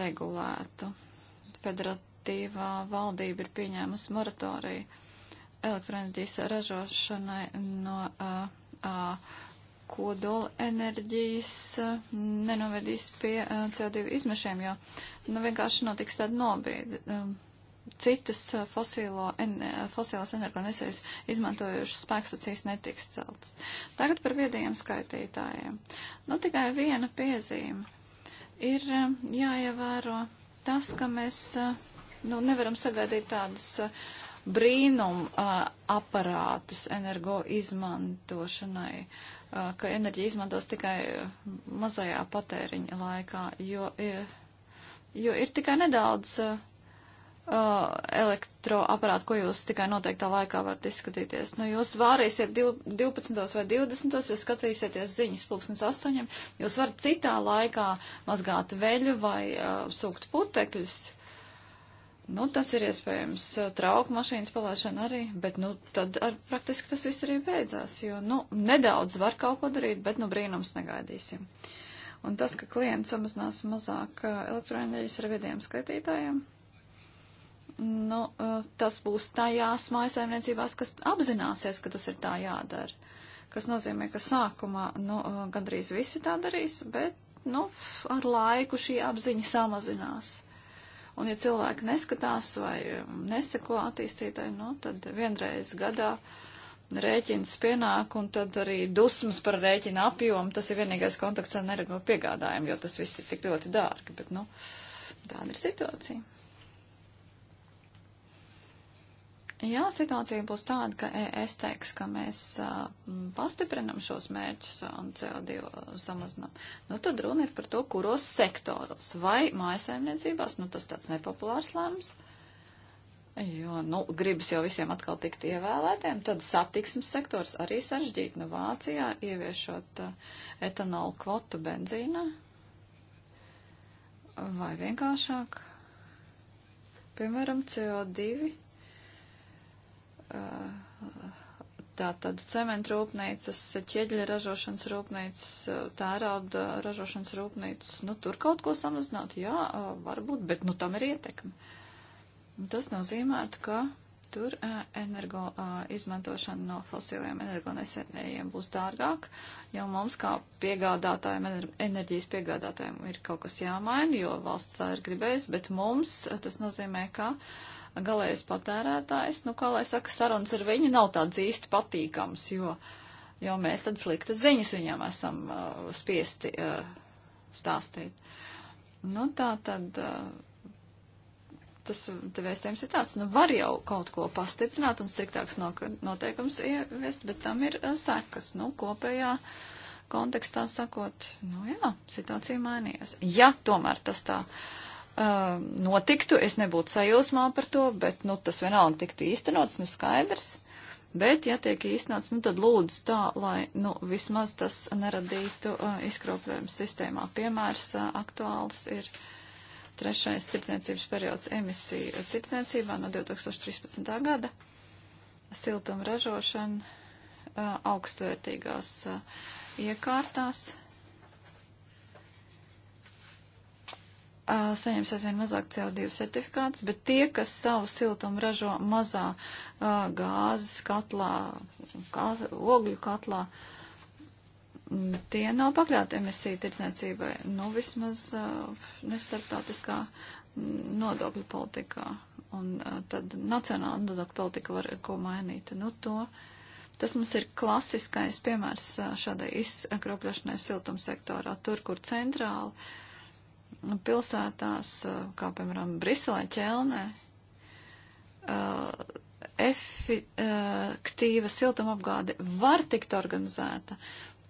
regulētu. Federatīvā valdība ir pieņēmusi moratoriju elektroenerģijas ražošanai no. Uh, uh, kodola enerģijas eh, nenovedīs pie eh, CO2 izmešiem, jo nu, vienkārši notiks tāda nobīde. Eh, citas fosilo, en, fosilos energonesējas izmantojušas spēkstacijas netiks celtas. Tagad par viedajiem skaitītājiem. Nu, tikai viena piezīme. Ir jāievēro tas, ka mēs nu, nevaram sagaidīt tādus uh, brīnumu uh, aparātus energo izmantošanai ka enerģija izmantos tikai mazajā patēriņa laikā, jo, jo ir tikai nedaudz elektroaparātu, ko jūs tikai noteiktā laikā varat izskatīties. Nu, jūs vārīsiet 12 vai 20, jūs skatīsieties ziņas pulksnes 8, jūs varat citā laikā mazgāt veļu vai uh, sūkt putekļus. Uh, Nu, tas ir iespējams eh, trauku mašīnas palaišana arī, bet, nu, tad ar, praktiski tas viss arī beidzās, jo, nu, nedaudz var kaut ko darīt, bet, nu, brīnums negaidīsim. Un tas, ka klients samazinās mazāk eh, elektroenerģijas ar viediem skaitītājiem, nu, eh, tas būs tajās mājasēmniecībās, kas apzināsies, ka tas ir tā jādara. Kas nozīmē, ka sākumā, nu, gandrīz visi tā darīs, bet, nu, ar laiku šī apziņa samazinās. Un ja cilvēki neskatās vai neseko attīstītāji, nu, tad vienreiz gadā rēķins pienāk un tad arī dusmas par rēķina apjomu. Tas ir vienīgais kontakts ar neregulu piegādājumu, jo tas viss ir tik ļoti dārgi. Bet, nu, tāda ir situācija. Ja situācija būs tāda, ka es teiks, ka mēs a, pastiprinam šos mērķus un CO2 samazinām, nu tad runa ir par to, kuros sektoros vai mājasaimniecībās, nu tas tāds nepopulārs lēmums, jo, nu, gribas jau visiem atkal tikt ievēlētiem, tad satiksmes sektors arī sarežģīt, nu Vācijā ieviešot a, etanolu kvotu benzīnā vai vienkāršāk, piemēram, CO2 Tātad cementrūpnīcas, ķieģeļa ražošanas rūpnīcas, tērauda ražošanas rūpnīcas, nu tur kaut ko samazināt, jā, varbūt, bet nu tam ir ietekme. Tas nozīmētu, ka tur energo izmantošana no fosiliem energonesējiem būs dārgāk, jo mums kā piegādātājiem, enerģijas piegādātājiem ir kaut kas jāmaina, jo valsts tā ir gribējusi, bet mums tas nozīmē, ka. Uh, galējais patērētājs, nu, kā lai saka, sarunas ar viņu nav tāds īsti patīkams, jo, jo mēs tad sliktas ziņas viņam esam uh, spiesti uh, stāstīt. Nu, tā tad. Uh, tas vēstījums ir tāds, nu var jau kaut ko pastiprināt un striktāks noteikums ieviest, bet tam ir uh, sekas, nu, kopējā kontekstā sakot, nu jā, situācija mainījās. Ja tomēr tas tā uh, notiktu, es nebūtu sajūsmā par to, bet, nu, tas vienalga tiktu īstenots, nu, skaidrs. Bet, ja tiek īstenots, nu, tad lūdzu tā, lai, nu, vismaz tas neradītu uh, izkropļojumu sistēmā. Piemērs uh, aktuāls ir trešais tirdzniecības periods emisiju tirdzniecībā no 2013. gada. Siltuma ražošana uh, augstvērtīgās uh, iekārtās uh, saņems aizvien mazāk CO2 certifikātus, bet tie, kas savu siltumu ražo mazā uh, gāzes katlā, kā, ogļu katlā, tie nav pakļauti emisiju tirdzniecībai, nu vismaz uh, nestarptautiskā nodokļu politikā. Un uh, tad nacionāla nodokļu politika var ko mainīt. Nu, to, tas mums ir klasiskais piemērs šādai izkropļošanai siltumsektorā, tur, kur centrāli pilsētās, kā piemēram Briselē, Ķelnē, efektīva siltumapgāde var tikt organizēta,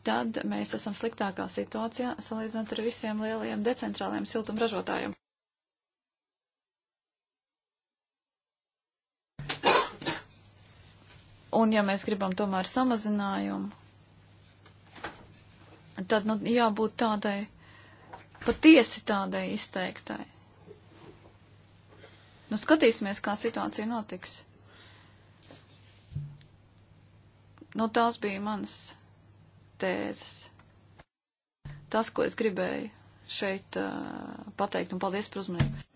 tad mēs esam sliktākā situācijā salīdzinot ar visiem lielajiem decentrālajiem siltumražotājiem. Un ja mēs gribam tomēr samazinājumu, tad nu, jābūt tādai patiesi tādai izteiktai. Nu, skatīsimies, kā situācija notiks. Nu, tās bija manas tēzes. Tas, ko es gribēju šeit uh, pateikt, un paldies par uzmanību.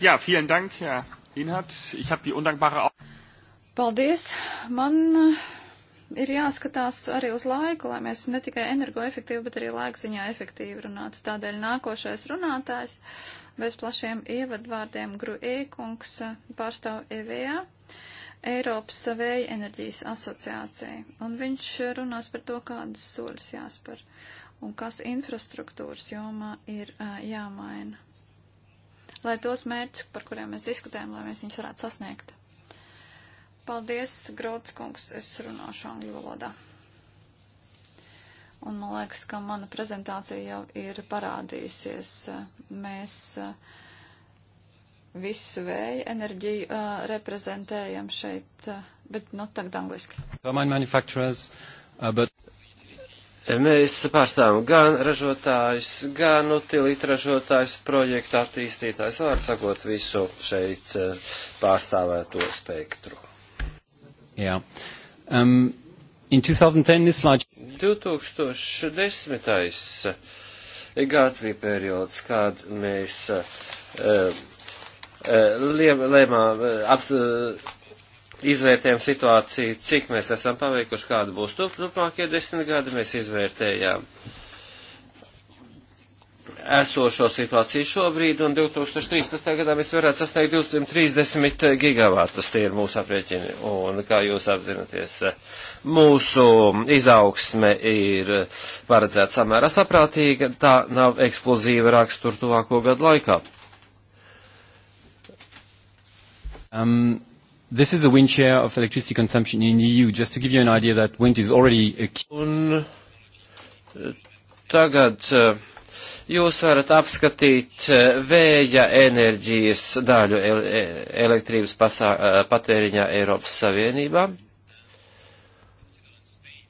Jā, ja, vielen dank, Herr Inhardt. Ich habe die undankbare. Paldies. Man uh, ir jāskatās arī uz laiku, lai mēs ne tikai energoefektīvi, bet arī laikziņā efektīvi runātu. Tādēļ nākošais runātājs bez plašiem ievadvārdiem Gruēkungs pārstāv EVA. Eiropas Vēja enerģijas asociācija, un viņš runās par to, kādas soļas jāspēr un kas infrastruktūras jomā ir uh, jāmaina. Lai tos mērķus, par kuriem mēs diskutējam, lai mēs viņus varētu sasniegt. Paldies, Grots kungs, es runāšu angļu valodā. Un man liekas, ka mana prezentācija jau ir parādījusies. Mēs eh, visu vēju enerģiju uh, reprezentējam šeit, uh, bet nu tagad angliski. Uh, but... Mēs pārstāvam gan ražotājs, gan utilīt ražotājs, projekta attīstītājs, var sakot visu šeit pārstāvēto spektru. Jā. Um, in 2010 this large... 2010. gads bija periods, kad mēs uh, uh, lēmām, uh, aps, uh, izvērtējām situāciju, cik mēs esam paveikuši, kāda būs turpmākie desmit gadi, mēs izvērtējām. Uh, esošo situāciju šobrīd, un 2013. gadā mēs varētu sasniegt 230 gigavātus, tie ir mūsu aprēķini, un kā jūs apzināties, mūsu izaugsme ir paredzēta samērā saprātīga, tā nav eksplozīva rakstura tuvāko gadu laikā. Um, this is the wind share of electricity consumption in the EU, just to give you an idea that wind is already a key. Un, tagad uh, jūs varat apskatīt eh, vēja enerģijas daļu e, elektrības pasā, e, patēriņā Eiropas Savienībā.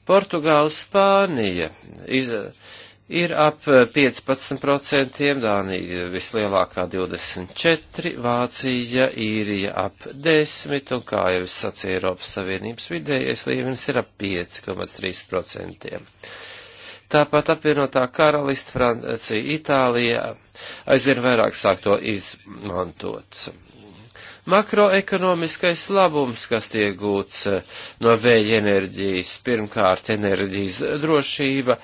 Portugāla, Spānija iz, ir ap 15%, Dānija vislielākā 24%, Vācija, Īrija ap 10%, un kā jau es sacīju, Eiropas Savienības vidējais līmenis ir ap 5,3%. Tāpat apvienotā karalista, Francija, Itālijā aizvien vairāk sāk to izmantot. Makroekonomiskais labums, kas tiek gūts eh, no vēja enerģijas, pirmkārt enerģijas drošība,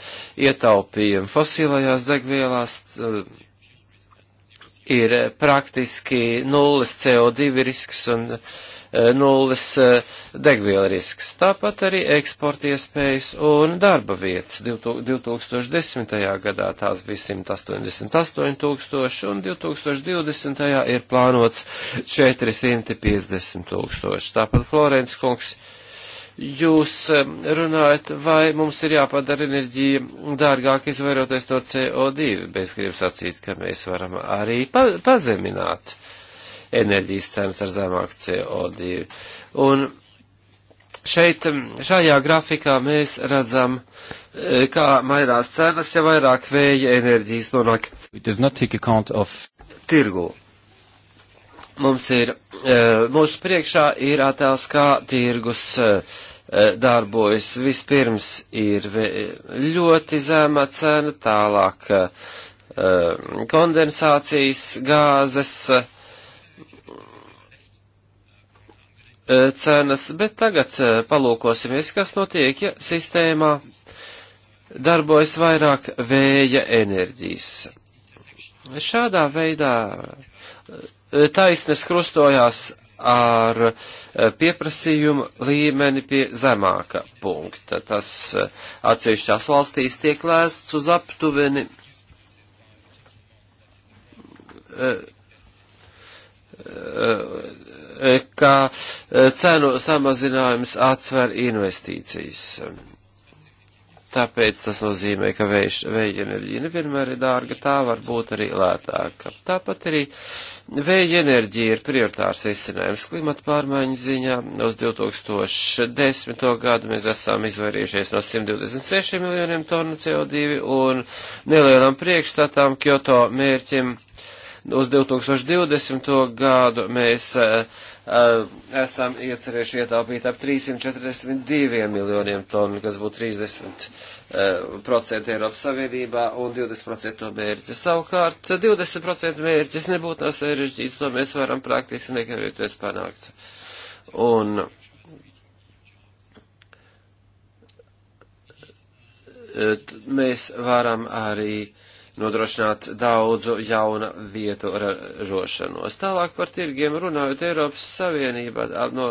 ietaupījumi fosilajās degvielās, eh, ir praktiski nulles CO2 risks un uh, nulles eh, degviela risks, tāpat arī eksporta iespējas un darba vietas. 2010. gadā tās bija 188 tūkstoši un 2020. ir plānots 450 tūkstoši. Tāpat Florence kungs jūs eh, runājat, vai mums ir jāpadara enerģija dārgāk izvairoties no CO2, bez gribas atsīt, ka mēs varam arī pa pazemināt enerģijas cenas ar zemāku CO2. Un šeit, šajā grafikā mēs redzam, e, kā mainās cenas, ja vairāk vēja enerģijas nonāk of... tirgu. Mums ir, e, mūsu priekšā ir attēls, kā tirgus e, darbojas. Vispirms ir ļoti zema cena, tālāk kondensācijas gāzes, Eh, cenas, bet tagad eh, palūkosimies, kas notiek, ja sistēmā darbojas vairāk vēja enerģijas. Šādā veidā eh, taisnes krustojās ar pieprasījumu līmeni pie zemāka punkta. Tas atsevišķās valstīs tiek lēsts uz aptuveni ka e, cenu samazinājums atsver investīcijas. Tāpēc tas nozīmē, ka vējš, vēja enerģija nevienmēr ir dārga, tā var būt arī lētāka. Tāpat arī vēja enerģija ir prioritārs izcinājums klimata pārmaiņu ziņā. Uz 2010. gadu mēs esam izvairījušies no 126 miljoniem tonu CO2 un nelielam priekšstatām Kyoto mērķim. Uh, uz 2020. gadu mēs e, e, esam iecerējuši ietaupīt ap 342 miljoniem tonu, kas būtu 30% e, Eiropas Savienībā un 20% mērķis. Savukārt 20% mērķis nebūtu nav sarežģīts, to mēs varam praktiski nekavēties panākt. Un mēs varam arī uh, nodrošināt daudzu jauna vietu ražošanos. Tālāk par tirgiem runājot, Eiropas Savienība no,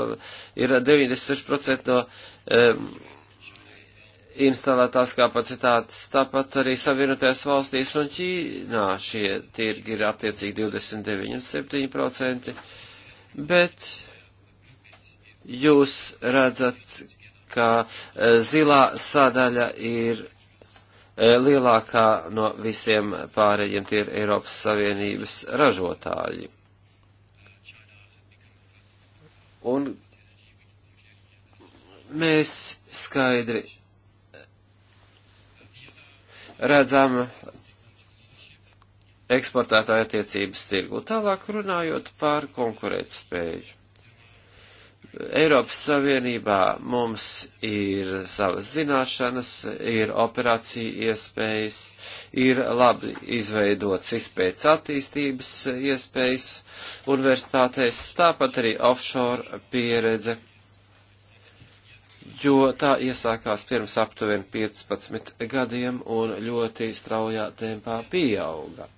ir 96% no um, instalētās kapacitātes, tāpat arī Savienotajās valstīs un Ķīnā šie tirgi ir attiecīgi 29,7%, bet jūs redzat, ka zilā sadaļa ir Eh, lielākā no visiem pārējiem tie ir Eiropas Savienības ražotāji. Un mēs skaidri redzam eksportētāja attiecības tirgu. Tālāk runājot par konkurētspēju. Eiropas Savienībā mums ir savas zināšanas, ir operācija iespējas, ir labi izveidots izpētes attīstības iespējas universitātēs, tāpat arī offshore pieredze, jo tā iesākās pirms aptuveni 15 gadiem un ļoti straujā tempā pieauga.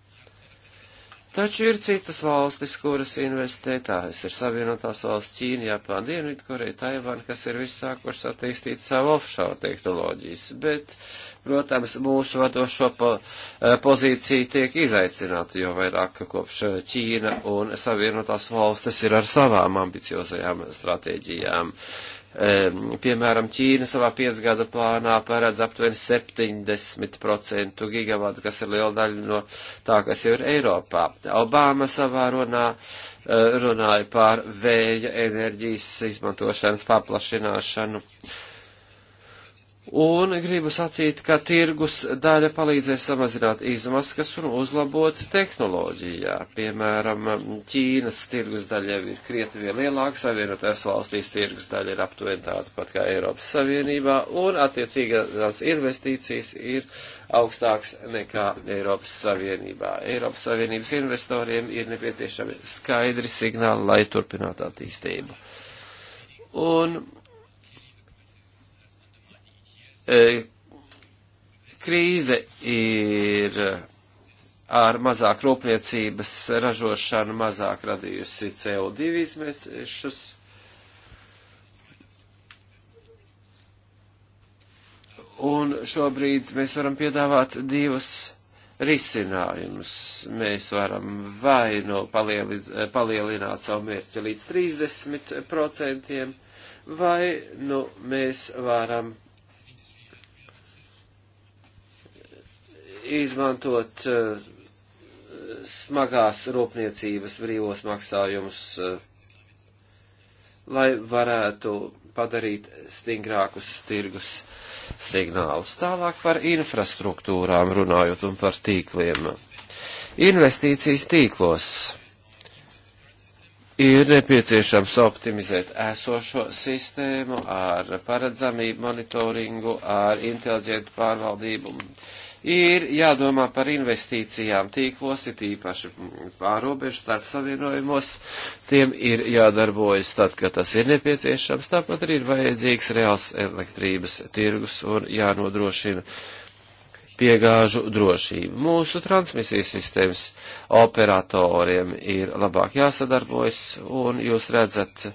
Taču ir citas valstis, kuras investē, tās ir Savienotās valsts Ķīna, Japāna, Dienvidkoreja, Taivāna, kas ir vissākušas attīstīt savu offshore tehnoloģijas, bet, protams, mūsu vadošo po, eh, pozīciju tiek izaicināta, jo vairāk kopš eh, Ķīna un Savienotās valstis ir ar savām ambiciozajām stratēģijām. Uh, Ehm, piemēram, Ķīna savā piecgada plānā paredz aptuveni 70% gigavātu, kas ir liela daļa no tā, kas jau ir Eiropā. Obama savā runā eh, runāja par vēja enerģijas izmantošanas paplašināšanu. Uh, Un gribu sacīt, ka tirgus daļa palīdzēs samazināt izmaskas un uzlabot tehnoloģijā. Piemēram, Ķīnas tirgus daļa jau ir krietni vien lielāka, Savienotās valstīs tirgus daļa ir aptuveni tāda pat kā Eiropas Savienībā, un attiecīgās investīcijas ir augstāks nekā Eiropas Savienībā. Eiropas Savienības investoriem ir nepieciešami skaidri signāli, lai turpinātu attīstību. Un E, krīze ir ar mazāk rūpniecības ražošanu, mazāk radījusi CO2 izmešus. Un šobrīd mēs varam piedāvāt divus risinājumus. Mēs varam vai nu palielināt savu mērķi līdz 30%, vai nu mēs varam izmantot eh, smagās rūpniecības brīvos maksājumus, eh, lai varētu padarīt stingrākus tirgus signālus. Tālāk par infrastruktūrām runājot un par tīkliem. Investīcijas tīklos ir nepieciešams optimizēt esošo sistēmu ar paredzamību monitoringu, ar inteliģentu pārvaldību ir jādomā par investīcijām tīklos, ir īpaši pārobežu starp savienojumos, tiem ir jādarbojas tad, kad tas ir nepieciešams, tāpat arī ir vajadzīgs reāls elektrības tirgus un jānodrošina piegāžu drošību. Mūsu transmisijas sistēmas operatoriem ir labāk jāsadarbojas, un jūs redzat,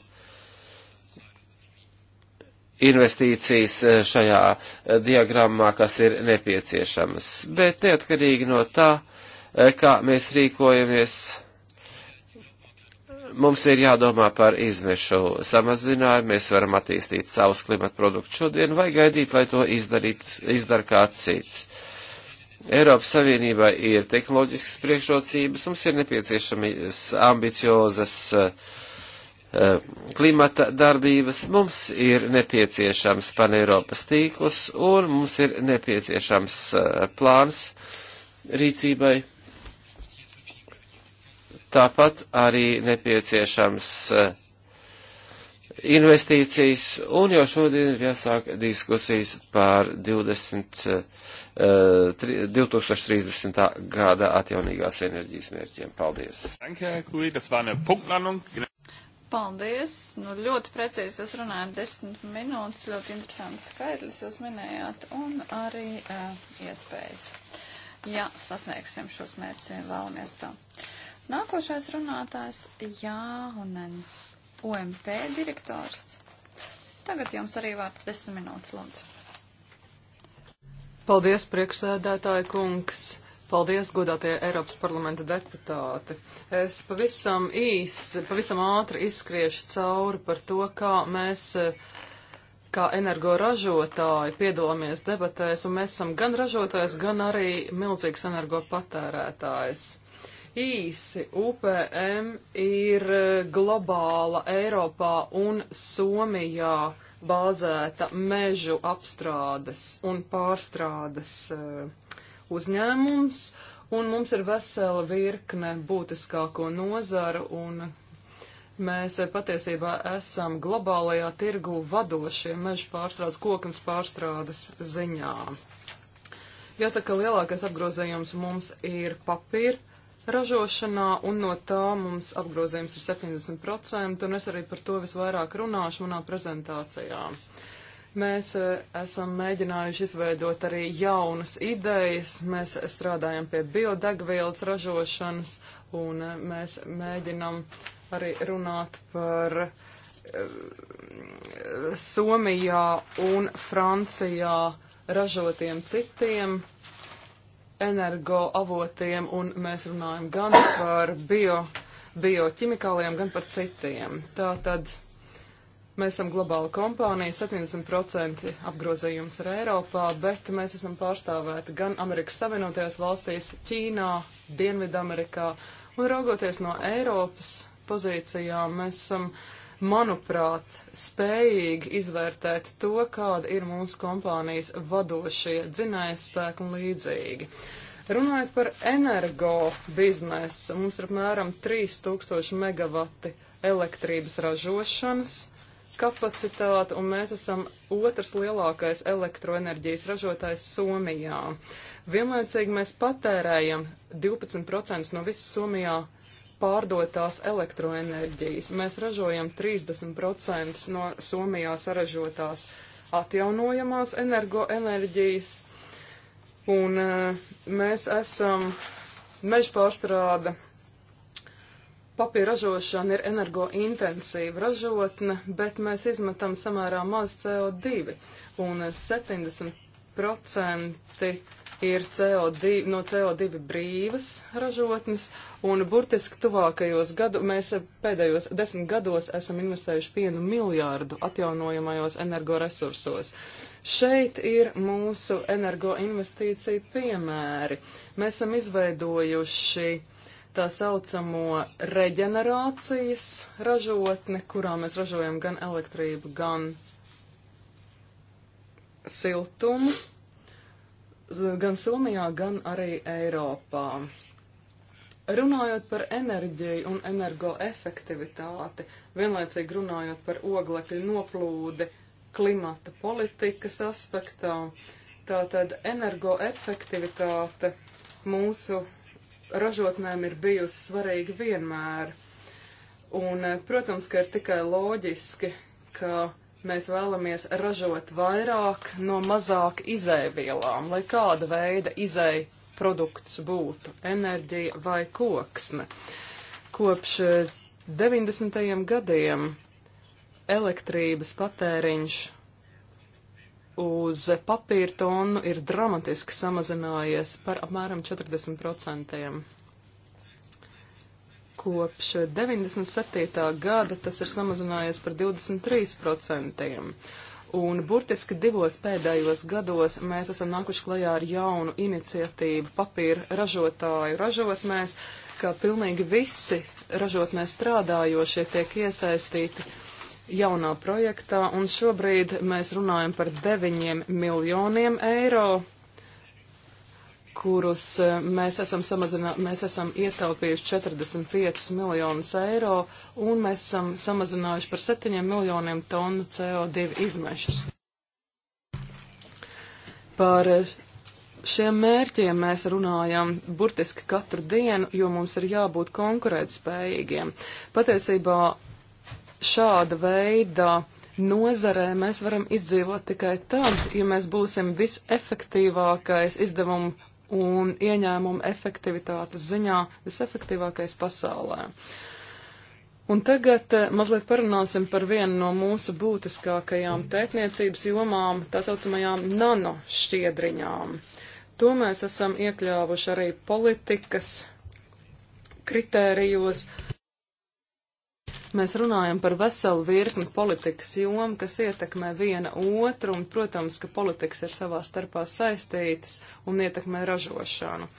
investīcijas eh, šajā eh, diagrammā, kas ir nepieciešamas. Bet neatkarīgi no tā, eh, kā mēs rīkojamies, mums ir jādomā par izmešu samazinājumu. Mēs varam attīstīt savus klimatu produktus šodien vai gaidīt, lai to izdarīt, izdara kāds cits. Eiropas Savienībai ir tehnoloģiskas priekšrocības, mums ir nepieciešamas ambiciozas uh, Eh, klimata darbības, mums ir nepieciešams paneiropas tīkls un mums ir nepieciešams eh, plāns rīcībai. Tāpat arī nepieciešams eh, investīcijas, un jau šodien ir jāsāk diskusijas par 20, 2030. gada atjaunīgās enerģijas mērķiem. Paldies! Danke, Herr Kui, das war eine Punktlandung. Paldies! Nu, ļoti precīzi jūs runājat desmit minūtes, ļoti interesants skaidrs jūs minējāt un arī uh, iespējas. Jā, sasniegsim šos mērķus, ja vēlamies to. Nākošais runātājs Jāhunen, OMP direktors. Tagad jums arī vārds desmit minūtes, lūdzu. Paldies, priekšsēdētāja kungs. Paldies, godātie Eiropas parlamenta deputāti. Es pavisam īsi, pavisam ātri izskriešu cauri par to, kā mēs, kā energoražotāji, piedalāmies debatēs, un mēs esam gan ražotājs, gan arī milzīgs energopatērētājs. Īsi UPM ir globāla Eiropā un Somijā bāzēta mežu apstrādes un pārstrādes uh, uzņēmums, un mums ir vesela virkne būtiskāko nozaru, un mēs patiesībā esam globālajā tirgu vadošie meža pārstrādes, koknes pārstrādes ziņā. Jāsaka, lielākais apgrozījums mums ir papīra ražošanā, un no tā mums apgrozījums ir 70%, un es arī par to visvairāk runāšu manā prezentācijā. Uh, Mēs e, esam mēģinājuši izveidot arī jaunas idejas. Mēs strādājam pie biodegvielas ražošanas un e, mēs mēģinam arī runāt par e, Somijā un Francijā ražotiem citiem energoavotiem, un mēs runājam gan par bio, bioķimikāliem, gan par citiem. Tātad Mēs esam globāla kompānija, 70% apgrozījums ir Eiropā, bet mēs esam pārstāvēti gan Amerikas Savienotajās valstīs, Ķīnā, Dienvidamerikā. Un raugoties no Eiropas pozīcijām, mēs esam, manuprāt, spējīgi izvērtēt to, kāda ir mūsu kompānijas vadošie dzinējspēki un līdzīgi. Runājot par energo biznesu, mums ir apmēram 3000 megavati elektrības ražošanas, kapacitāti, un mēs esam otrs lielākais elektroenerģijas ražotājs Somijā. Vienlaicīgi mēs patērējam 12% no visas Somijā pārdotās elektroenerģijas. Mēs ražojam 30% no Somijā saražotās atjaunojamās energoenerģijas, un eh, mēs esam mežpārstrāda papīra ražošana ir energointensīva ražotne, bet mēs izmetam samērā maz CO2, un 70% ir CO2, no CO2 brīvas ražotnes, un burtiski tuvākajos gados, mēs pēdējos desmit gados esam investējuši vienu miljārdu atjaunojamajos energoresursos. Šeit ir mūsu energoinvestīcija piemēri. Mēs esam izveidojuši uh, tā saucamo reģenerācijas ražotni, kurā mēs ražojam gan elektrību, gan siltumu, gan Somijā, gan arī Eiropā. Runājot par enerģiju un energoefektivitāti, vienlaicīgi runājot par oglekļu noplūdi klimata politikas aspektā, tātad energoefektivitāte mūsu ražotnēm ir bijusi svarīga vienmēr. Un, eh, protams, ka ir tikai loģiski, ka mēs vēlamies ražot vairāk no mazāk izēvielām, lai kāda veida izēja produkts būtu - enerģija vai koksne. Kopš 90. Eh, gadiem elektrības patēriņš uz papīra tonu ir dramatiski samazinājies par apmēram 40%. Kopš 97. gada tas ir samazinājies par 23%. Un burtiski divos pēdējos gados mēs esam nākuši klajā ar jaunu iniciatīvu papīra ražotāju ražotnēs, ka pilnīgi visi ražotnē strādājošie tiek iesaistīti jaunā projektā, un šobrīd mēs runājam par 9 miljoniem eiro, kurus e, mēs esam, samazinā, mēs esam ietaupījuši 45 miljonus eiro, un mēs esam samazinājuši par 7 miljoniem tonu CO2 izmešus. Par e, šiem mērķiem mēs runājam burtiski katru dienu, jo mums ir jābūt konkurētspējīgiem. Patiesībā šāda veida nozarē mēs varam izdzīvot tikai tad, ja mēs būsim visefektīvākais izdevumu un ieņēmumu efektivitātes ziņā visefektīvākais pasaulē. Un tagad eh, mazliet parunāsim par vienu no mūsu būtiskākajām pētniecības jomām, tā saucamajām nano šķiedriņām. To mēs esam iekļāvuši arī politikas kritērijos, Mēs runājam par veselu virkni politikas jomu, kas ietekmē viena otru, un, protams, ka politikas ir savā starpā saistītas un ietekmē ražošanu.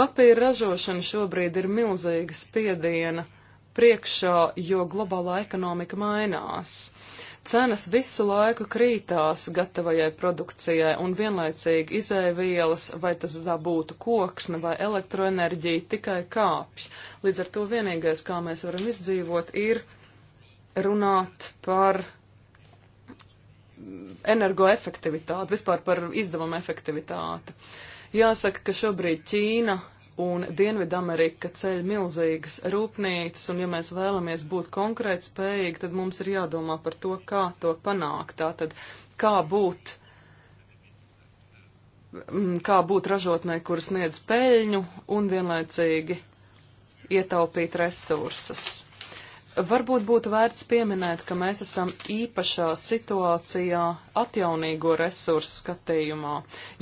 Papīra ražošana šobrīd ir milzīga spiediena priekšā, jo globālā ekonomika mainās cenas visu laiku krītās gatavajai produkcijai un vienlaicīgi izēvielas, vai tas tā būtu koksne vai elektroenerģija, tikai kāpj. Līdz ar to vienīgais, kā mēs varam izdzīvot, ir runāt par energoefektivitāti, vispār par izdevumu efektivitāti. Jāsaka, ka šobrīd Ķīna un Dienvidamerika ceļ milzīgas rūpnīcas, un ja mēs vēlamies būt konkrēti spējīgi, tad mums ir jādomā par to, kā to panākt. Tātad, kā būt, mm, kā būt ražotnē, kuras sniedz peļņu un vienlaicīgi ietaupīt resursus. Varbūt būtu vērts pieminēt, ka mēs esam īpašā situācijā atjaunīgo resursu skatījumā,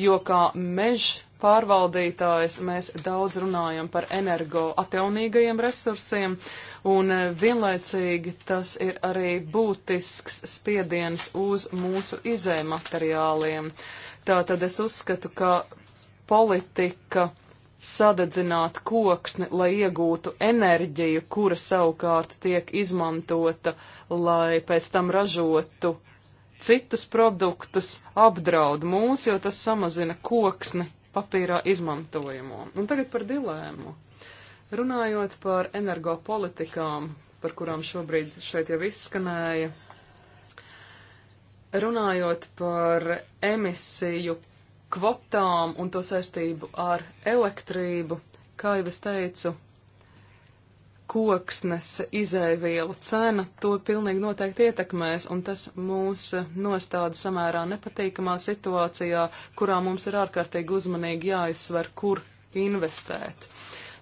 jo kā meža pārvaldītājs, mēs daudz runājam par energo atjaunīgajiem resursiem, un eh, vienlaicīgi tas ir arī būtisks spiediens uz mūsu izējumateriāliem. Tātad es uzskatu, ka politika sadedzināt koksni, lai iegūtu enerģiju, kura savukārt tiek izmantota, lai pēc tam ražotu citus produktus, apdraud mūs, jo tas samazina koksni papīrā izmantojamo. Un tagad par dilēmu. Runājot par energopolitikām, par kurām šobrīd šeit jau izskanēja, runājot par emisiju kvotām un to saistību ar elektrību, kā jau es teicu, koksnes izēvielu cena, to pilnīgi noteikti ietekmēs, un tas mūs nostāda samērā nepatīkamā situācijā, kurā mums ir ārkārtīgi uzmanīgi jāizsver, kur investēt.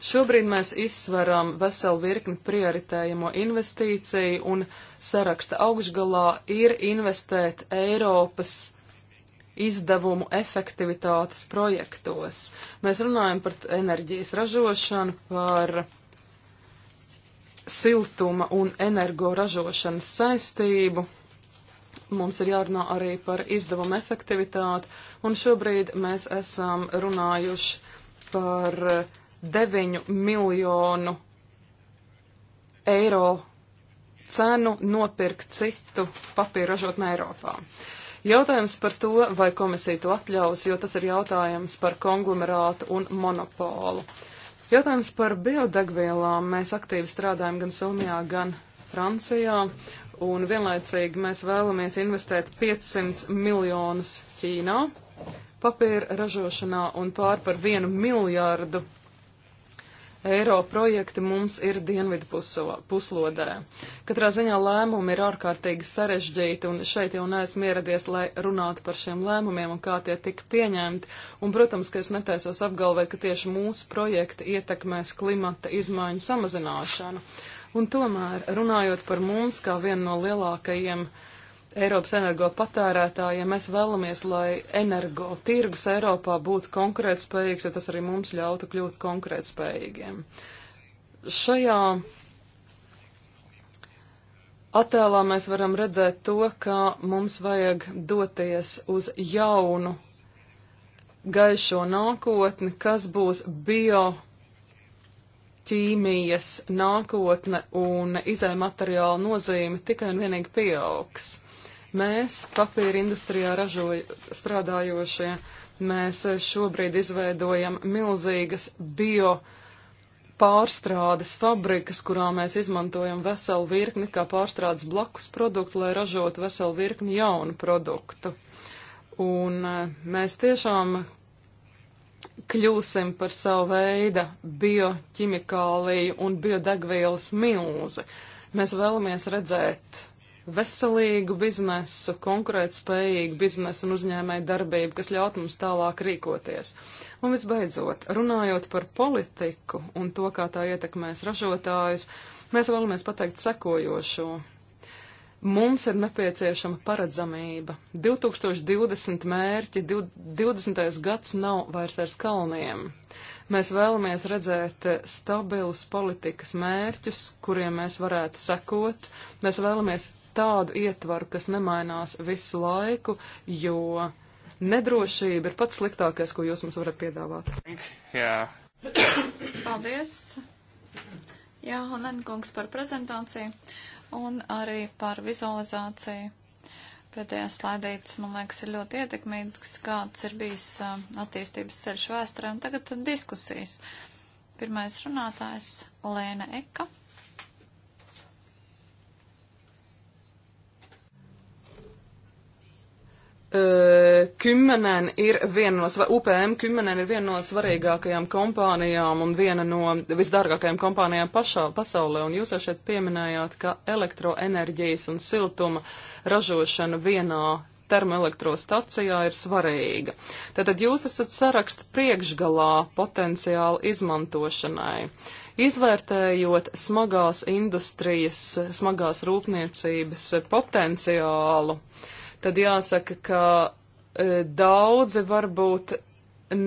Šobrīd mēs izsveram veselu virkni prioritējamo investīciju, un saraksta augšgalā ir investēt Eiropas izdevumu efektivitātes projektos. Mēs runājam par enerģijas ražošanu, par siltuma un energoražošanas saistību. Mums ir jārunā arī par izdevumu efektivitāti, un šobrīd mēs esam runājuši par 9 miljonu eiro cenu nopirkt citu papīru ražotni Eiropā. Jautājums par to, vai komisija to atļaus, jo tas ir jautājums par konglomerātu un monopolu. Uh, Jautājums par biodegvielām. Mēs aktīvi strādājam gan Somijā, gan Francijā, un vienlaicīgi mēs vēlamies investēt 500 miljonus Ķīnā papīra ražošanā un pār par vienu miljārdu eiro projekti mums ir dienvidu puso, puslodē. Katrā ziņā lēmumi ir ārkārtīgi sarežģīti, un šeit jau neesmu ieradies, lai runātu par šiem lēmumiem un kā tie tika pieņemti. Un, protams, ka es netaisos apgalvēt, ka tieši mūsu projekti ietekmēs klimata izmaiņu samazināšanu. Un tomēr, runājot par mums kā vienu no lielākajiem uh, Eiropas energopatērētājiem. Mēs vēlamies, lai energo tirgus Eiropā būtu konkurētspējīgs, jo ja tas arī mums ļautu kļūt konkurētspējīgiem. Šajā attēlā mēs varam redzēt to, ka mums vajag doties uz jaunu gaišo nākotni, kas būs bio ķīmijas nākotne un izējumateriāla nozīme tikai un vienīgi pieaugs. Mēs, papīra industrijā ražoja, strādājošie, mēs šobrīd izveidojam milzīgas bio pārstrādes fabrikas, kurā mēs izmantojam veselu virkni kā pārstrādes blakus produktu, lai ražotu veselu virkni jaunu produktu. Un e, mēs tiešām kļūsim par savu veidu bioķimikāliju un biodegvielas milzi. Mēs vēlamies redzēt veselīgu biznesu, konkurētspējīgu biznesu un uzņēmēju darbību, kas ļaut mums tālāk rīkoties. Un visbeidzot, runājot par politiku un to, kā tā ietekmēs ražotājus, mēs vēlamies pateikt sekojošo. Mums ir nepieciešama paredzamība. 2020 mērķi, 20. gads nav vairs ar skalniem. Mēs vēlamies redzēt stabilus politikas mērķus, kuriem mēs varētu sekot. Mēs vēlamies tādu ietvaru, kas nemainās visu laiku, jo nedrošība ir pats sliktākais, ko jūs mums varat piedāvāt. Jā. Paldies. Jā, Honenkungs par prezentāciju un arī par vizualizāciju. Pēdējās slaidītas, man liekas, ir ļoti ietekmīgs, kāds ir bijis attīstības ceļš vēsturē, un tagad diskusijas. Pirmais runātājs Lēna Eka. Eh, Kymenen ir viena no, UPM Kymenen ir viena no svarīgākajām kompānijām un viena no visdārgākajām kompānijām pašā pasaulē. Un jūs jau šeit pieminējāt, ka elektroenerģijas un siltuma ražošana vienā termoelektrostacijā ir svarīga. Tātad jūs esat saraksta priekšgalā potenciāli izmantošanai. Izvērtējot smagās industrijas, smagās rūpniecības potenciālu, uh, tad jāsaka, ka e, daudzi varbūt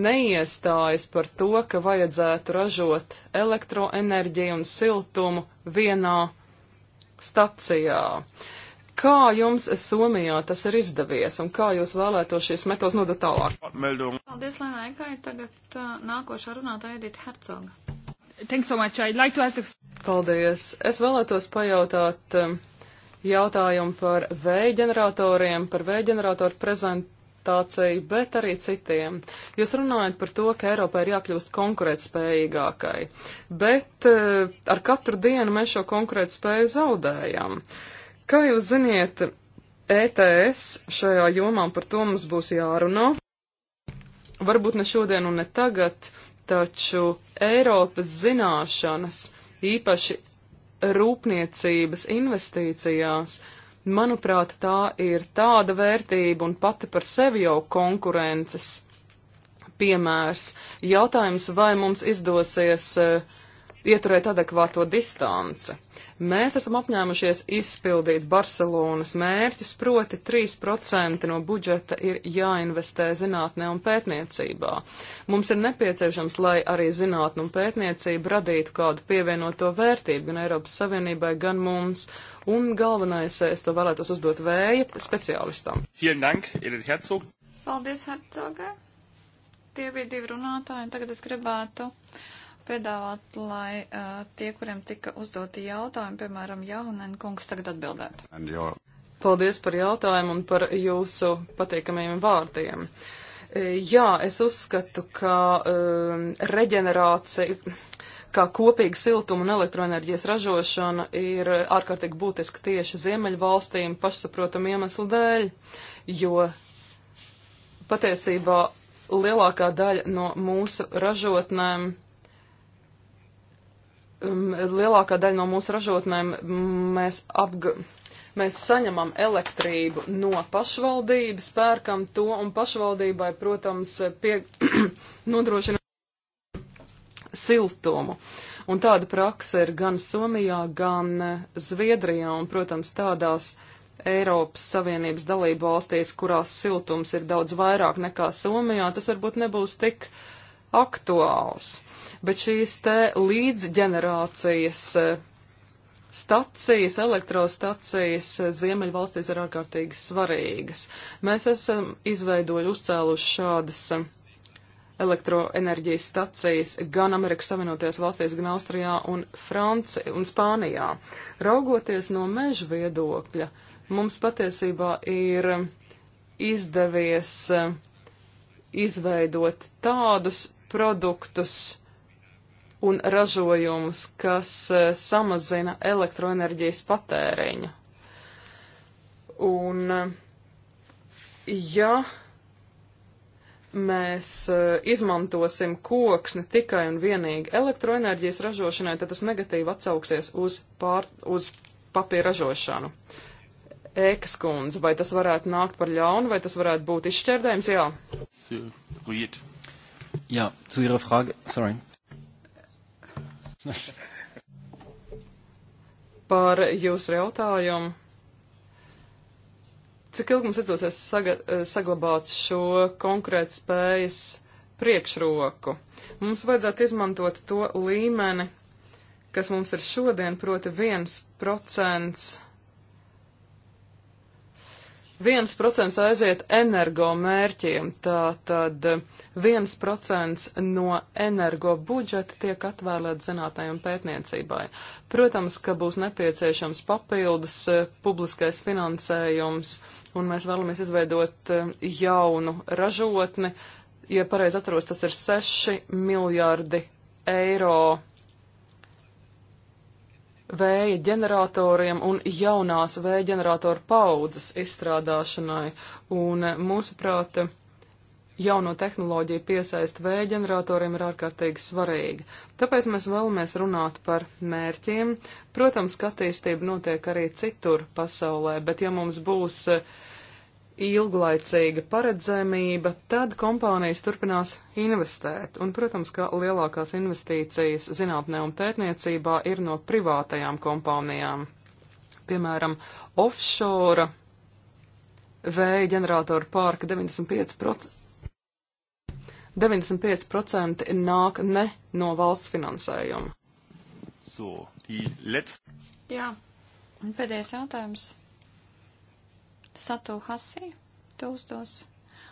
neiestājas par to, ka vajadzētu ražot elektroenerģiju un siltumu vienā stacijā. Kā jums Somijā tas ir izdevies un kā jūs vēlētos šīs metodas nodot tālāk? Paldies, Lēnai, kā ir tagad uh, nākošā runātāja Edita Hercoga. So much, like to... Paldies. Es vēlētos pajautāt. Um, uh, jautājumu par vējģeneratoriem, par vējģeneratoru prezentāciju, bet arī citiem. Jūs runājat par to, ka Eiropai ir jākļūst konkurētspējīgākai, bet eh, ar katru dienu mēs šo konkurētspēju zaudējam. Kā jūs ziniet, ETS šajā jomā par to mums būs jārunā. Varbūt ne šodien un ne tagad, taču Eiropas zināšanas, īpaši rūpniecības investīcijās, manuprāt, tā ir tāda vērtība un pati par sevi jau konkurences piemērs. Jautājums, vai mums izdosies uh, ieturēt adekvāto distanci. Mēs esam apņēmušies izpildīt Barcelonas mērķus, proti 3% no budžeta ir jāinvestē zinātnē un pētniecībā. Mums ir nepieciešams, lai arī zinātnē un pētniecība radītu kādu pievienoto vērtību gan Eiropas Savienībai, gan mums. Un galvenais, es to vēlētos uzdot vēja speciālistam. Paldies, Hercogai! tie bija divi runātāji, un tagad es gribētu piedāvāt, lai uh, tie, kuriem tika uzdoti jautājumi, piemēram, Jaunen kungs tagad atbildētu. Paldies par jautājumu un par jūsu patiekamajiem vārdiem. Jā, es uzskatu, ka um, reģenerācija, kā kopīga siltuma un elektroenerģijas ražošana ir ārkārtīgi būtiska tieši Ziemeļvalstīm pašsaprotam iemeslu dēļ, jo patiesībā lielākā daļa no mūsu ražotnēm Um, lielākā daļa no mūsu ražotnēm mēs apgādājam mēs saņemam elektrību no pašvaldības, pērkam to, un pašvaldībai, protams, pie, nodrošina siltumu. Un tāda praksa ir gan Somijā, gan e, Zviedrijā, un, protams, tādās Eiropas Savienības dalību valstīs, kurās siltums ir daudz vairāk nekā Somijā, tas varbūt nebūs tik aktuāls bet šīs te līdzģenerācijas e, stacijas, elektrostacijas e, Ziemeļvalstīs ir ārkārtīgi svarīgas. Mēs esam izveidojuši, uzcēluši šādas e, elektroenerģijas stacijas gan Amerikas Savienotajās valstīs, gan Austrijā un, Franci un Spānijā. Raugoties no meža viedokļa, mums patiesībā ir izdevies izveidot tādus produktus, un ražojumus, kas e, samazina elektroenerģijas patēriņu. Un e, ja mēs e, izmantosim koksni tikai un vienīgi elektroenerģijas ražošanai, tad tas negatīvi atsauksies uz, pār, uz papīra ražošanu. Ēkas kundze, vai tas varētu nākt par ļaunu, vai tas varētu būt izšķērdējums? Jā. Jā, zu Ihrer Frage, sorry. Par jūsu jautājumu. Cik ilgi mums izdosies saga eh, saglabāt šo konkrētu spējas priekšroku? Mums vajadzētu izmantot to līmeni, kas mums ir šodien, proti viens procents viens procents aiziet energo mērķiem, tā tad viens procents no energo budžeta tiek atvēlēts zinātnē un pētniecībai. Protams, ka būs nepieciešams papildus e, publiskais finansējums, un mēs vēlamies izveidot e, jaunu ražotni. Ja pareizi atceros, tas ir 6 miljārdi eiro vēja ģeneratoriem un jaunās vēja ģeneratoru paudzes izstrādāšanai. Un eh, mūsuprāt, jauno tehnoloģiju piesaist vēja ģeneratoriem ir ārkārtīgi svarīga. Tāpēc mēs vēlamies runāt par mērķiem. Protams, ka attīstība notiek arī citur pasaulē, bet ja mums būs uh, ilglaicīga paredzamība, tad kompānijas turpinās investēt. Un, protams, ka lielākās investīcijas zinātnē un pētniecībā ir no privātajām kompānijām. Piemēram, offshore vēja ģeneratoru pārka 95%. 95% nāk ne no valsts finansējuma. So, let's... Jā, un pēdējais jautājums. Satu Hasi, tu uzdos.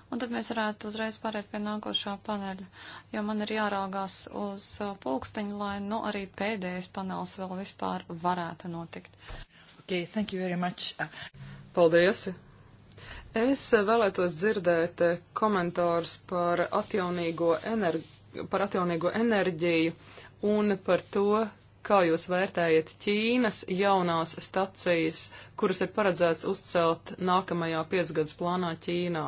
Un tad mēs varētu uzreiz pārēt pie nākošā paneļa, jo man ir jāraugās uz uh, pulksteņu, lai nu arī pēdējais panels vēl vispār varētu notikt. Ok, thank you very much. Uh, Paldies! Es uh, vēlētos dzirdēt komentārus par atjaunīgo, energi, par atjaunīgo enerģiju un par to, Kā jūs vērtējat Ķīnas jaunās stacijas, kuras ir paredzēts uzcelt nākamajā piecgadas plānā Ķīnā?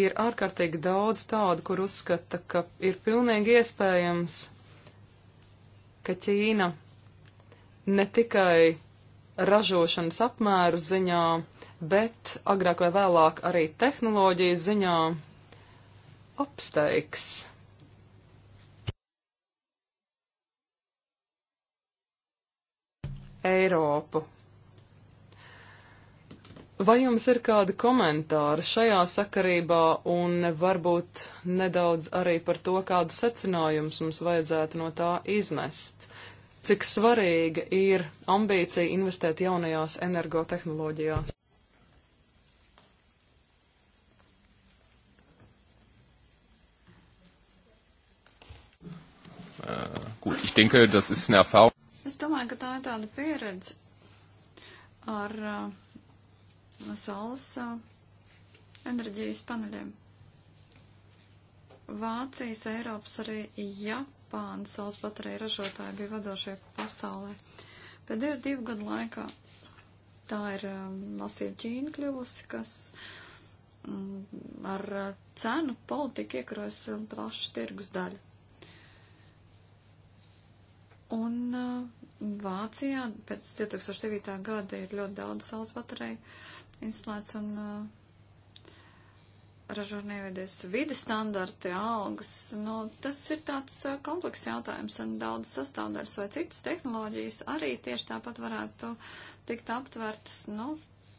Ir ārkārtīgi daudz tādu, kur uzskata, ka ir pilnīgi iespējams, ka Ķīna ne tikai ražošanas apmēru ziņā, bet agrāk vai vēlāk arī tehnoloģijas ziņā apsteigs Eiropu. Vai jums ir kādi komentāri šajā sakarībā un varbūt nedaudz arī par to, kādu secinājumus mums vajadzētu no tā iznest? Cik svarīga ir ambīcija investēt jaunajās energotehnoloģijās? Äh, gut, ich denke, das ist eine Erfahrung. Es domāju, ka tā ir tāda pieredze ar uh, saules uh, enerģijas paneļiem. Vācijas, Eiropas, arī Japāna saules bateriju ražotāji bija vadošie pasaulē. Pēdējo divu gadu laikā tā ir um, masīva Ķīna kļuvusi, kas um, ar uh, cenu politiku iekarojas plašu tirgus daļu. Un uh, Vācijā pēc 2009. gada ir ļoti daudz saules bateriju instalēts un uh, ražotnieviedies vides standarti, algas. Nu, tas ir tāds uh, komplekss jautājums un daudz sastāvdaļas vai citas tehnoloģijas arī tieši tāpat varētu tikt aptvertas. Nu,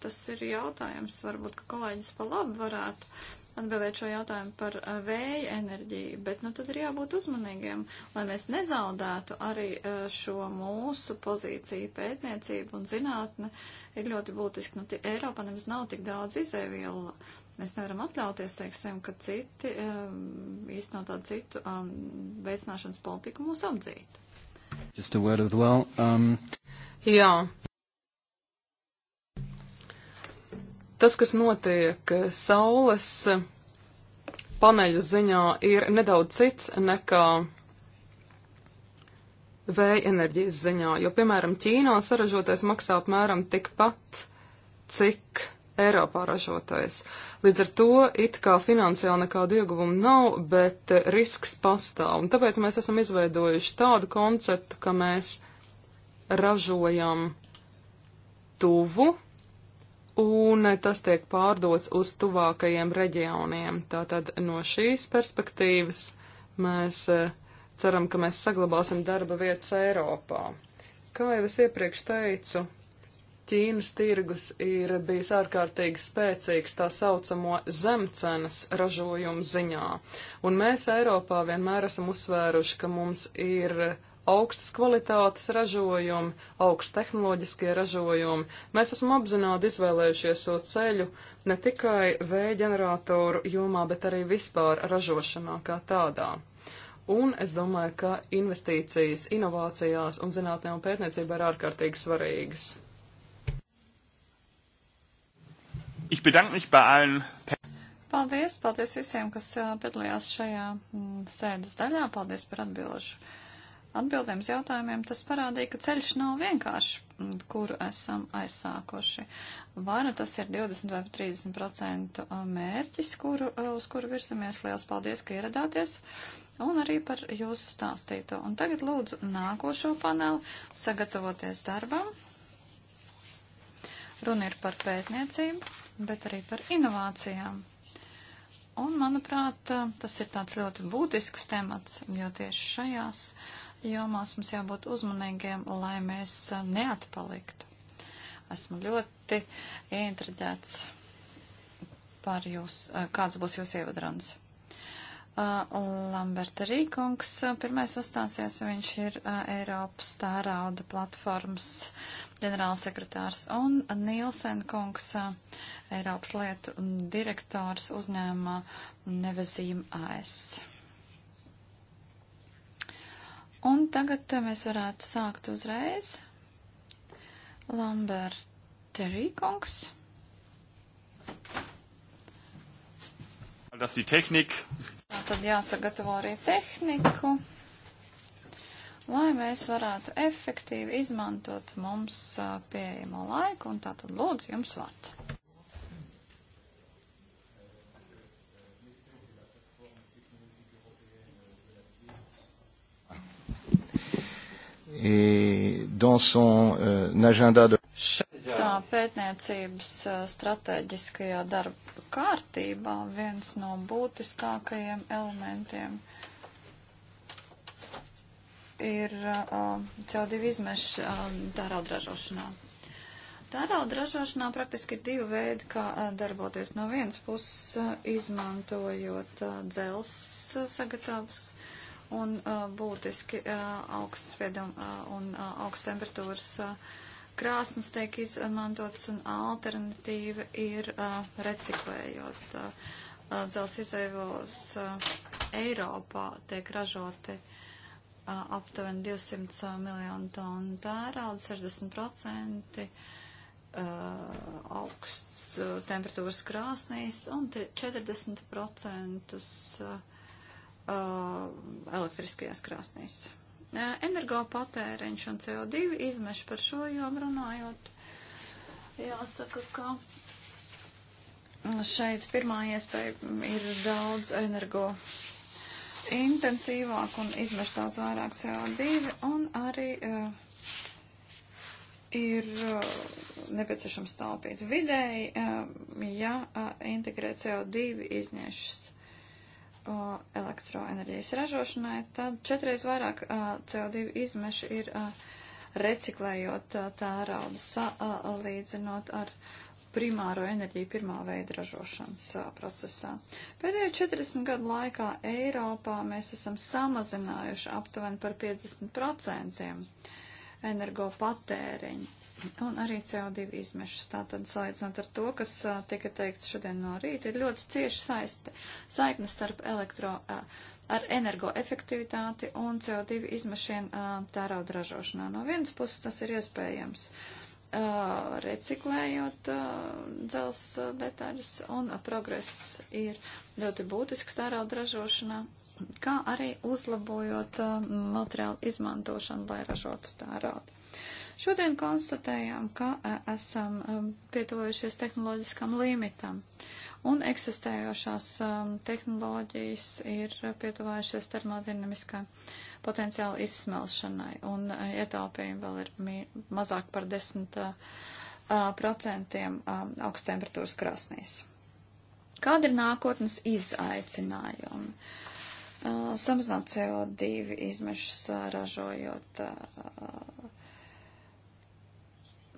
tas ir jautājums, varbūt, ka kolēģis pa labi varētu atbildēt šo jautājumu par vēja enerģiju, bet nu tad ir jābūt uzmanīgiem, lai mēs nezaudētu arī šo mūsu pozīciju pētniecību un zinātne ir ļoti būtiski. Nu, Eiropa nemaz nav tik daudz izēvielu. Mēs nevaram atļauties, teiksim, ka citi īstenot tādu citu veicināšanas politiku mūs apdzīt. Just a word of the well. Um... Jā, Tas, kas notiek saules paneļu ziņā, ir nedaudz cits nekā vēja enerģijas ziņā, jo, piemēram, Ķīnā saražotais maksā apmēram tikpat, cik Eiropā ražotais. Līdz ar to it kā finansiāli nekādu ieguvumu nav, bet risks pastāv. Un tāpēc mēs esam izveidojuši tādu konceptu, ka mēs ražojam tuvu un tas tiek pārdots uz tuvākajiem reģioniem. Tātad no šīs perspektīvas mēs e, ceram, ka mēs saglabāsim darba vietas Eiropā. Kā jau es iepriekš teicu, Ķīnas tirgus ir bijis ārkārtīgi spēcīgs tā saucamo zemcenas ražojumu ziņā, un mēs Eiropā vienmēr esam uzsvēruši, ka mums ir augstas kvalitātes ražojumi, augsts tehnoloģiskie ražojumi. Mēs esam apzināti izvēlējušies šo so ceļu ne tikai vēja ģeneratoru jomā, bet arī vispār ražošanā kā tādā. Un es domāju, ka investīcijas inovācijās un zinātnē un pētniecībā ir ārkārtīgi svarīgas. Ich bedanke mich bei allen. Paldies, paldies visiem, kas eh, piedalījās šajā mm, sēdes daļā. Paldies par atbilžu atbildēm uz jautājumiem, tas parādīja, ka ceļš nav vienkārši, kuru esam aizsākuši. Vai nu tas ir 20 vai 30 procentu mērķis, kuru, uz kuru virzamies. Liels paldies, ka ieradāties un arī par jūsu stāstīto. Un tagad lūdzu nākošo panelu sagatavoties darbam. Runa ir par pētniecību, bet arī par inovācijām. Un, manuprāt, tas ir tāds ļoti būtisks temats, jo tieši šajās jomās mums jābūt uzmanīgiem, lai mēs neatpaliktu. Esmu ļoti intriģēts par jūs, kāds būs jūsu ievadrunas. Lamberta Rīkungs pirmais uzstāsies, viņš ir Eiropas tārauda platformas ģenerālsekretārs un Nīlsen kungs, Eiropas lietu direktors uzņēmumā Nevezīm AS. Un tagad mēs varētu sākt uzreiz. Lambert Rīkungs. Tas ir tehnika. Tā tad jāsagatavo arī tehniku, lai mēs varētu efektīvi izmantot mums pieejamo laiku, un tā tad lūdzu jums vārdu. et dans son euh, agenda de. Tā pētniecības uh, strateģiskajā darba kārtībā viens no būtiskākajiem elementiem ir uh, CO2 izmeši uh, tērauda ražošanā. Tērauda ražošanā praktiski ir divi veidi, kā uh, darboties. No vienas puses uh, izmantojot uh, dzels uh, sagatavas un uh, būtiski uh, augsts spiedums uh, un uh, augsts temperatūras uh, krāsnes tiek izmantotas un alternatīva ir uh, reciklējot. Uh, uh dzels izaivos uh, Eiropā tiek ražoti uh, aptuveni 200 uh, miljonu tonu tērauda, 60% uh, augsts uh, temperatūras krāsnīs un 40% uh, uh, elektriskajās krāsnīs. Uh, energopatēriņš un CO2 izmeši par šo jomu runājot, jāsaka, ka šeit pirmā iespēja ir daudz energo intensīvāk un izmeš daudz vairāk CO2 un arī uh, ir uh, nepieciešams taupīt vidēji, uh, ja uh, integrē CO2 izņešas elektroenerģijas ražošanai, tad četreiz vairāk CO2 izmeši ir reciklējot tērauda salīdzinot ar primāro enerģiju pirmā veida ražošanas a, procesā. Pēdējo 40 gadu laikā Eiropā mēs esam samazinājuši aptuveni par 50% energo patēriņu un arī CO2 izmešus. Tātad, salīdzinot ar to, kas a, tika teikts šodien no rīta, ir ļoti cieši saiste, saikne starp elektro, a, ar energoefektivitāti un CO2 izmešiem tērauda ražošanā. No vienas puses tas ir iespējams. Uh, reciklējot uh, dzels uh, detaļas, un progress ir ļoti būtisks tērauda ražošanā, kā arī uzlabojot materiālu izmantošanu, lai ražotu tēraudu. Šodien konstatējām, ka e, esam e, pietuvojušies tehnoloģiskam limitam, un eksistējošās e, tehnoloģijas ir pietuvojušies termodinamiskai potenciāla izsmelšanai, un ietaupījumi vēl ir mazāk par 10% augsttemperatūras krāsnīs. Kāda ir nākotnes izaicinājumi? Samazināt CO2 izmešus, ražojot uh,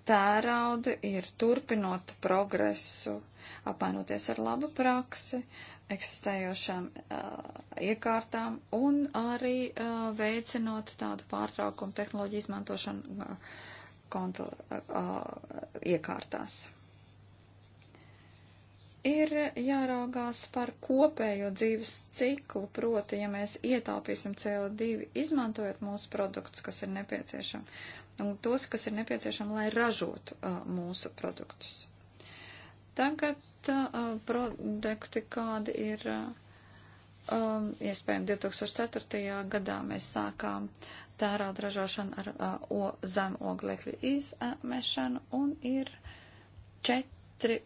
tērauda ir turpinot progresu, apmainoties ar labu praksi, eksistējošām uh, iekārtām un arī uh, veicinot tādu pārtraukumu tehnoloģiju izmantošanu uh, konta, uh, iekārtās ir jāraugās par kopējo dzīves ciklu, proti, ja mēs ietaupīsim CO2, izmantojot mūsu produktus, kas ir nepieciešami, un tos, kas ir nepieciešami, lai ražotu uh, mūsu produktus. Tagad uh, produkti kādi ir. Uh, um, iespējams 2004. gadā mēs sākām tērauda ražošanu ar uh, o, zem oglekļu izmešanu un ir četri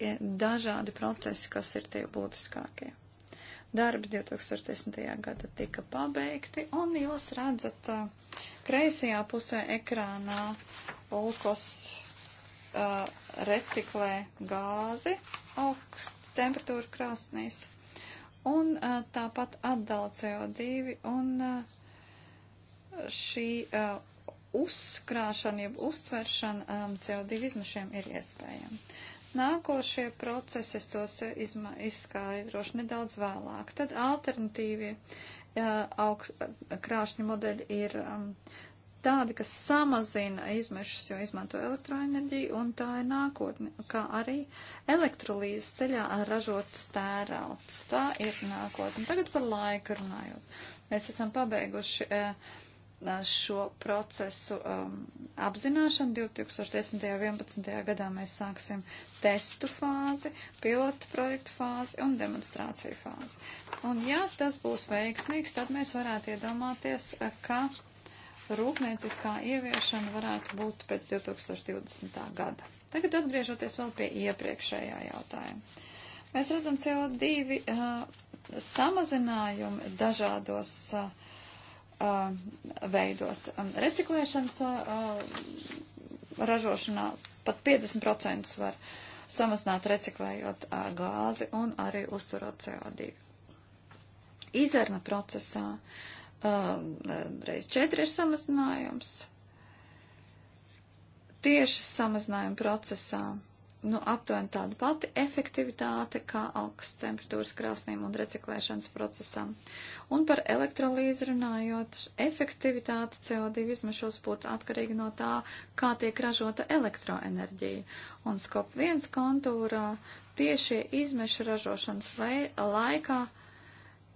dažādi procesi, kas ir tie būtiskākie darbi 2010. gada tika pabeigti, un jūs redzat uh, kreisajā pusē ekrānā Ulkos uh, reciklē gāzi augstu temperatūru krāsnīs, un uh, tāpat atdala CO2, un uh, šī uh, uzkrāšana, jeb uztveršana um, CO2 izmešiem ir iespējama. Nākošie procesi, es tos izma, izskaidrošu nedaudz vēlāk. Tad alternatīvie augs, krāšņi modeļi ir um, tādi, kas samazina izmešus, jo izmanto elektroenerģiju, un tā ir nākotne, kā arī elektrolīzes ceļā ražotas tērauts. Tā ir nākotne. Tagad par laiku runājot. Mēs esam pabeiguši. Uh, šo procesu um, apzināšanu. 2010. un 2011. gadā mēs sāksim testu fāzi, pilotu projektu fāzi un demonstrāciju fāzi. Un ja tas būs veiksmīgs, tad mēs varētu iedomāties, ka rūpnieciskā ieviešana varētu būt pēc 2020. gada. Tagad atgriežoties vēl pie iepriekšējā jautājuma. Mēs redzam CO2 uh, samazinājumu dažādos uh, uh, veidos. Reciklēšanas uh, ražošanā pat 50% var samazināt reciklējot uh, gāzi un arī uzturot CO2. Izarna procesā uh, reiz 4 ir samazinājums. Tieši samazinājuma procesā nu, aptuveni tāda pati efektivitāte kā augstas temperatūras krāsnīm un reciklēšanas procesam. Un par elektrolīzi runājot, efektivitāte CO2 izmešos būtu atkarīga no tā, kā tiek ražota elektroenerģija. Un skop viens kontūrā tiešie izmeša ražošanas laikā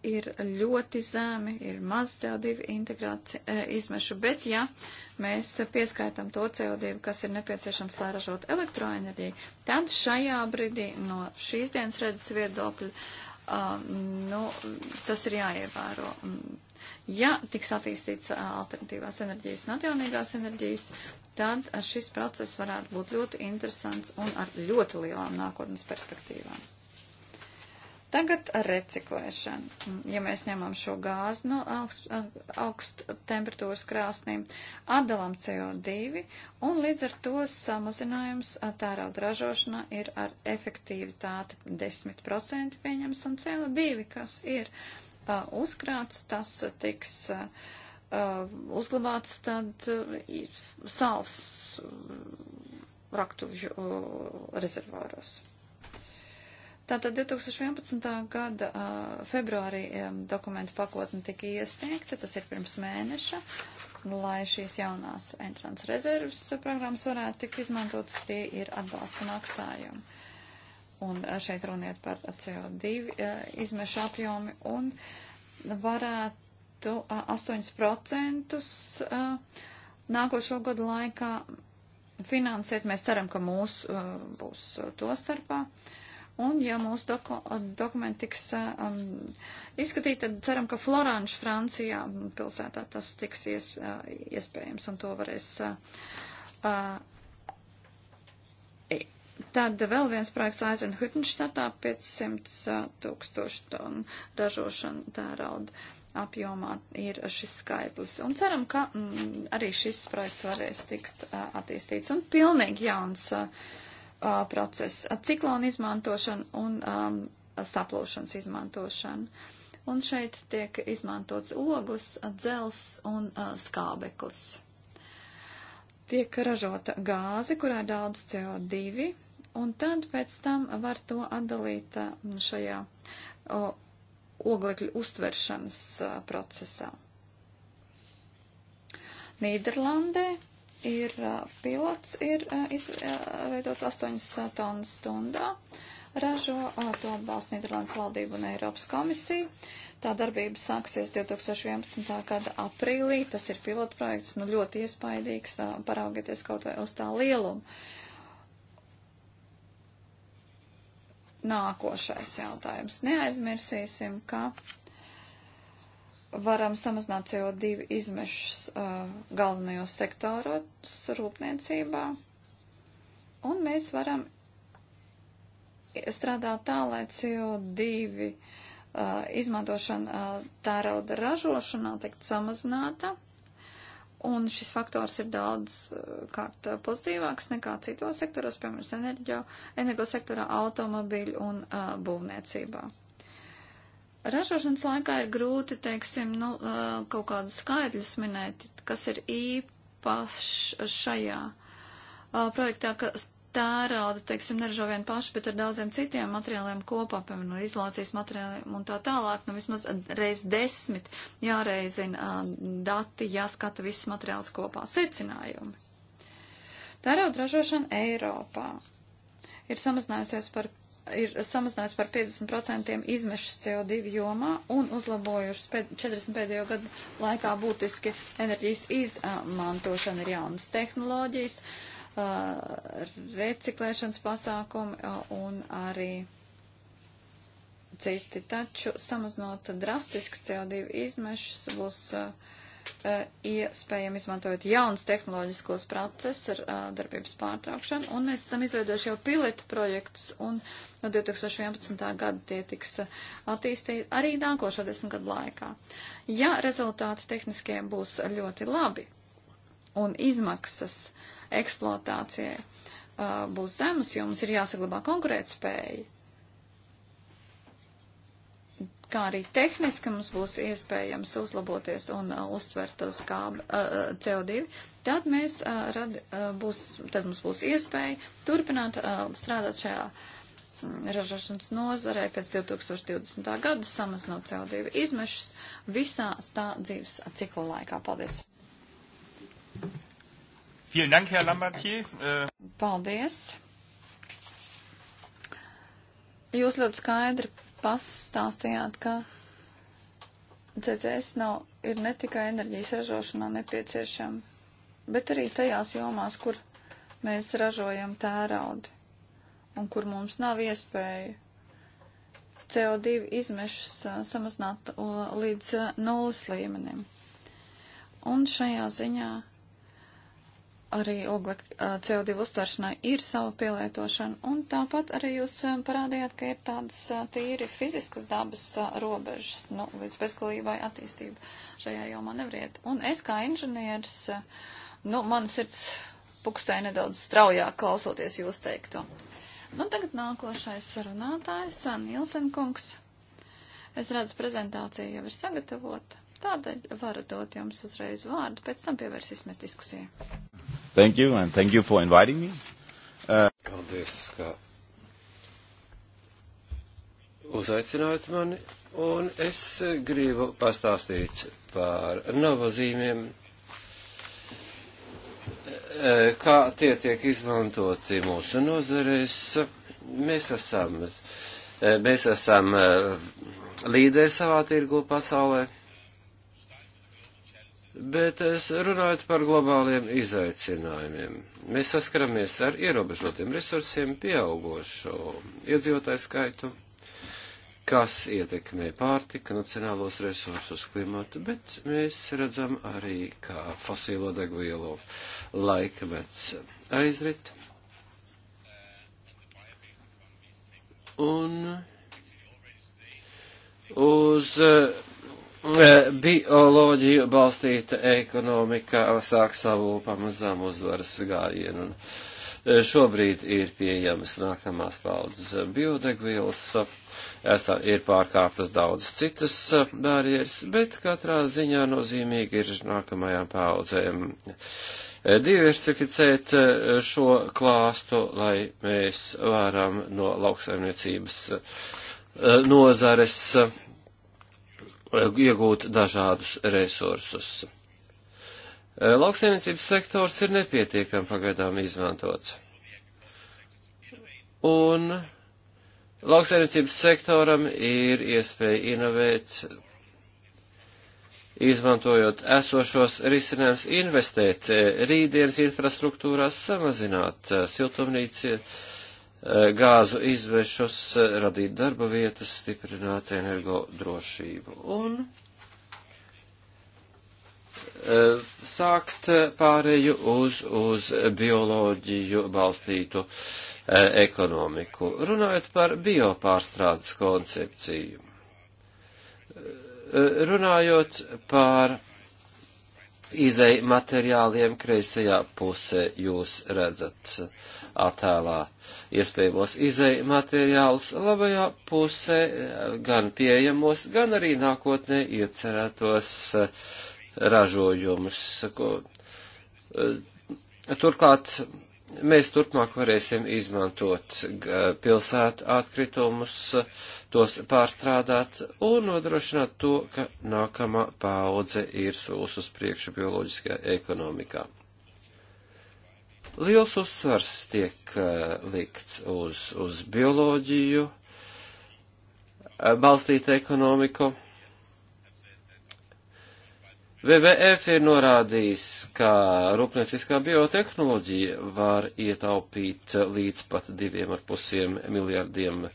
ir ļoti zemi, ir maz CO2 integrācija e, izmešu, bet ja mēs pieskaitam to CO2, kas ir nepieciešams, lai ražot elektroenerģiju, tad šajā brīdī no šīs dienas redzes viedokļa, um, nu, tas ir jāievēro. Ja tiks attīstīts alternatīvās enerģijas un atjaunīgās enerģijas, tad šis process varētu būt ļoti interesants un ar ļoti lielām nākotnes perspektīvām. Tagad ar reciklēšanu. Ja mēs ņemam šo gāzi no augst, augst temperatūras krāsnīm, atdalam CO2 un līdz ar to samazinājums tērauda ražošanā ir ar efektivitāti 10% pieņems un CO2, kas ir uh, uzkrāts, tas tiks. Uh, uzglabāts tad sāls raktuvju rezervāros. Tātad 2011. gada februārī dokumentu pakotne tika iesniegta, tas ir pirms mēneša, lai šīs jaunās entrants rezervas programmas varētu tikt izmantotas, tie ir atbalsta maksājumi. Un šeit runiet par CO2 izmešu apjomi un varētu 8% nākošo gadu laikā finansēt. Mēs ceram, ka mūs būs to starpā. Uh, Un, ja mūsu doku, dokumenti tiks um, izskatīti, tad ceram, ka Floranš Francijā um, pilsētā tas tiks ies, uh, iespējams un to varēs. Uh, uh, Tad vēl viens projekts Aizenhutenštatā 500 uh, tūkstošu tonu ražošana tērauda apjomā ir šis skaitlis. Un ceram, ka mm, arī šis projekts varēs tikt uh, attīstīts. Un pilnīgi jauns. Uh, uh, process - ciklona izmantošana un um, saplūšanas izmantošana. Un šeit tiek izmantots oglis, dzels un uh, skābeklis. Tiek ražota gāze, kurā ir daudz CO2, un tad pēc tam var to atdalīt uh, šajā uh, oglekļu uztveršanas uh, procesā. Nīderlandē ir pilots, ir izveidots 8 tonnas stundā. Ražo to atbalsta Nīderlandes valdība un Eiropas komisija. Tā darbība sāksies 2011. gada aprīlī. Tas ir pilotprojekts, nu ļoti iespaidīgs, paraugieties kaut vai uz tā lielumu. Nākošais jautājums. Neaizmirsīsim, ka varam samazināt CO2 izmešus uh, galvenajos sektoros rūpniecībā, un mēs varam strādāt tā, lai CO2 uh, izmantošana uh, tērauda ražošanā tikt samazināta. Un šis faktors ir daudz uh, kārt uh, pozitīvāks nekā citos sektoros, piemēram, enerģo, energosektorā, automobīļu un uh, būvniecībā. Ražošanas laikā ir grūti, teiksim, nu, kaut kādus skaidrus minēt, kas ir īpašs šajā projektā, ka tērauda, teiksim, neražo vienu pašu, bet ar daudziem citiem materiāliem kopā, piemēram, no izolācijas materiāliem un tā tālāk, nu vismaz reiz desmit jāreizina dati, jāskata viss materiāls kopā. Secinājumi. Tērauda ražošana Eiropā ir samazinājusies par ir samazinājis par 50% izmešas CO2 jomā un uzlabojušas pēd 40 pēdējo gadu laikā būtiski enerģijas izmantošana ir jaunas tehnoloģijas, uh, reciklēšanas pasākumi uh, un arī citi. Taču samazinot drastiski CO2 izmešas būs. Uh, E, iespējami izmantojot jaunas tehnoloģiskos procesus ar a, e, darbības pārtraukšanu, un mēs esam izveidojuši jau pilotu projektus, un no 2011. gada tie tiks e, attīstīti arī nākošo desmit gadu laikā. Ja rezultāti tehniskie būs ļoti labi un izmaksas eksploatācijai a, būs zemas, jo mums ir jāsaglabā konkurētspēja, kā arī tehniski mums būs iespējams uzlaboties un uh, uztvert tos kā uh, uh CO2, tad mēs uh, rad, uh, būs, tad mums būs iespēja turpināt uh, strādāt šajā mm, ražošanas nozarē pēc 2020. gada samazinot CO2 izmešus visā tā dzīves cikla laikā. Paldies! Dank, Herr Lambertier. Äh, Paldies! Jūs ļoti skaidri pastāstījāt, ka CCS nav, ir ne tikai enerģijas ražošanā nepieciešama, bet arī tajās jomās, kur mēs ražojam tēraudu un kur mums nav iespēju CO2 izmešas samazināt līdz nulles līmenim. Un šajā ziņā arī oglek, CO2 uztveršanai ir sava pielietošana, un tāpat arī jūs parādījāt, ka ir tādas tīri fiziskas dabas robežas, nu, līdz bezgalībai attīstību šajā jomā nevriet. Un es kā inženieris, nu, man sirds pukstēja nedaudz straujāk klausoties jūs teikto. Nu, tagad nākošais runātājs, Nielsen kungs. Es redzu, prezentācija jau ir sagatavota. Tādēļ varu dot jums uzreiz vārdu, pēc tam pievērsīsimies diskusijai. Thank you and thank you for inviting me. Uh... Paldies, ka uzaicinājāt mani, un es gribu pastāstīt par novazīmiem, eh, kā tie tiek izmantoti mūsu nozarēs. Mēs esam, eh, mēs esam eh, līderi savā tirgu pasaulē. Bet es runāju par globāliem izaicinājumiem. Mēs saskaramies ar ierobežotiem resursiem, pieaugošo iedzīvotāju skaitu, kas ietekmē pārtika, nacionālos resursus, klimatu, bet mēs redzam arī, kā fosīlo degvielu laikmets aizrit. Un uz uh, Eh, bioloģiju balstīta ekonomika sāk savu pamazām uzvaras gājienu. Eh, šobrīd ir pieejamas nākamās paudzes biodegvielas, esam, ir pārkāptas daudzas citas eh, barjeras, bet katrā ziņā nozīmīgi ir nākamajām paudzēm diversificēt šo klāstu, lai mēs varam no lauksaimniecības nozares iegūt dažādus resursus. Eh, Lauksainicības sektors ir nepietiekami pagaidām izmantots. Un lauksainiecības sektoram ir iespēja inovēt, izmantojot esošos risinājumus, investēt eh, rītdienas infrastruktūrās, samazināt eh, siltumnīcas Eh, gāzu izvešus, eh, radīt darba vietas, stiprināt energo drošību un eh, sākt pārēju uz, uz bioloģiju balstītu ekonomiku. Runājot par biopārstrādes koncepciju, runājot par izēja materiāliem kreisajā pusē jūs redzat attēlā iespējamos izēja materiālus, labajā pusē gan pieejamos, gan arī nākotnē iecerētos ražojumus. Eh, turklāt mēs turpmāk varēsim izmantot pilsētu atkritumus, tos pārstrādāt un nodrošināt to, ka nākamā paudze ir solis uz priekšu bioloģiskajā ekonomikā. Liels uzsvars tiek e, likts uz, uz bioloģiju, e, balstīta ekonomiku WWF ir norādījis, ka rūpnieciskā biotehnoloģija var ietaupīt līdz pat 2,5 miljardiem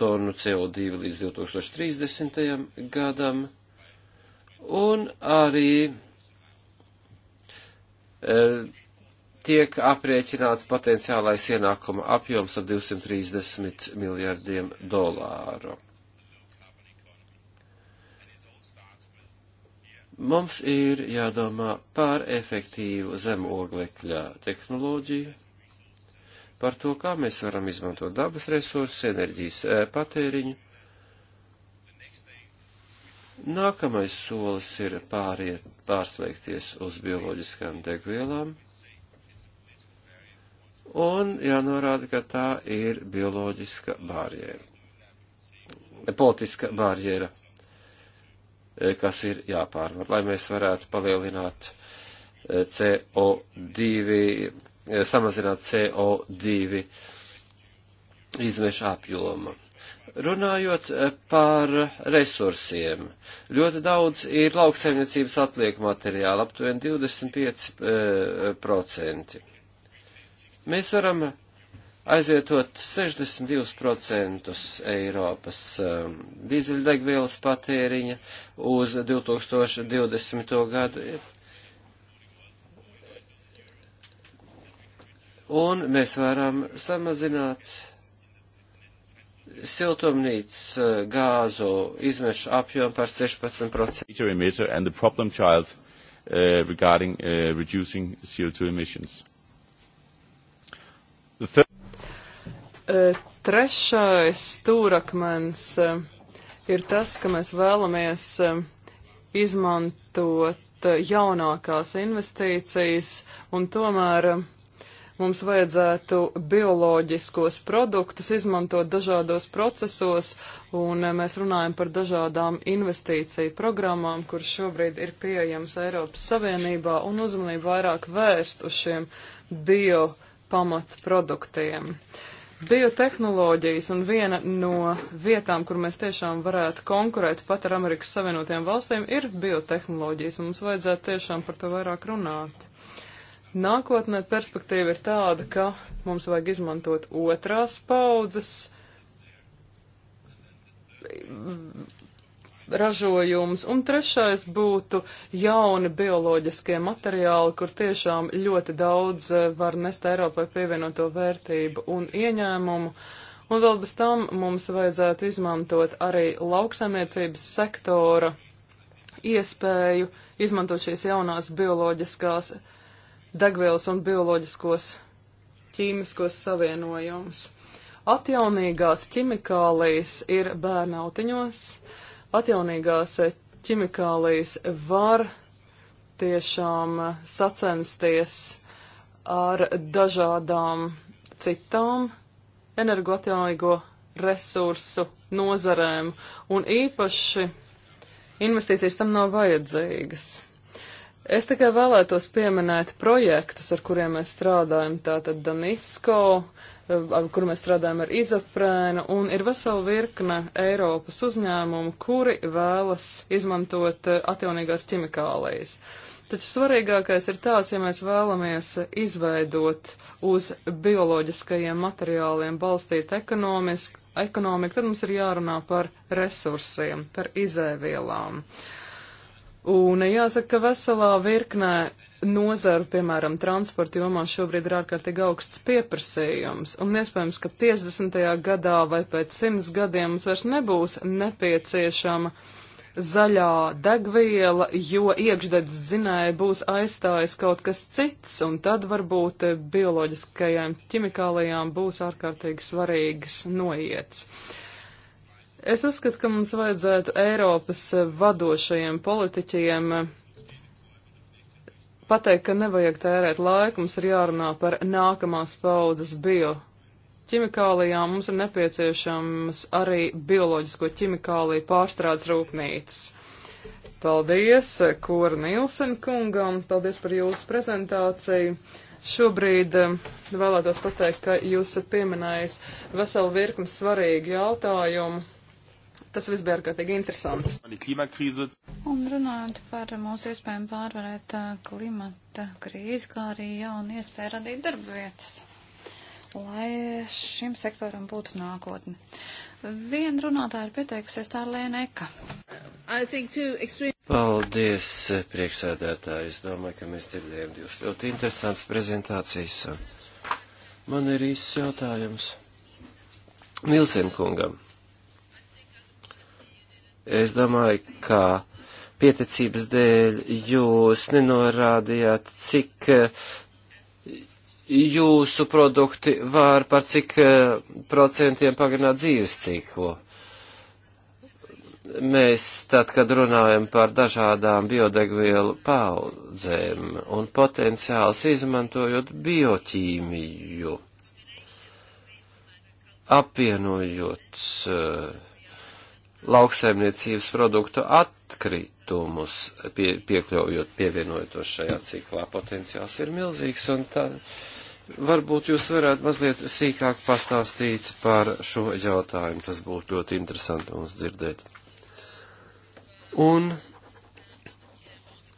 tonu CO2 līdz 2030. gadam, un arī e, tiek aprēķināts potenciālais ienākuma apjoms ar 230 miljardiem dolāru. Mums ir jādomā par efektīvu zemoglekļa tehnoloģiju, par to, kā mēs varam izmantot dabas resursus, enerģijas e, patēriņu. Nākamais solis ir pāriet, pārslēgties uz bioloģiskām degvielām, un jānorāda, ka tā ir bioloģiska barjēra, politiska barjēra Eh, kas ir jāpārvar, lai mēs varētu palielināt eh, CO2, eh, samazināt CO2 izmešu apjomu. Runājot par resursiem, ļoti daudz ir lauksaimniecības atlieku materiāla, aptuveni 25%. Mēs varam aizvietot 62% Eiropas um, dīzeļdegvielas patēriņa uz 2020. gadu. Un mēs varam samazināt siltumnīcas uh, gāzu izmešu apjomu par 16%. Uh, regarding uh, reducing CO2 emissions. The third E, trešais stūrakmens e, ir tas, ka mēs vēlamies e, izmantot jaunākās investīcijas un tomēr mums vajadzētu bioloģiskos produktus izmantot dažādos procesos, un mēs runājam par dažādām investīciju programmām, kuras šobrīd ir pieejamas Eiropas Savienībā, un uzmanību vairāk vērst uz šiem bio pamatproduktiem. Uh, biotehnoloģijas un viena no vietām, kur mēs tiešām varētu konkurēt pat ar Amerikas Savienotajām valstīm, ir biotehnoloģijas, un mums vajadzētu tiešām par to vairāk runāt. Nākotnē perspektīva ir tāda, ka mums vajag izmantot otrās paudzes ražojums, un trešais būtu jauni bioloģiskie materiāli, kur tiešām ļoti daudz eh, var nest Eiropai pievienoto vērtību un ieņēmumu. Un vēl bez tam mums vajadzētu izmantot arī lauksaimniecības sektora iespēju izmantot šīs jaunās bioloģiskās degvielas un bioloģiskos ķīmiskos savienojumus. Atjaunīgās ķimikālijas ir bērnautiņos. Uh, atjaunīgās ķimikālijas var tiešām sacensties ar dažādām citām energoatjaunīgo resursu nozarēm, un īpaši investīcijas tam nav vajadzīgas. Es tikai vēlētos pieminēt projektus, ar kuriem mēs strādājam, tātad Danisko, Eh, kur mēs strādājam ar izoprēnu, un ir vesela virkne Eiropas uzņēmumu, kuri vēlas izmantot eh, atjaunīgās ķimikālijas. Taču svarīgākais ir tāds, ja mēs vēlamies izveidot uz bioloģiskajiem materiāliem balstīt ekonomisku, ekonomiku, tad mums ir jārunā par resursiem, par izēvielām. Un jāsaka, ka veselā virknē nozaru, piemēram, transporta jomā šobrīd ir ārkārtīgi augsts pieprasījums, un iespējams, ka 50. gadā vai pēc 100 gadiem mums vairs nebūs nepieciešama zaļā degviela, jo iekšdedz zinēja būs aizstājis kaut kas cits, un tad varbūt bioloģiskajām ķimikālajām būs ārkārtīgi svarīgas noiets. Es uzskatu, ka mums vajadzētu Eiropas vadošajiem politiķiem pateikt, ka nevajag tērēt laiku, mums ir jārunā par nākamās paudzes bio. Ķimikālijām mums ir nepieciešams arī bioloģisko ķimikāliju pārstrādes rūpnīcas. Paldies Kora Nilsen kungam, paldies par jūsu prezentāciju. Šobrīd eh, vēlētos pateikt, ka jūs esat pieminējis veselu virkni svarīgu jautājumu, Tas viss bija ārkārtīgi interesants. Un runājot par mūsu iespējām pārvarēt uh, klimata krīzi, kā arī jaunu iespēju radīt darba vietas, lai šim sektoram būtu nākotne. Viena runātāja ir pieteikusies, tā ir Lēna Eka. Paldies, priekšsēdētāji. Es domāju, ka mēs dzirdējām divas ļoti interesantas prezentācijas. Man ir īsts jautājums Nilsen kungam. Es domāju, ka pieticības dēļ jūs nenorādījāt, cik eh, jūsu produkti var par cik eh, procentiem pagarināt dzīves ciklu. Mēs tad, kad runājam par dažādām biodegvielu paudzēm un potenciāls izmantojot bioķīmiju, apvienojot uh, lauksaimniecības produktu atkritumus, pie, piekļaujot, pievienojotos šajā ciklā, potenciāls ir milzīgs, un tā varbūt jūs varētu mazliet sīkāk pastāstīt par šo jautājumu, tas būtu ļoti interesanti mums dzirdēt. Un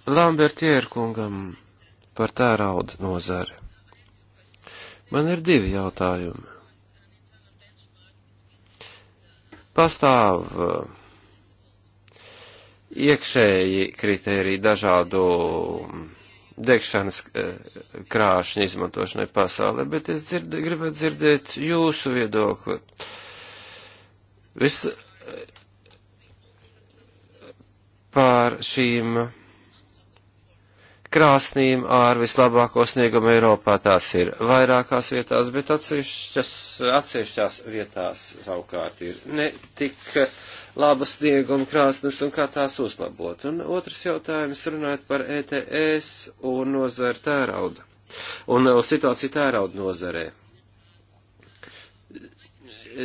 Lambertierkungam par tērauda nozari. Man ir divi jautājumi. Pastāv eh, iekšēji kriteriji dažādu degšanas eh, krāšņu izmantošanai pasaulē, bet es dzird, gribētu dzirdēt jūsu viedokli. Viss eh, pār šīm krāsnīm ar vislabāko sniegumu Eiropā. Tās ir vairākās vietās, bet atsevišķās vietās savukārt ir ne tik labas snieguma krāsnes un kā tās uzlabot. Un otrs jautājums runājot par ETS un nozaru tērauda un situāciju tērauda nozarē.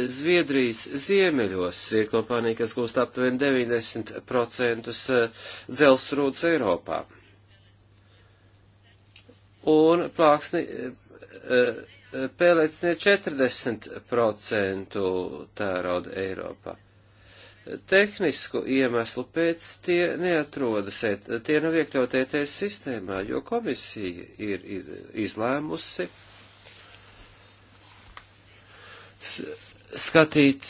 Zviedrijas ziemeļos ir kompānija, kas gūst aptuveni 90% eh, dzelsrūdas Eiropā un plāksni pēlēts ne 40% tērauda Eiropā. Tehnisku iemeslu pēc tie neatrodas, e tie nav iekļauti ETS sistēmā, jo komisija ir izlēmusi skatīt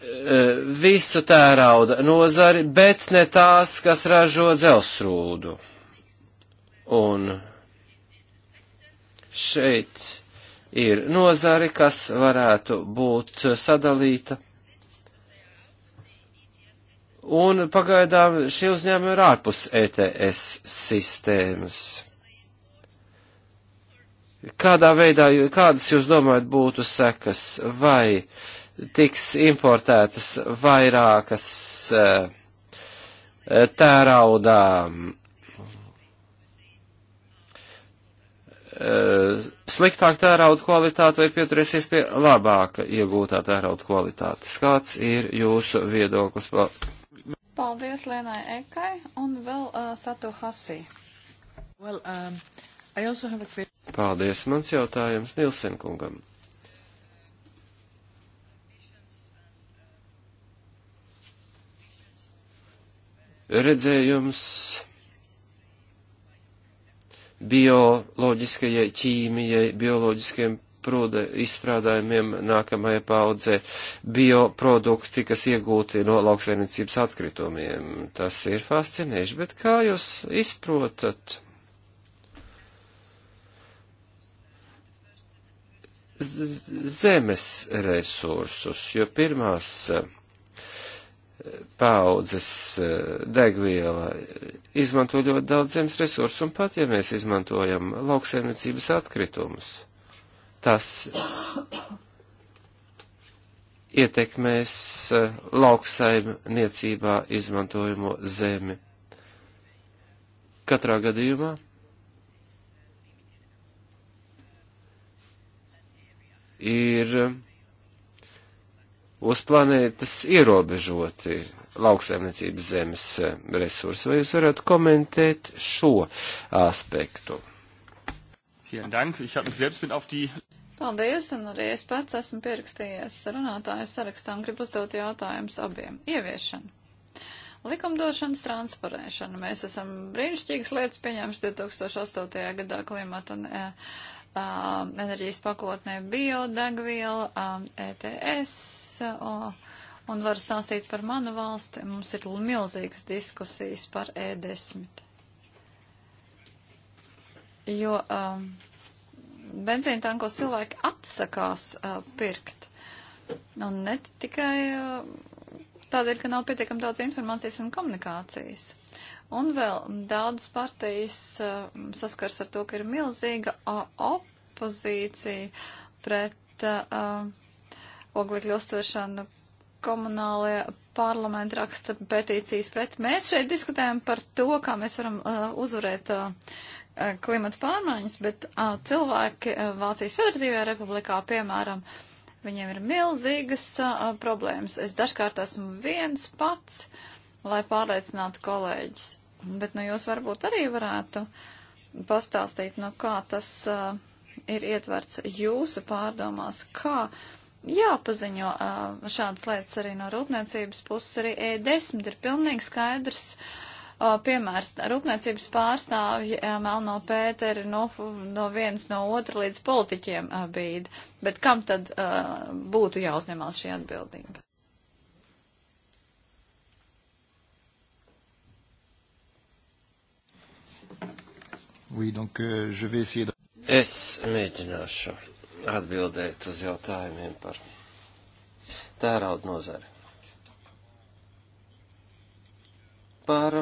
e, visu tērauda nozari, bet ne tās, kas ražo dzelsrūdu. Un šeit ir nozari, kas varētu būt sadalīta. Un pagaidām šie uzņēmumi ir ārpus ETS sistēmas. Kādā veidā, kādas jūs domājat būtu sekas, vai tiks importētas vairākas eh, tēraudā Eh, sliktāk tērauda kvalitāte vai pieturēsies pie labāka iegūtā tērauda kvalitātes. Kāds ir jūsu viedoklis? Paldies Lienai Ekai un vēl uh, Satu Hasī. Well, um, a... Paldies, mans jautājums Nilsen kungam. Redzējums bioloģiskajai ķīmijai, bioloģiskiem prūda izstrādājumiem nākamajai paudzē, bioprodukti, kas iegūti no lauksainicības atkritumiem. Tas ir fascinējuši, bet kā jūs izprotat? zemes resursus, jo pirmās uh, paudzes eh, degviela izmanto ļoti daudz zemes resursu, un pat ja mēs izmantojam lauksaimniecības atkritumus, tas ietekmēs eh, lauksaimniecībā izmantojamo zemi. Katrā gadījumā ir uz planētas ierobežoti lauksaimniecības zemes eh, resursi. Vai jūs varētu komentēt šo aspektu? Paldies, un arī es pats esmu pierakstījies runātāju sarakstām, gribu uzdot jautājumus abiem. Ieviešana. Likumdošanas transparēšana. Mēs esam brīnišķīgas lietas pieņēmuši 2008. gadā klimata un. Uh, Um, enerģijas pakotnē biodegviela, um, ETS. Uh, un var stāstīt par manu valsti. Mums ir milzīgas diskusijas par E10. Jo um, benzīna tankos cilvēki atsakās uh, pirkt. Un ne tikai uh, tādēļ, ka nav pietiekami daudz informācijas un komunikācijas. Uh, Un vēl daudzas partijas eh, saskars ar to, ka ir milzīga opozīcija pret uh, eh, oglekļu uztveršanu komunālajā parlamenta raksta petīcijas pret. Mēs šeit diskutējam par to, kā mēs varam uh, uzvarēt uh, klimata pārmaiņas, bet uh, cilvēki uh, Vācijas Federatīvajā republikā, piemēram, viņiem ir milzīgas uh, problēmas. Es dažkārt esmu viens pats, lai pārliecinātu kolēģis. Bet nu, jūs varbūt arī varētu pastāstīt, nu, kā tas uh, ir ietverts jūsu pārdomās, kā jāpaziņo uh, šādas lietas arī no rūpniecības puses. Arī E10 ir pilnīgi skaidrs. Uh, piemērs rūpniecības pārstāvji uh, Melno Pēteri nu, no, no viens no otra līdz politiķiem bīd. Bet kam tad būtu jāuzņemās šī atbildība? Oui, donc, euh, je vais essayer de... Es mēģināšu atbildēt uz jautājumiem par tērauda nozari. Par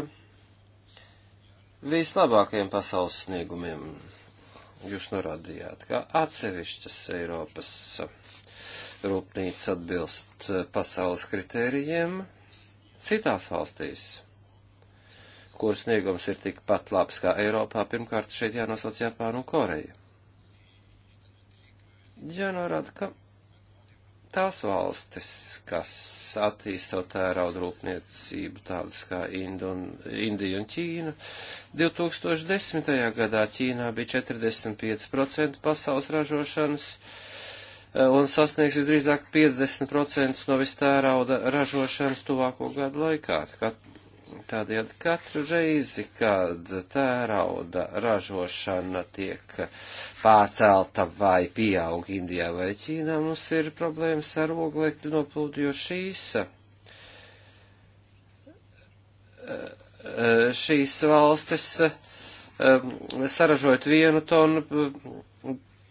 vislabākajiem pasaules sniegumiem jūs norādījāt, ka atsevišķas Eiropas rūpnīcas atbilst pasaules kritērijiem citās valstīs kur sniegums ir tikpat labs kā Eiropā, pirmkārt šeit jānosauc Japāna un Koreja. Jānorāda, ka tās valstis, kas attīst savu tērauda rūpniecību, tādas kā Indu un, Indija un Ķīna, 2010. gadā Ķīnā bija 45% pasaules ražošanas eh, un sasniegs visdrīzāk 50% no vistērauda ražošanas tuvāko gadu laikā. Kad Tādēļ katru reizi, kad tērauda ražošana tiek pārcelta vai pieaug Indijā vai Ķīnā, mums ir problēmas ar oglekļu noplūdu, jo šīs, šīs valstis um, saražojot vienu tonu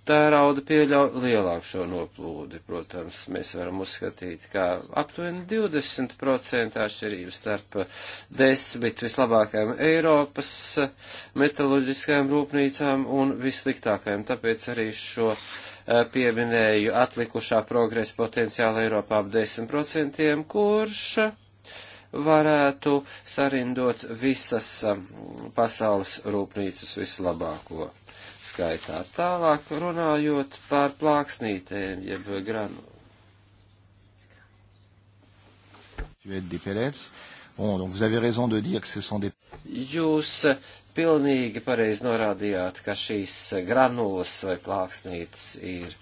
tērauda pieļauj lielāku šo noplūdi. Protams, mēs varam uzskatīt, ka aptuveni 20% atšķirība starp desmit vislabākajām Eiropas metaloģiskajām rūpnīcām un vissliktākajām. Tāpēc arī šo eh, pieminēju atlikušā progresa potenciāla Eiropā ap 10%, kurš varētu sarindot visas mm, pasaules rūpnīcas vislabāko skaitā. Tālāk runājot par plāksnītēm, jeb granu. Jūs pilnīgi pareizi norādījāt, ka šīs granulas vai plāksnītes ir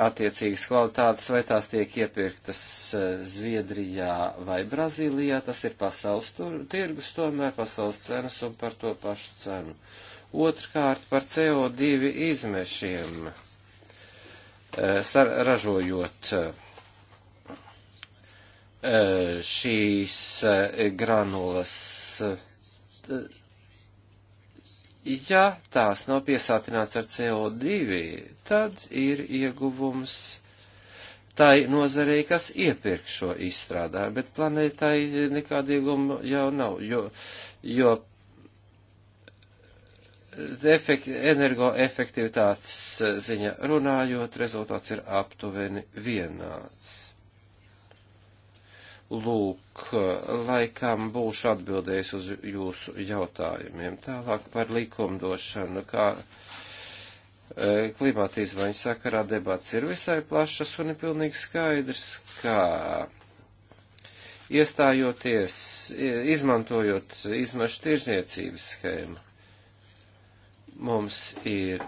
attiecīgas kvalitātes, vai tās tiek iepirktas e, Zviedrijā vai Brazīlijā, tas ir pasaules tur, tirgus tomēr, pasaules cenas un par to pašu cenu. Otrkārt par CO2 izmešiem, eh, ražojot eh, šīs eh, granulas. Ja tās nav piesātināts ar CO2, tad ir ieguvums tai nozarei, kas iepirk šo izstrādājumu, bet planētai nekāda ieguma jau nav, jo, jo efekt, energoefektivitātes ziņa runājot, rezultāts ir aptuveni vienāds. Lūk, laikam būšu atbildējis uz jūsu jautājumiem. Tālāk par likumdošanu, kā e, klimata izmaiņu sakarā debats ir visai plašas un ir pilnīgi skaidrs, ka iestājoties, izmantojot izmašu tirzniecības schēmu, Mums ir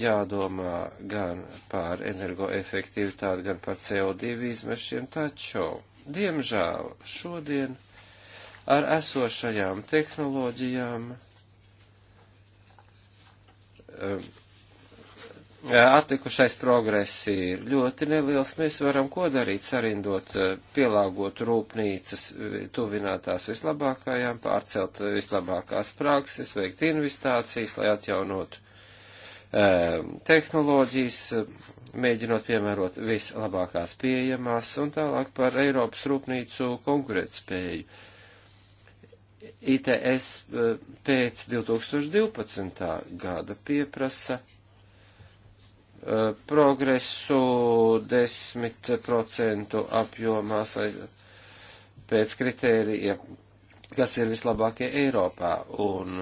jādomā gan par energoefektivitāti, gan par CO2 izmešiem, taču, diemžēl, šodien ar esošajām tehnoloģijām um, Eh, atlikušais progress ir ļoti neliels. Mēs varam ko darīt, sarindot, eh, pielāgot rūpnīcas, eh, tuvinātās vislabākajām, pārcelt vislabākās prakses, veikt investācijas, lai atjaunotu um, tehnoloģijas, mēģinot piemērot vislabākās pieejamās un tālāk par Eiropas rūpnīcu konkurētspēju. ITS pēc 2012. gada pieprasa progresu 10% apjomā pēc kritērija, kas ir vislabākie Eiropā. Un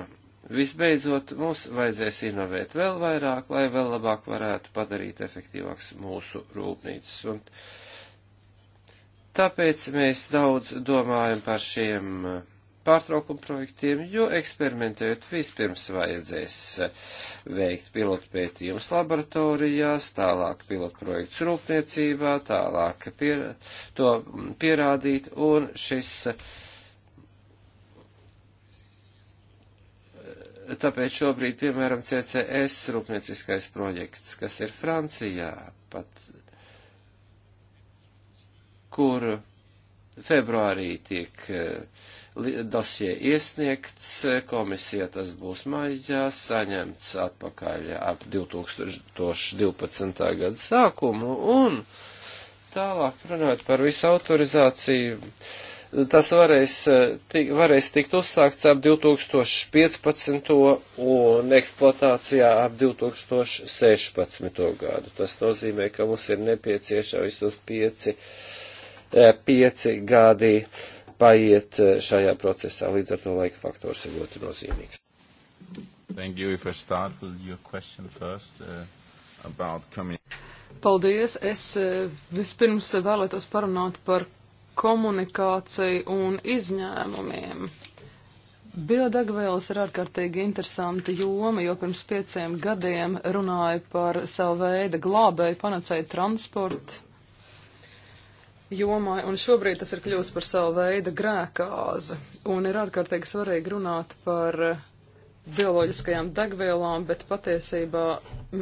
visbeidzot, mums vajadzēs inovēt vēl vairāk, lai vēl labāk varētu padarīt efektīvāks mūsu rūpnīcas. Un tāpēc mēs daudz domājam par šiem uh, pārtraukuma projektiem, jo eksperimentējot vispirms vajadzēs eh, veikt pilotpētījumus laboratorijās, tālāk pilotprojekts rūpniecībā, tālāk pier, to mm, pierādīt, un šis eh, tāpēc šobrīd, piemēram, CCS rūpnieciskais projekts, kas ir Francijā, pat kur februārī tiek uh, dosie iesniegts, komisija tas būs maijā, saņemts atpakaļ ap 2012. gada sākumu un tālāk runāt par visu autorizāciju. Tas varēs, eh, tik, varēs tikt uzsākts ap 2015. un eksploatācijā ap 2016. gadu. Tas nozīmē, ka mums ir nepieciešami visos pieci, eh, pieci gadi paiet eh, šajā procesā. Līdz ar to laika faktors ir ļoti nozīmīgs. Thank you. If I start with your question first uh, about coming. Paldies. Es eh, vispirms vēlētos parunāt par komunikāciju un izņēmumiem. Biodegvielas ir ārkārtīgi interesanta joma, jo pirms pieciem gadiem runāju par savu veidu glābēju panacēju transportu jomai, un šobrīd tas ir kļūst par savu veidu grēkāzi, un ir ārkārtīgi svarīgi runāt par eh, bioloģiskajām degvielām, bet patiesībā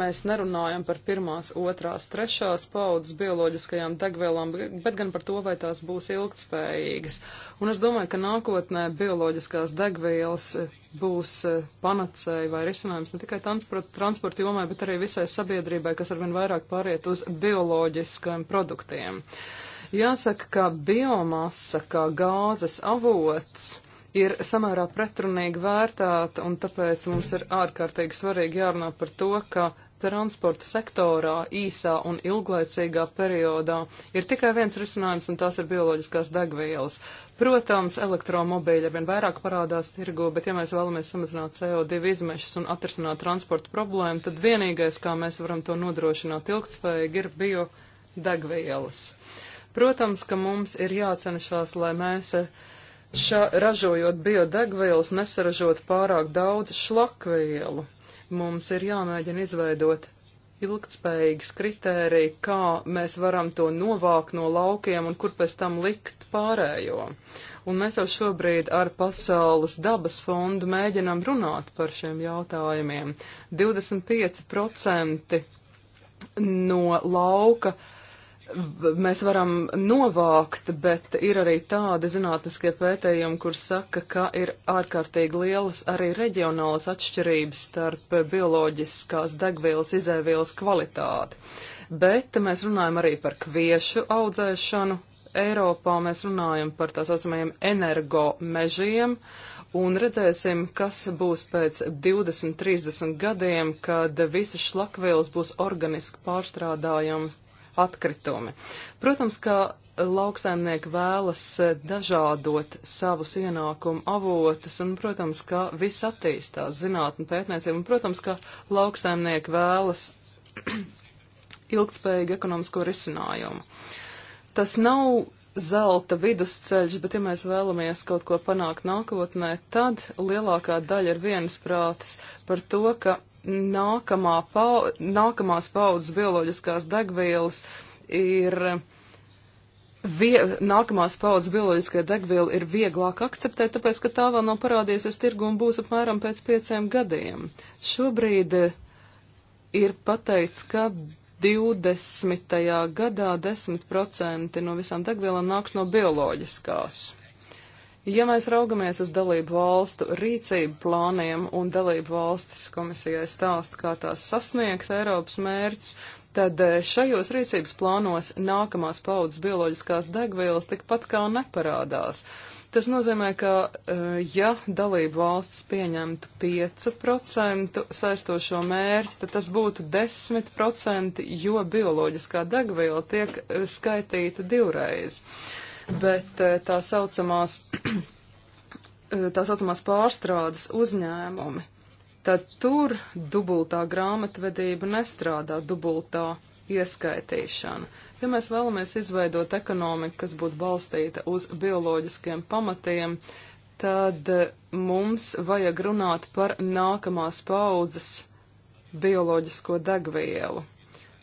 mēs nerunājam par pirmās, otrās, trešās paudzes bioloģiskajām degvielām, bet gan par to, vai tās būs ilgtspējīgas. Un es domāju, ka nākotnē bioloģiskās degvielas eh, būs eh, panacēja vai risinājums ne tikai transporta, transporta jomai, bet arī visai sabiedrībai, kas arvien vairāk pāriet uz bioloģiskajiem produktiem. Uh, Jāsaka, ka biomasa kā gāzes avots ir samērā pretrunīgi vērtēta, un tāpēc mums ir ārkārtīgi svarīgi jārunā par to, ka transporta sektorā īsā un ilglaicīgā periodā ir tikai viens risinājums, un tās ir bioloģiskās degvielas. Protams, elektromobīļi arvien vairāk parādās tirgu, bet ja mēs vēlamies samazināt CO2 izmešas un atrisināt transporta problēmu, tad vienīgais, kā mēs varam to nodrošināt ilgtspējīgi, ir biodegvielas. Protams, ka mums ir jācenšas, lai mēs eh, ša, ražojot biodegvielas nesaražot pārāk daudz šlakvielu. Mums ir jāmēģina izveidot ilgtspējīgas kritērija, kā mēs varam to novākt no laukiem un kur pēc tam likt pārējo. Un mēs jau šobrīd ar Pasaules dabas fondu mēģinam runāt par šiem jautājumiem. 25% no lauka uh, mēs varam novākt, bet ir arī tādi zinātniskie pētījumi, kur saka, ka ir ārkārtīgi lielas arī reģionālas atšķirības starp bioloģiskās degvielas izēvielas kvalitāti. Bet mēs runājam arī par kviešu audzēšanu. Eiropā mēs runājam par tā saucamajiem energo mežiem. Un redzēsim, kas būs pēc 20, 30 gadiem, kad visas šlakvielas būs organiski pārstrādājamas atkritumi. Protams, ka lauksaimnieki vēlas eh, dažādot savus ienākumu avotus, un, protams, ka viss attīstās zinātni pētniecību, un, protams, ka lauksaimnieki vēlas ilgtspējīgu ekonomisko risinājumu. Tas nav zelta vidusceļš, bet, ja mēs vēlamies kaut ko panākt nākotnē, tad lielākā daļa ir viensprātis par to, ka nākamā pau, nākamās paudzes bioloģiskās degvielas ir. Vie, nākamās paudzes bioloģiskā degviela ir vieglāk akceptēt, tāpēc, ka tā vēl nav parādījusies tirgu un būs apmēram pēc pieciem gadiem. Šobrīd ir pateikts, ka 20. gadā 10% no visām degvielām nāks no bioloģiskās. Ja mēs raugamies uz dalību valstu rīcību plāniem un dalību valstis komisijai stāst, kā tās sasniegs Eiropas mērķis, tad eh, šajos rīcības plānos nākamās paudzes bioloģiskās degvielas tikpat kā neparādās. Tas nozīmē, ka eh, ja dalību valsts pieņemtu 5% saistošo mērķi, tad tas būtu 10%, jo bioloģiskā degviela tiek eh, skaitīta divreiz. Uh, bet eh, tā saucamās, eh, tā saucamās pārstrādes uzņēmumi. Tad tur dubultā grāmatvedība nestrādā, dubultā ieskaitīšana. Ja mēs vēlamies izveidot ekonomiku, kas būtu balstīta uz bioloģiskiem pamatiem, tad eh, mums vajag runāt par nākamās paudzes bioloģisko degvielu.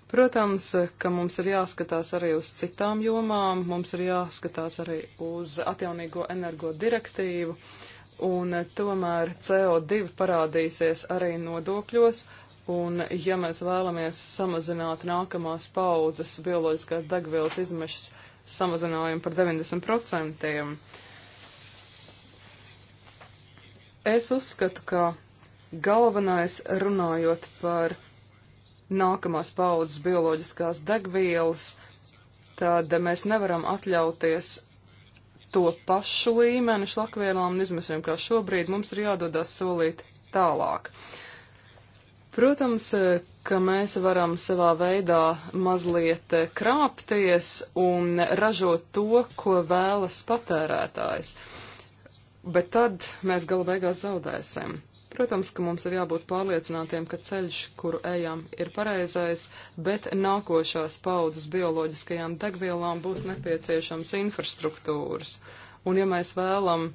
Protams, ka mums ir jāskatās arī uz citām jomām, mums ir jāskatās arī uz atjaunīgo energo direktīvu, un tomēr CO2 parādīsies arī nodokļos, un ja mēs vēlamies samazināt nākamās paudzes bioloģiskās degvielas izmešas samazinājumu par 90%, es uzskatu, ka galvenais runājot par nākamās paudzes bioloģiskās degvielas, tad mēs nevaram atļauties to pašu līmeni šlakvielām un izmesiem, kā šobrīd mums ir jādodas solīt tālāk. Protams, ka mēs varam savā veidā mazliet krāpties un ražot to, ko vēlas patērētājs, bet tad mēs galu beigās zaudēsim. Protams, ka mums ir jābūt pārliecinātiem, ka ceļš, kuru ejam, ir pareizais, bet nākošās paudzes bioloģiskajām degvielām būs nepieciešams infrastruktūras. Un ja mēs vēlam,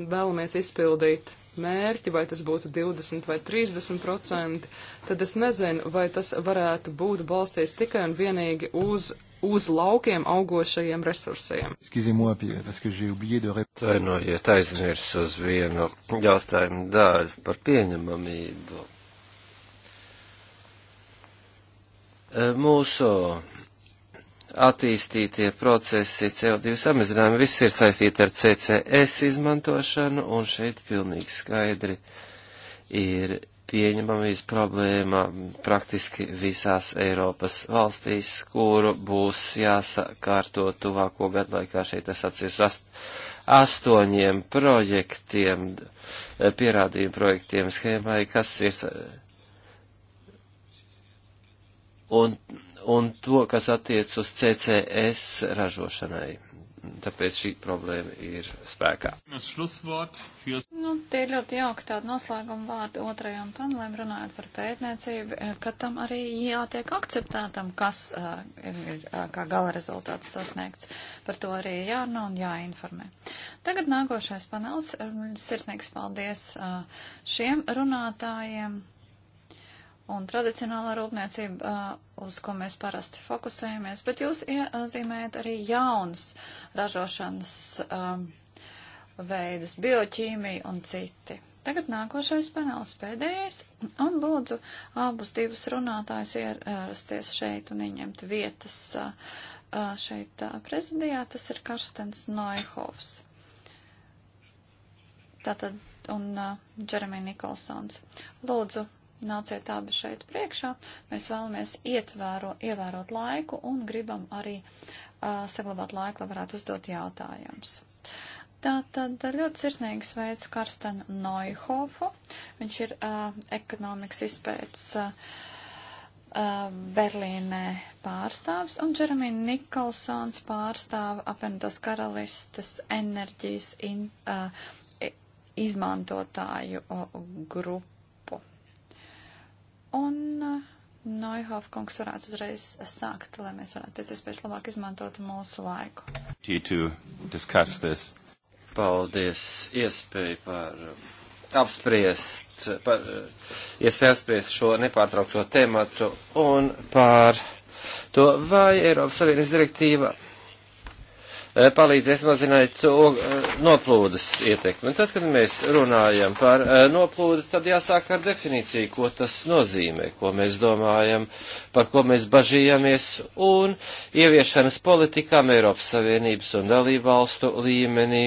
vēlamies izpildīt mērķi, vai tas būtu 20 vai 30 procenti, tad es nezinu, vai tas varētu būt balstīts tikai un vienīgi uz uz laukiem augošajiem resursiem. Atvainojiet, aizmirsu uz vienu jautājumu daļu par pieņemamību. E, mūsu attīstītie procesi CO2 samazinājumi viss ir saistīti ar CCS izmantošanu, un šeit pilnīgi skaidri ir pieņemamības problēma praktiski visās Eiropas valstīs, kuru būs jāsakārto tuvāko gadu laikā. Šeit es atceros ast, astoņiem projektiem, pierādījumu projektiem schēmai, kas ir. Un, un to, kas attiec uz CCS ražošanai tāpēc šī problēma ir spēkā. Nu, tie ir ļoti jauki tādi noslēguma vārdi otrajam panelim, runājot par pētniecību, eh, ka tam arī jātiek akceptētam, kas uh, ir uh, kā gala rezultāts sasniegts. Par to arī jārunā un jāinformē. Tagad nākošais panels. Sirsnīgs paldies uh, šiem runātājiem un tradicionālā rūpniecība, uz ko mēs parasti fokusējamies, bet jūs iezīmējat arī jaunas ražošanas um, veidus, bioķīmiju un citi. Tagad nākošais panelis pēdējais, un lūdzu abus divus runātājus ierasties šeit un ieņemt vietas šeit prezidijā. Tas ir Karstens Noihovs. Tātad, un uh, Džeremija Nikolsons. Lūdzu, nāciet abi šeit priekšā. Mēs vēlamies ietvēro, ievērot laiku un gribam arī uh, saglabāt laiku, lai varētu uzdot jautājumus. Tātad ļoti sirsnīgi sveicu Karsten Noihofu. Viņš ir uh, ekonomikas izpētes uh, Berlīnē pārstāvs un Džeremija Nikolsons pārstāv apvienotās karalistas enerģijas in, uh, izmantotāju grupu Un eh, Noihof kungs varētu uzreiz sākt, lai mēs varētu pēc iespējas labāk izmantot mūsu laiku. Paldies iespēju par eh, apspriest, par eh, iespēju apspriest šo nepārtraukto tematu un par to, vai Eiropas Savienības direktīva Eh, palīdzēs mazināt eh, noplūdes ietekmi. Un tad, kad mēs runājam par eh, noplūdu, tad jāsāk ar definīciju, ko tas nozīmē, ko mēs domājam, par ko mēs bažījāmies, un ieviešanas politikām Eiropas Savienības un dalībvalstu līmenī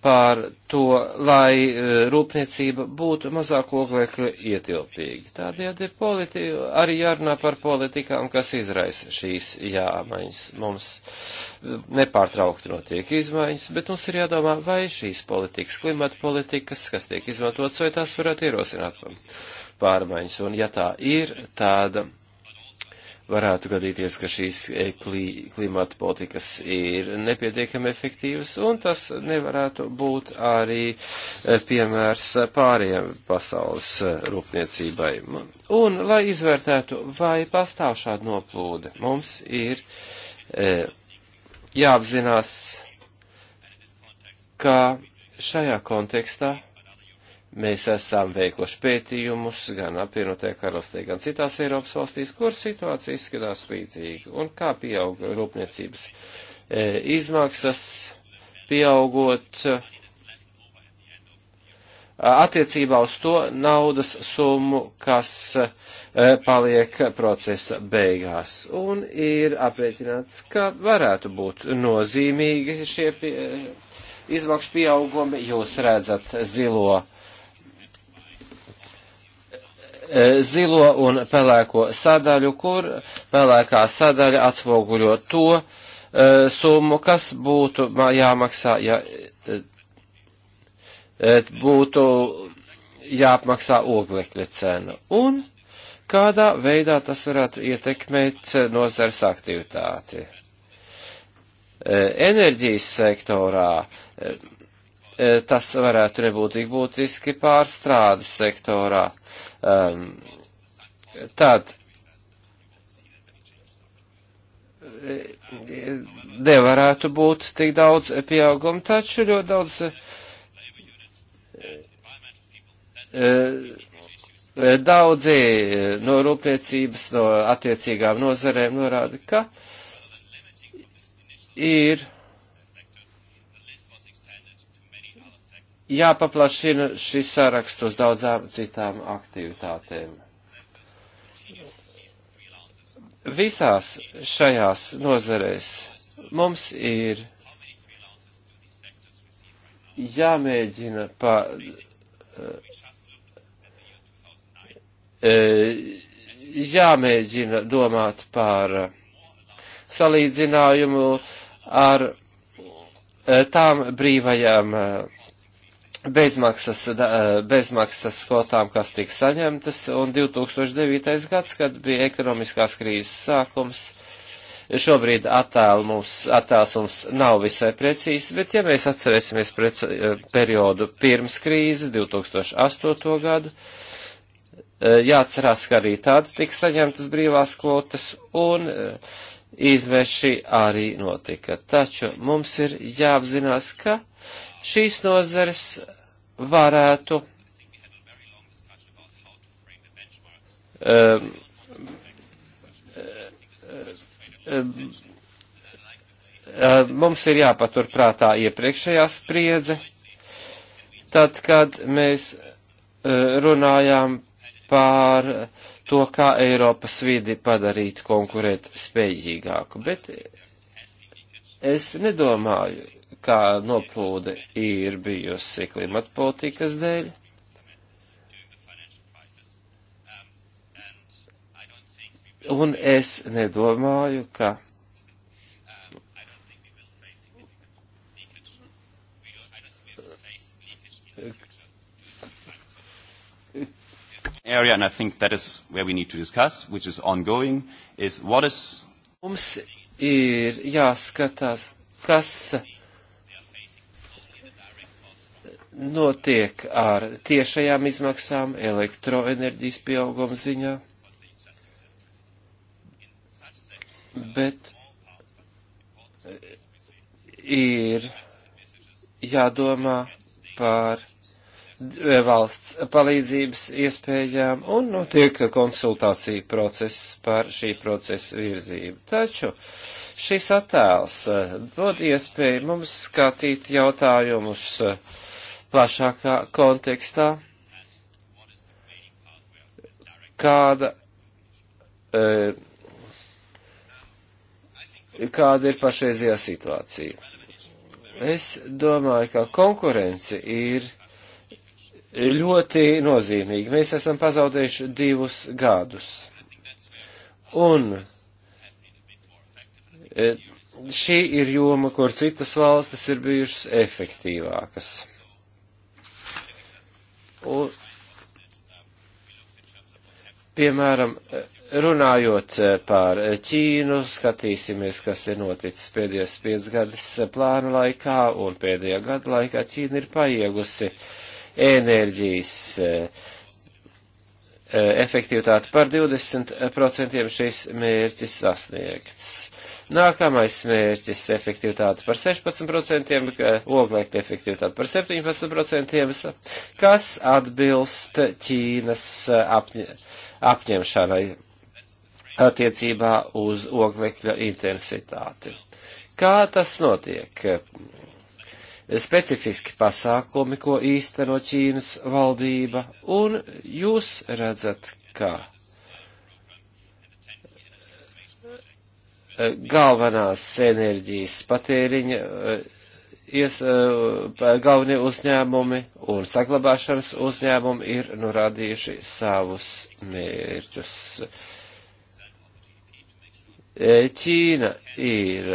par to, lai eh, rūpniecība būtu mazāk oglekļa ietilpīga. Tādējādi ir politi arī jārunā par politikām, kas izraisa šīs jāmaiņas. Mums eh, nepārtraukti notiek izmaiņas, bet mums ir jādomā, vai šīs politikas, klimata politikas, kas tiek izmantotas, vai tās varētu ierosināt pārmaiņas. Un ja tā ir tāda varētu gadīties, ka šīs e, klī, klimata politikas ir nepietiekami efektīvas, un tas nevarētu būt arī e, piemērs pārējiem pasaules e, rūpniecībai. Un, lai izvērtētu, vai pastāv šāda noplūde, mums ir e, jāapzinās, ka šajā kontekstā Mēs esam veikuši pētījumus gan apvienotajā karalistē, gan citās Eiropas valstīs, kur situācija izskatās līdzīga un kā pieaug rūpniecības e, izmaksas, pieaugot e, attiecībā uz to naudas summu, kas e, paliek procesa beigās. Un ir aprēķināts, ka varētu būt nozīmīgi šie pie, e, izmaksu pieaugumi. Jūs redzat zilo E, zilo un pelēko sadaļu, kur pelēkā sadaļa atspoguļo to e, summu, kas būtu jāmaksā, ja e, būtu jāapmaksā oglekļa cena. Un kādā veidā tas varētu ietekmēt nozars aktivitāti. E, enerģijas sektorā e, tas varētu nebūt tik būtiski pārstrādes sektorā. Ehm, tad eh, nevarētu būt tik daudz pieauguma, taču ļoti daudz eh, eh, daudzi no rūpniecības, no attiecīgām nozarēm norāda, ka ir jāpaplašina šis saraksts uz daudzām citām aktivitātēm. Visās šajās nozarēs mums ir jāmēģina pa, eh, eh, jāmēģina domāt par eh, salīdzinājumu ar tām brīvajām uh, bezmaksas, eh, bezmaksas kvotām, kas tika saņemtas, un 2009. gads, kad bija ekonomiskās krīzes sākums, šobrīd attēl mums, attēls mums nav visai precīzi, bet ja mēs atcerēsimies prec, eh, periodu pirms krīzes, 2008. gadu, eh, jāatcerās, ka arī tāda tika saņemtas brīvās kvotas, un izveši arī notika. Taču mums ir jāapzinās, ka šīs nozares varētu um, um, um mums ir jāpatur prātā iepriekšējā spriedze, tad, kad mēs uh, runājām par to, kā Eiropas vidi padarīt konkurēt spējīgāku, bet es nedomāju, kā noplūde ir bijusi klimata politikas dēļ. Un es nedomāju, ka area, and I think that is where we need to discuss, which is ongoing, is what is. Mums ir jāskatās, kas notiek ar tiešajām izmaksām elektroenerģijas pieauguma ziņā, bet eh, ir jādomā par eh, valsts palīdzības iespējām un notiek konsultācija process par šī procesa virzību. Taču šis attēls eh, dod iespēju mums skatīt jautājumus uh, plašākā kontekstā, kāda, e, kāda ir pašreizajā situācija. Es domāju, ka konkurence ir ļoti nozīmīga. Mēs esam pazaudējuši divus gadus. Un e, šī ir joma, kur citas valstis ir bijušas efektīvākas. Un, piemēram, runājot eh, par Ķīnu, skatīsimies, kas ir noticis pēdējos piecgadus plānu laikā, un pēdējā gada laikā Ķīna ir paiegusi enerģijas eh, eh, efektivitāti par 20% šīs mērķis sasniegts. Nākamais mērķis - efektivitāte par 16%, oglekļa efektivitāte par 17%, kas atbilst Ķīnas uh, apņ apņemšanai attiecībā uz oglekļa intensitāti. Kā tas notiek? Specifiski pasākumi, ko īsteno Ķīnas valdība, un jūs redzat, kā Eh, galvenās enerģijas patēriņa eh, ies, eh, galvenie uzņēmumi un saglabāšanas uzņēmumi ir norādījuši savus mērķus. Ķīna ir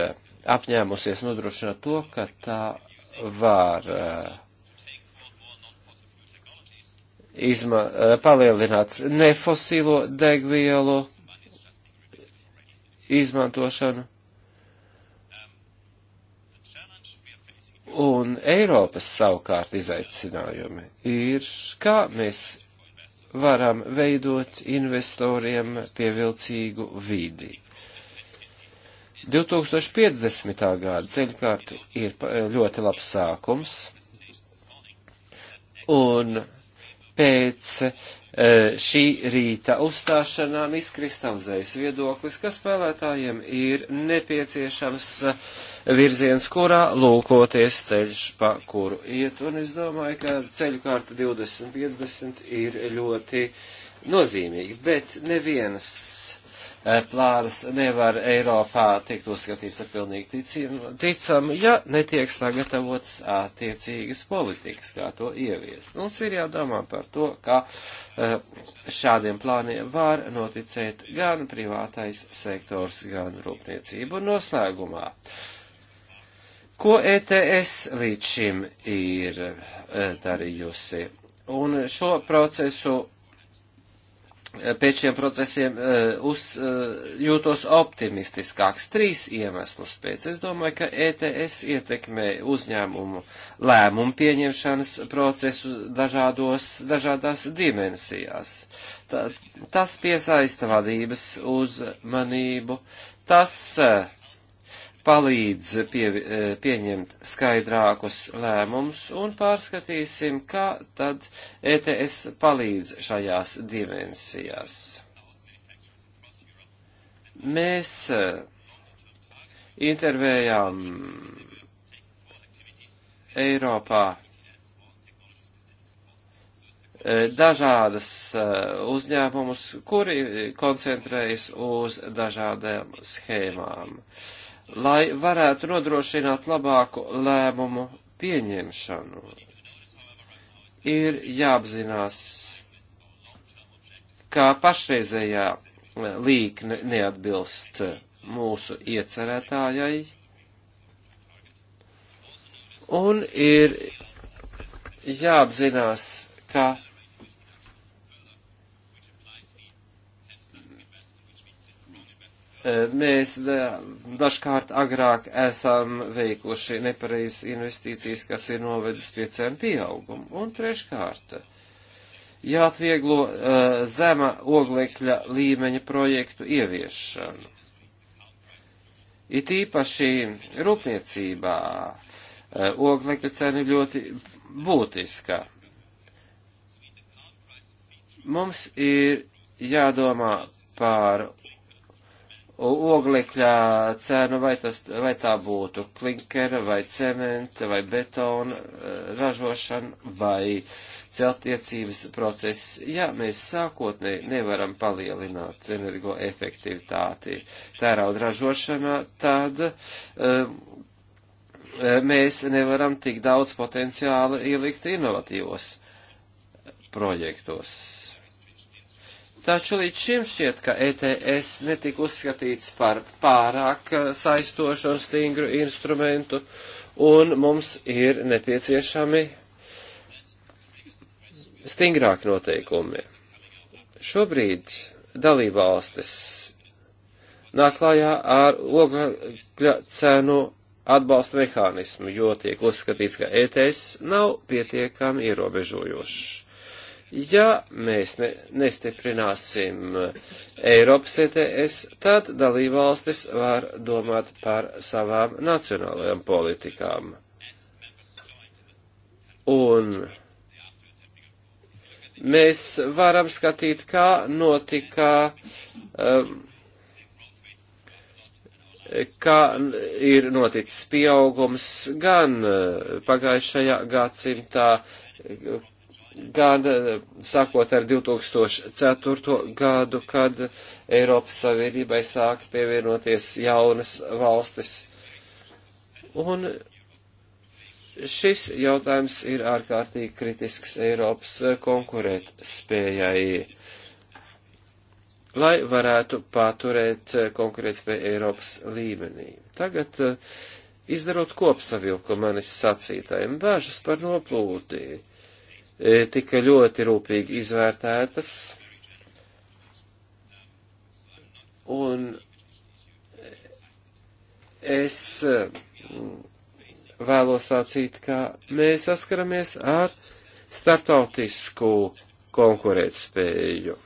apņēmusies nodrošināt to, ka tā var izma, palielināt nefosilo degvielu izmantošanu. Un Eiropas savukārt izaicinājumi ir, kā mēs varam veidot investoriem pievilcīgu vidi. 2050. gada ceļkārta ir ļoti labs sākums, un pēc šī rīta uzstāšanām izkristalizējas viedoklis, ka spēlētājiem ir nepieciešams virziens, kurā lūkoties ceļš, pa kuru iet. Un es domāju, ka ceļu kārta 2050 ir ļoti nozīmīga, bet neviens Eh, plānas nevar Eiropā tikt uzskatīts par pilnīgi ticamu, ja netiek sagatavots attiecīgas politikas, kā to ieviest. Mums ir jādomā par to, kā eh, šādiem plāniem var noticēt gan privātais sektors, gan rūpniecību noslēgumā. Ko ETS līdz šim ir eh, darījusi? Un šo procesu pēc šiem procesiem e, uz, jūtos optimistiskāks. Trīs iemeslus pēc. Es domāju, ka ETS ietekmē uzņēmumu lēmumu pieņemšanas procesu dažādos, dažādās dimensijās. Tā, tas piesaista vadības uzmanību, tas uh, palīdz pie, eh, pieņemt skaidrākus lēmumus un pārskatīsim, kā tad ETS palīdz šajās dimensijās. Mēs eh, intervējām Eiropā eh, dažādas uzņēmumus, kuri koncentrējas uz dažādām schēmām. Uh, lai varētu nodrošināt labāku lēmumu pieņemšanu. Ir jāapzinās, ka pašreizējā eh, līkne neatbilst eh, mūsu iecerētājai, un ir jāapzinās, ka mēs dažkārt agrāk esam veikuši nepareizas investīcijas, kas ir novedis pie cenu pieauguma. Un treškārt, jāatvieglo zema oglekļa līmeņa projektu ieviešanu. It īpaši rūpniecībā oglekļa cena ir ļoti būtiska. Mums ir jādomā par oglekļā cena, vai, tas, vai tā būtu klinkera, vai cementa, vai betona eh, ražošana, vai celtniecības process. Ja mēs sākotnēji nevaram palielināt energoefektivitāti tērauda ražošanā, tad um, mēs nevaram tik daudz potenciāli ielikt inovatīvos projektos Taču līdz šim šķiet, ka ETS netika uzskatīts par pārāk eh, saistošu un stingru instrumentu, un mums ir nepieciešami stingrāki noteikumi. Šobrīd dalībvalstis nāk klājā ar ogļa cenu atbalsta mehānismu, jo tiek uzskatīts, ka ETS nav pietiekami ierobežojošs. Ja mēs ne, nestiprināsim Eiropas ETS, tad dalībvalstis var domāt par savām nacionālajām politikām. Un mēs varam skatīt, kā notika, um, kā ir noticis pieaugums gan uh, pagājušajā gadsimtā, gada, sākot ar 2004. gadu, kad Eiropas Savienībai sāka pievienoties jaunas valstis. Un šis jautājums ir ārkārtīgi kritisks Eiropas konkurēt spējai. Lai varētu paturēt konkurētspēju Eiropas līmenī. Tagad, eh, izdarot kopsavilku manis sacītājiem, bāžas par noplūdību E, tika ļoti rūpīgi izvērtētas. Un es e, vēlos sacīt, ka mēs saskaramies ar starptautisku konkurētspēju.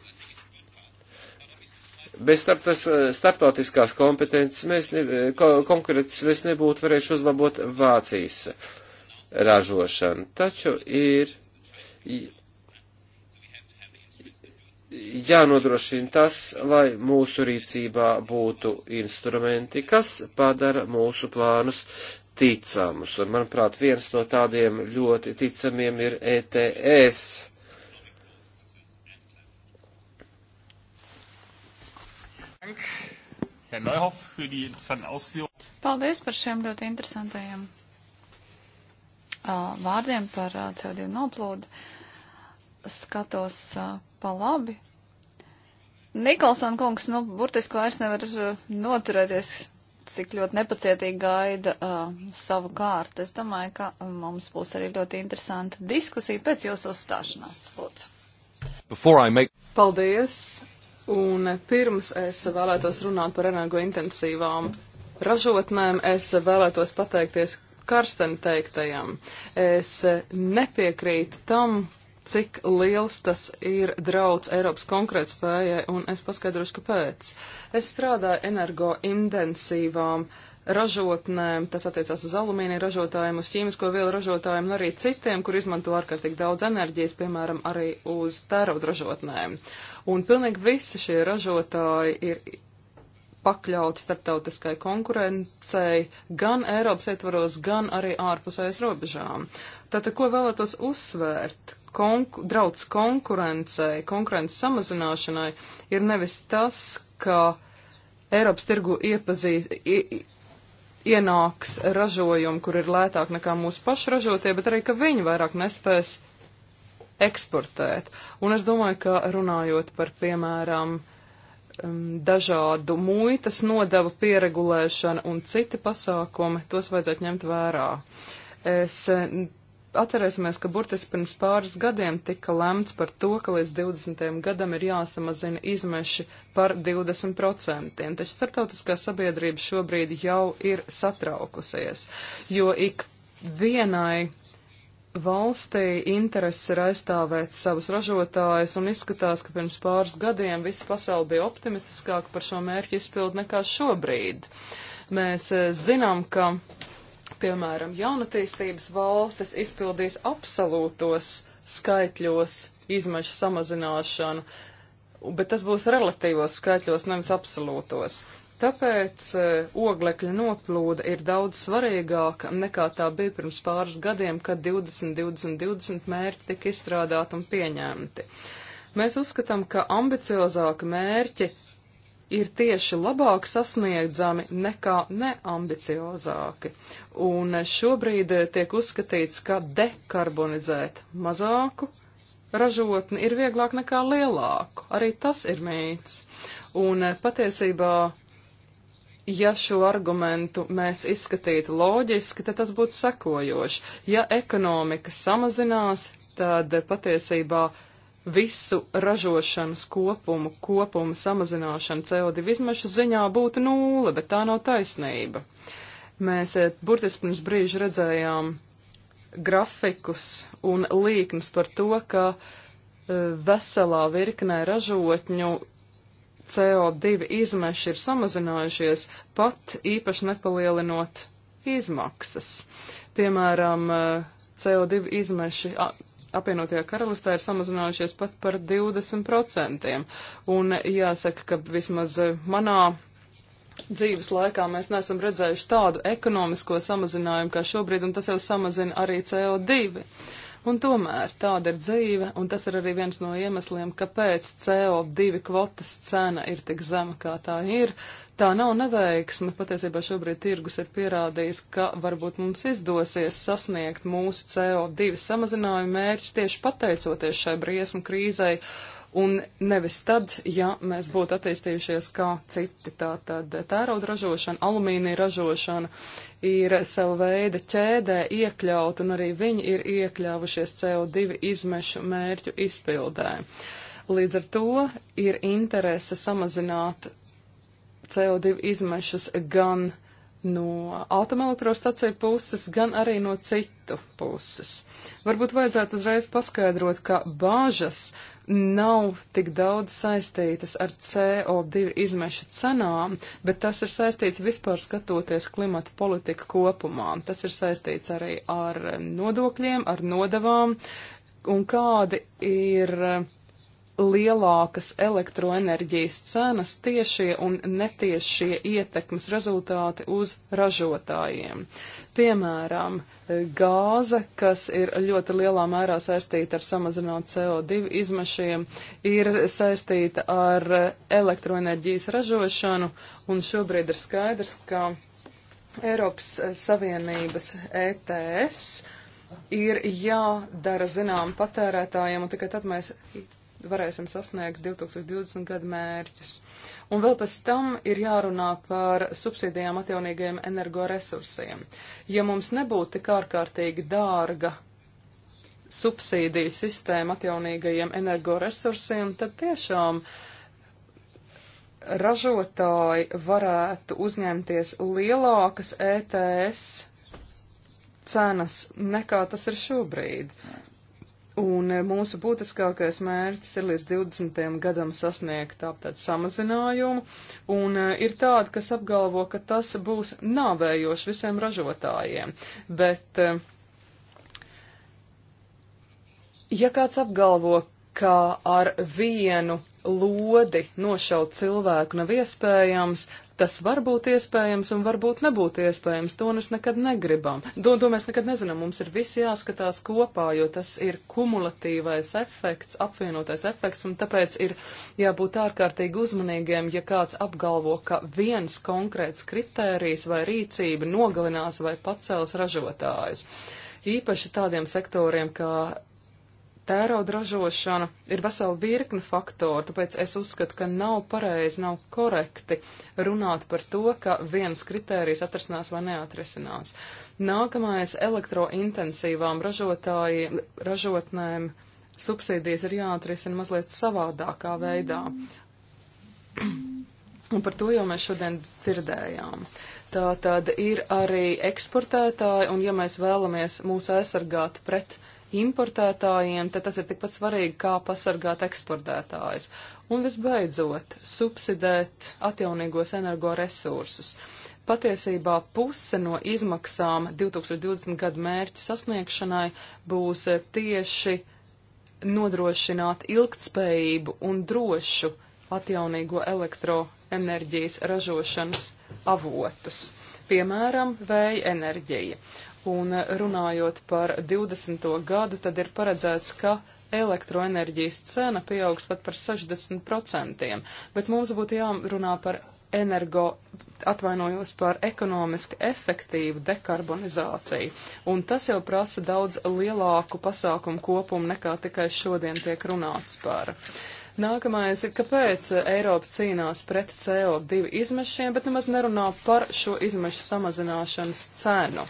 Bez starptas, e, starptautiskās kompetences mēs, ne, konkurences mēs nebūtu varējuši uzlabot Vācijas ražošanu. Taču ir jānodrošina tas, lai mūsu rīcībā būtu instrumenti, kas padara mūsu plānus ticamus. Un, manuprāt, viens no tādiem ļoti ticamiem ir ETS. Paldies par šiem ļoti interesantajiem uh, vārdiem par uh, CO2 noplūdu. Uh, skatos pa labi. Nikolson kungs, nu, burtiski vairs nevar noturēties, cik ļoti nepacietīgi gaida uh, savu kārtu. Es domāju, ka mums būs arī ļoti interesanta diskusija pēc jūsu uzstāšanās. Lūdzu. Make... Paldies! Un pirms es vēlētos runāt par energointensīvām ražotnēm, es vēlētos pateikties Karsten teiktajam. Es nepiekrītu tam, cik liels tas ir draudz Eiropas konkrētspējai, un es paskaidrošu, kāpēc. Es strādāju energointensīvām ražotnēm, tas attiecās uz alumīnija ražotājiem, uz ķīmisko vielu ražotājiem un arī citiem, kur izmanto ārkārtīgi daudz enerģijas, piemēram, arī uz tērauda ražotnēm. Un pilnīgi visi šie ražotāji ir pakļauti starptautiskai konkurencei gan Eiropas ietvaros, gan arī ārpusējas robežām. Tātad, ko vēlētos uzsvērt? Konku, drauds konkurencei, konkurences samazināšanai ir nevis tas, ka Eiropas tirgu iepazīt, i, ienāks ražojumi, kur ir lētāk nekā mūsu pašu ražotie, bet arī, ka viņi vairāk nespēs eksportēt. Un es domāju, ka runājot par, piemēram, uh, um, dažādu muitas nodevu pieregulēšana un citi pasākumi, tos vajadzētu ņemt vērā. Es eh, atcerēsimies, ka burtiski pirms pāris gadiem tika lemts par to, ka līdz 20. gadam ir jāsamazina izmeši par 20%, taču starptautiskā sabiedrība šobrīd jau ir satraukusies, jo ik vienai valstī interesi ir aizstāvēt savus ražotājus, un izskatās, ka pirms pāris gadiem visa pasaule bija optimistiskāka par šo mērķu izpildu nekā šobrīd. Mēs eh, zinām, ka, piemēram, jaunatīstības valstis izpildīs absolūtos skaitļos izmešu samazināšanu, bet tas būs relatīvos skaitļos, nevis absolūtos. Tāpēc eh, oglekļa noplūde ir daudz svarīgāka nekā tā bija pirms pāris gadiem, kad 20, 20, 20 mērķi tika izstrādāti un pieņemti. Mēs uzskatām, ka ambiciozāki mērķi ir tieši labāk sasniedzami nekā neambiciozāki. Un šobrīd tiek uzskatīts, ka dekarbonizēt mazāku ražotni ir vieglāk nekā lielāku. Arī tas ir mīts. Un patiesībā ja šo argumentu mēs izskatītu loģiski, tad tas būtu sekojoši. Ja ekonomika samazinās, tad patiesībā visu ražošanas kopumu, kopumu samazināšana CO2 izmešu ziņā būtu nulle, bet tā nav taisnība. Mēs eh, burtiski pirms brīža redzējām grafikus un līknes par to, ka eh, veselā virknē ražotņu CO2 izmeši ir samazinājušies, pat īpaši nepalielinot izmaksas. Piemēram, CO2 izmeši apvienotajā karalistē ir samazinājušies pat par 20%. Un jāsaka, ka vismaz manā dzīves laikā mēs neesam redzējuši tādu ekonomisko samazinājumu kā šobrīd, un tas jau samazina arī CO2. Uh, Un tomēr tāda ir dzīve, un tas ir arī viens no iemesliem, kāpēc CO2 kvotas cena ir tik zema, kā tā ir. Tā nav neveiksme. Patiesībā šobrīd tirgus ir pierādījis, ka varbūt mums izdosies sasniegt mūsu CO2 samazinājumu mērķus tieši pateicoties šai briesmu krīzai un nevis tad, ja mēs būtu attīstījušies kā citi. Tātad tērauda ražošana, alumīnija ražošana ir sava veida ķēdē iekļaut, un arī viņi ir iekļāvušies CO2 izmešu mērķu izpildē. Līdz ar to ir interese samazināt CO2 izmešus gan no atomelektrostaciju puses, gan arī no citu puses. Varbūt vajadzētu uzreiz paskaidrot, ka bāžas nav tik daudz saistītas ar CO2 izmešu cenām, bet tas ir saistīts vispār skatoties klimata politiku kopumā. Tas ir saistīts arī ar nodokļiem, ar nodavām un kādi ir lielākas elektroenerģijas cenas tiešie un netiešie ietekmes rezultāti uz ražotājiem. Piemēram, gāze, kas ir ļoti lielā mērā saistīta ar samazinot CO2 izmešiem, ir saistīta ar elektroenerģijas ražošanu, un šobrīd ir skaidrs, ka Eiropas Savienības ETS ir jādara zinām patērētājiem, un tikai tad mēs varēsim sasniegt 2020 gada mērķus. Un vēl pēc tam ir jārunā par subsīdijām atjaunīgajiem energoresursiem. Ja mums nebūtu tik ārkārtīgi dārga subsīdiju sistēma atjaunīgajiem energoresursiem, tad tiešām ražotāji varētu uzņemties lielākas ETS cenas nekā tas ir šobrīd. Un e, mūsu būtiskākais mērķis ir līdz 20. gadam sasniegt tātad samazinājumu, un e, ir tāda, kas apgalvo, ka tas būs nāvējoši visiem ražotājiem, bet e, ja kāds apgalvo, ka ar vienu lodi nošaut cilvēku nav iespējams, Tas var būt iespējams un varbūt nebūt iespējams. To mēs nekad negribam. To, to mēs nekad nezinām. Mums ir viss jāskatās kopā, jo tas ir kumulatīvais efekts, apvienotais efekts, un tāpēc ir jābūt ārkārtīgi uzmanīgiem, ja kāds apgalvo, ka viens konkrēts kritērijs vai rīcība nogalinās vai pacels ražotājus. Īpaši tādiem sektoriem kā tērauda ražošana ir vesela virkne faktoru, tāpēc es uzskatu, ka nav pareizi, nav korekti runāt par to, ka viens kritērijs atrasinās vai neatrisinās. Nākamais elektrointensīvām ražotnēm subsīdijas ir jāatrisina mazliet savādākā veidā. Un par to jau mēs šodien dzirdējām. Tā tad ir arī eksportētāji, un ja mēs vēlamies mūs aizsargāt pret uh, importētājiem, tad tas ir tikpat svarīgi, kā pasargāt eksportētājus. Un visbeidzot, subsidēt atjaunīgos energoresursus. Patiesībā puse no izmaksām 2020 gadu mērķu sasniegšanai būs tieši nodrošināt ilgtspējību un drošu atjaunīgo elektroenerģijas ražošanas avotus piemēram, vēja enerģija. Un eh, runājot par 20. gadu, tad ir paredzēts, ka elektroenerģijas cena pieaugs pat par 60%, bet mums būtu jārunā par energo, atvainojos par ekonomiski efektīvu dekarbonizāciju, un tas jau prasa daudz lielāku pasākumu kopumu nekā tikai šodien tiek runāts par. Uh, Nākamais ir, kāpēc Eiropa cīnās pret CO2 izmešiem, bet nemaz nerunā par šo izmešu samazināšanas cenu.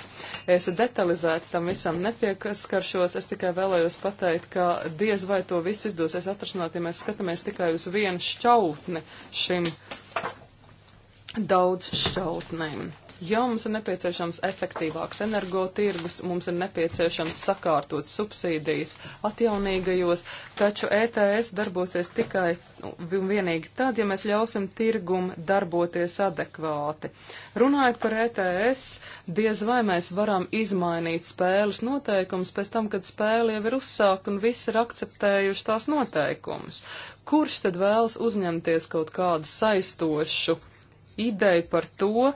Es detalizēti tam visam nepieskaršos, es tikai vēlējos pateikt, ka diez vai to visu izdosies atrašināt, ja mēs skatāmies tikai uz vienu šķautni šim daudz šķautnēm. Jā, mums ir nepieciešams efektīvāks energotirgus, mums ir nepieciešams sakārtot subsīdijas atjaunīgajos, taču ETS darbosies tikai un nu, vienīgi tad, ja mēs ļausim tirgum darboties adekvāti. Runājot par ETS, diez vai mēs varam izmainīt spēles noteikumus pēc tam, kad spēle jau ir uzsākt un visi ir akceptējuši tās noteikumus. Kurš tad vēlas uzņemties kaut kādu saistošu ideju par to,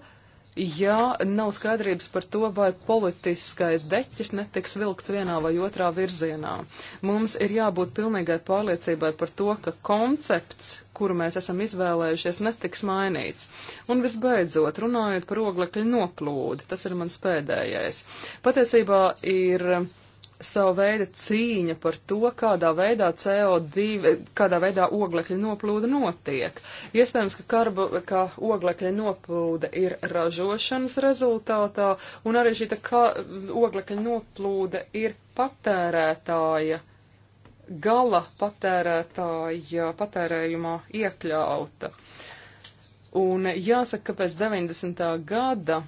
ja nav skaidrības par to, vai politiskais deķis netiks vilkts vienā vai otrā virzienā. Mums ir jābūt pilnīgai pārliecībai par to, ka koncepts, kuru mēs esam izvēlējušies, netiks mainīts. Un visbeidzot, runājot par oglekļa noplūdi, tas ir mans pēdējais. Patiesībā ir savu veidu cīņa par to, kādā veidā CO2, kādā veidā oglekļa noplūda notiek. Iespējams, ka, karbu, ka oglekļa noplūda ir ražošanas rezultātā, un arī šī kā, oglekļa noplūda ir patērētāja, gala patērētāja patērējumā iekļauta. Un jāsaka, ka pēc 90. gada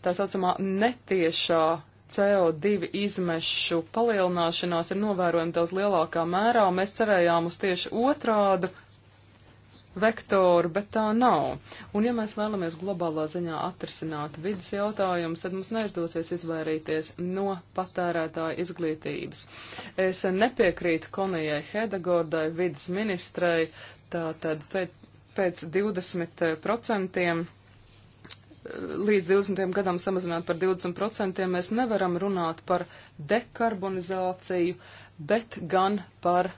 tā saucamā netiešā CO2 izmešu palielināšanās ir novērojama daudz lielākā mērā, un mēs cerējām uz tieši otrādu vektoru, bet tā nav. Un ja mēs vēlamies globālā ziņā atrisināt vidas jautājumus, tad mums neizdosies izvairīties no patērētāja izglītības. Es nepiekrītu Konijai Hedegordai, vidas ministrei, tātad pēc, pēc 20% līdz 20. gadam samazināt par 20%, mēs nevaram runāt par dekarbonizāciju, bet gan par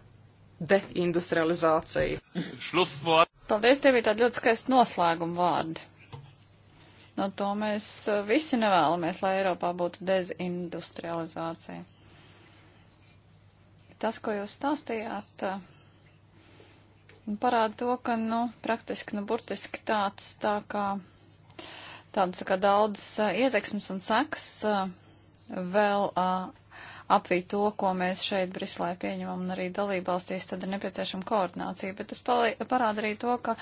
deindustrializāciju. Paldies, tev bija tādi ļoti skaisti noslēguma vārdi. No to mēs eh, visi nevēlamies, lai Eiropā būtu dezindustrializācija. Tas, ko jūs stāstījāt, eh, parāda to, ka, nu, praktiski, nu, burtiski tāds tā kā tādas kā daudzas ieteiksmes un saks vēl apvīt to, ko mēs šeit Brislē pieņemam un arī dalībvalstīs, tad ir nepieciešama koordinācija. Bet tas parāda arī to, ka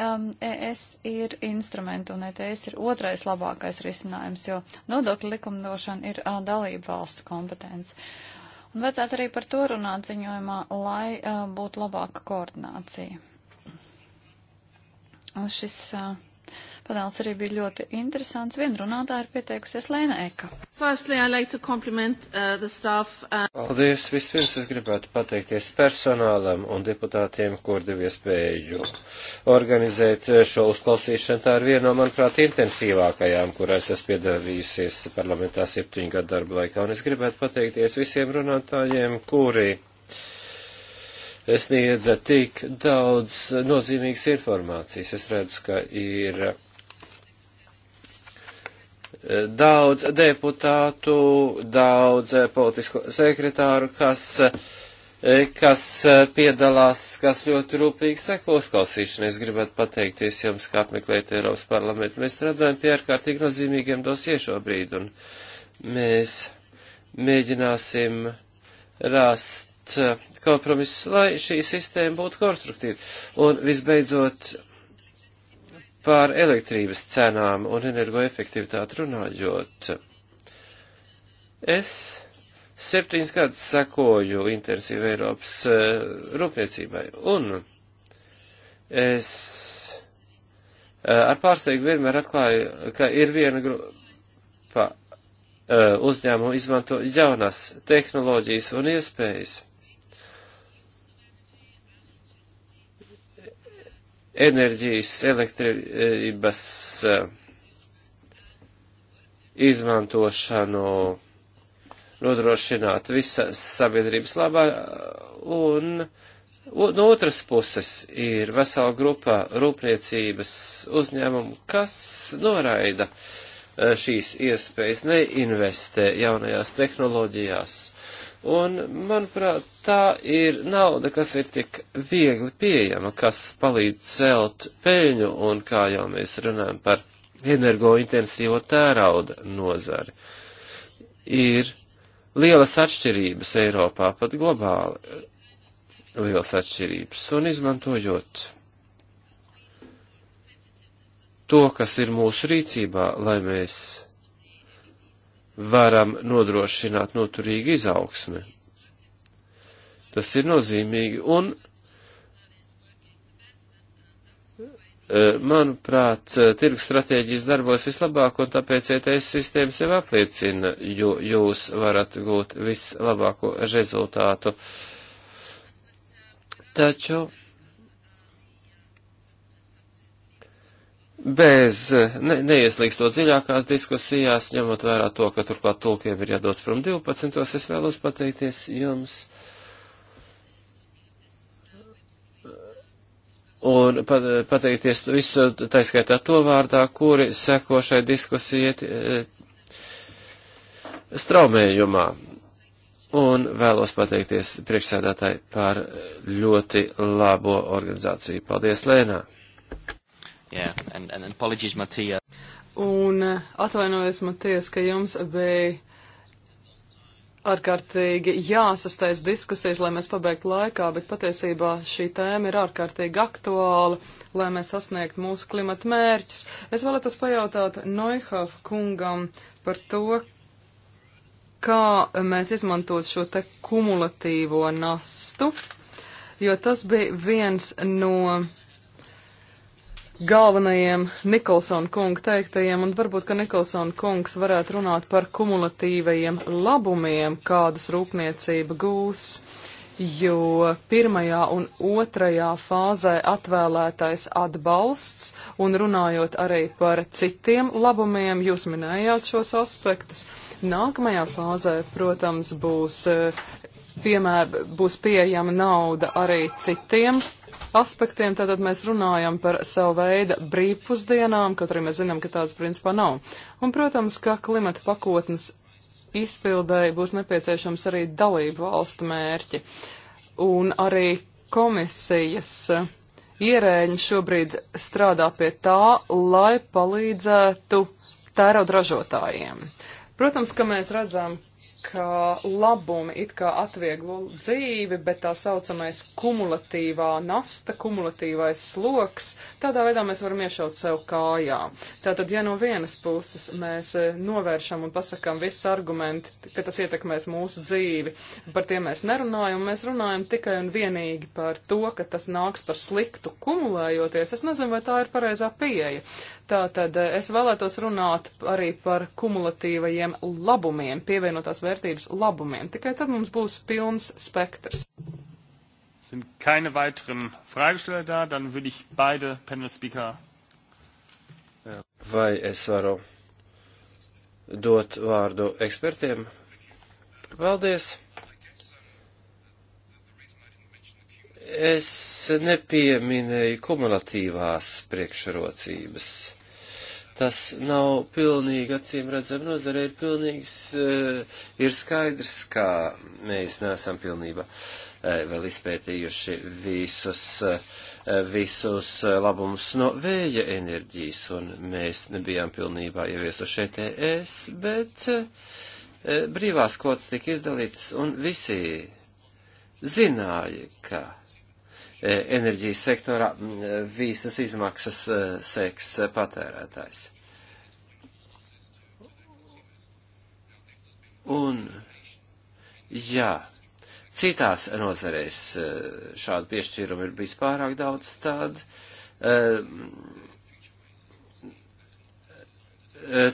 um, ES ir instrumenti un ETS ir otrais labākais risinājums, jo nodokļu likumdošana ir uh, dalībvalstu kompetence. Un vajadzētu arī par to runāt ziņojumā, lai uh, būtu labāka koordinācija. Un šis uh, Panels arī bija ļoti interesants. Viena runātāja ir pieteikusies Lēna Eka. Firstly, like uh, staff, and... Uh, Paldies. Vispirms es gribētu pateikties personālam un deputātiem, kur devu iespēju organizēt uh, šo uzklausīšanu. Tā ir viena no, manuprāt, intensīvākajām, kurās es piedalījusies parlamentā septiņu gadu darba laikā. Un es gribētu pateikties visiem runātājiem, kuri sniedza tik daudz nozīmīgas informācijas. Es redzu, ka ir daudz deputātu, daudz politisko sekretāru, kas, kas piedalās, kas ļoti rūpīgi seko uzklausīšanai. Es gribētu pateikties jums, kā apmeklēt Eiropas parlamentu. Mēs strādājam pie ārkārtīgi nozīmīgiem dosie šobrīd, un mēs mēģināsim rast kompromisus, lai šī sistēma būtu konstruktīva. Un visbeidzot, Par elektrības cenām un energoefektivitāti runājot, es septiņas gadus sekoju intensīvi Eiropas eh, rūpniecībai, un es eh, ar pārsteigumu vienmēr atklāju, ka ir viena grupa eh, uzņēmumu izmanto jaunās tehnoloģijas un iespējas. enerģijas, elektrības eh, izmantošanu nodrošināt visas sabiedrības labā, un no otras puses ir vesela grupa rūpniecības uzņēmumu, kas noraida eh, šīs iespējas, neinvestē jaunajās tehnoloģijās. Un, manuprāt, tā ir nauda, kas ir tik viegli pieejama, kas palīdz celt peļņu, un kā jau mēs runājam par energointensīvo tērauda nozari, ir lielas atšķirības Eiropā, pat globāli lielas atšķirības, un izmantojot to, kas ir mūsu rīcībā, lai mēs varam nodrošināt noturīgu izaugsmi Tas ir nozīmīgi un, e, manuprāt, e, tirgus stratēģijas darbos vislabāk un tāpēc ETS sistēma sev apliecina, jo jūs varat gūt vislabāko rezultātu. Taču bez ne, neieslīgstot dziļākās diskusijās, ņemot vērā to, ka turklāt tulkiem ir jādodas prom 12. es vēlos pateikties jums un pateikties visu taiskaitā to vārdā, kuri seko šai diskusijai e, straumējumā. Un vēlos pateikties priekšsēdētāji par ļoti labo organizāciju. Paldies, Lēnā! Yeah, and, and apologies, Matija. Un uh, atvainojos, Matijas, ka jums bija ārkārtīgi jāsastais diskusijas, lai mēs pabeigtu laikā, bet patiesībā šī tēma ir ārkārtīgi aktuāla, lai mēs sasniegtu mūsu klimata mērķus. Es vēlētos pajautāt Noihav kungam par to, kā mēs izmantot šo te kumulatīvo nastu, jo tas bija viens no galvenajiem Nikolsona kunga teiktajiem, un varbūt, ka Nikolsona kungs varētu runāt par kumulatīvajiem labumiem, kādas rūpniecība gūs, jo pirmajā un otrajā fāzē atvēlētais atbalsts, un runājot arī par citiem labumiem, jūs minējāt šos aspektus. Nākamajā fāzē, protams, būs eh, piemēr būs pieejama nauda arī citiem aspektiem, tātad mēs runājam par savu veidu brīvpusdienām, kaut arī mēs zinām, ka tāds principā nav. Un, protams, ka klimata pakotnes izpildēji būs nepieciešams arī dalību valstu mērķi. Un arī komisijas ierēņi šobrīd strādā pie tā, lai palīdzētu tērauda ražotājiem. Protams, ka mēs redzam, ka labumi it kā atvieglo dzīvi, bet tā saucamais kumulatīvā nasta, kumulatīvais sloks, tādā veidā mēs varam iešaut sev kājā. Tātad, ja no vienas puses mēs eh, novēršam un pasakam visus argumenti, ka tas ietekmēs mūsu dzīvi, par tiem mēs nerunājam, mēs runājam tikai un vienīgi par to, ka tas nāks par sliktu kumulējoties, es nezinu, vai tā ir pareizā pieeja. Tātad eh, es vēlētos runāt arī par kumulatīvajiem labumiem, pievienotās vērtības labumiem. Tikai tad mums būs pilns spektrs. Sind keine weiteren Fragesteller da, dann würde ich beide Panel Speaker. Äh, Vai es varu dot vārdu ekspertiem? Paldies! Es nepieminēju kumulatīvās priekšrocības. Tas nav pilnīgi acīm redzam nozare, ir pilnīgs, eh, ir skaidrs, ka mēs neesam pilnībā eh, vēl izpētījuši visus, eh, visus labumus no vēja enerģijas, un mēs nebijām pilnībā ieviesuši ETS, bet brīvās kvotas tika izdalītas, un visi zināja, ka E, enerģijas sektorā e, visas izmaksas e, seks patērētājs. Un, jā, citās nozarēs šādu piešķīrumu ir bijis pārāk daudz tādu.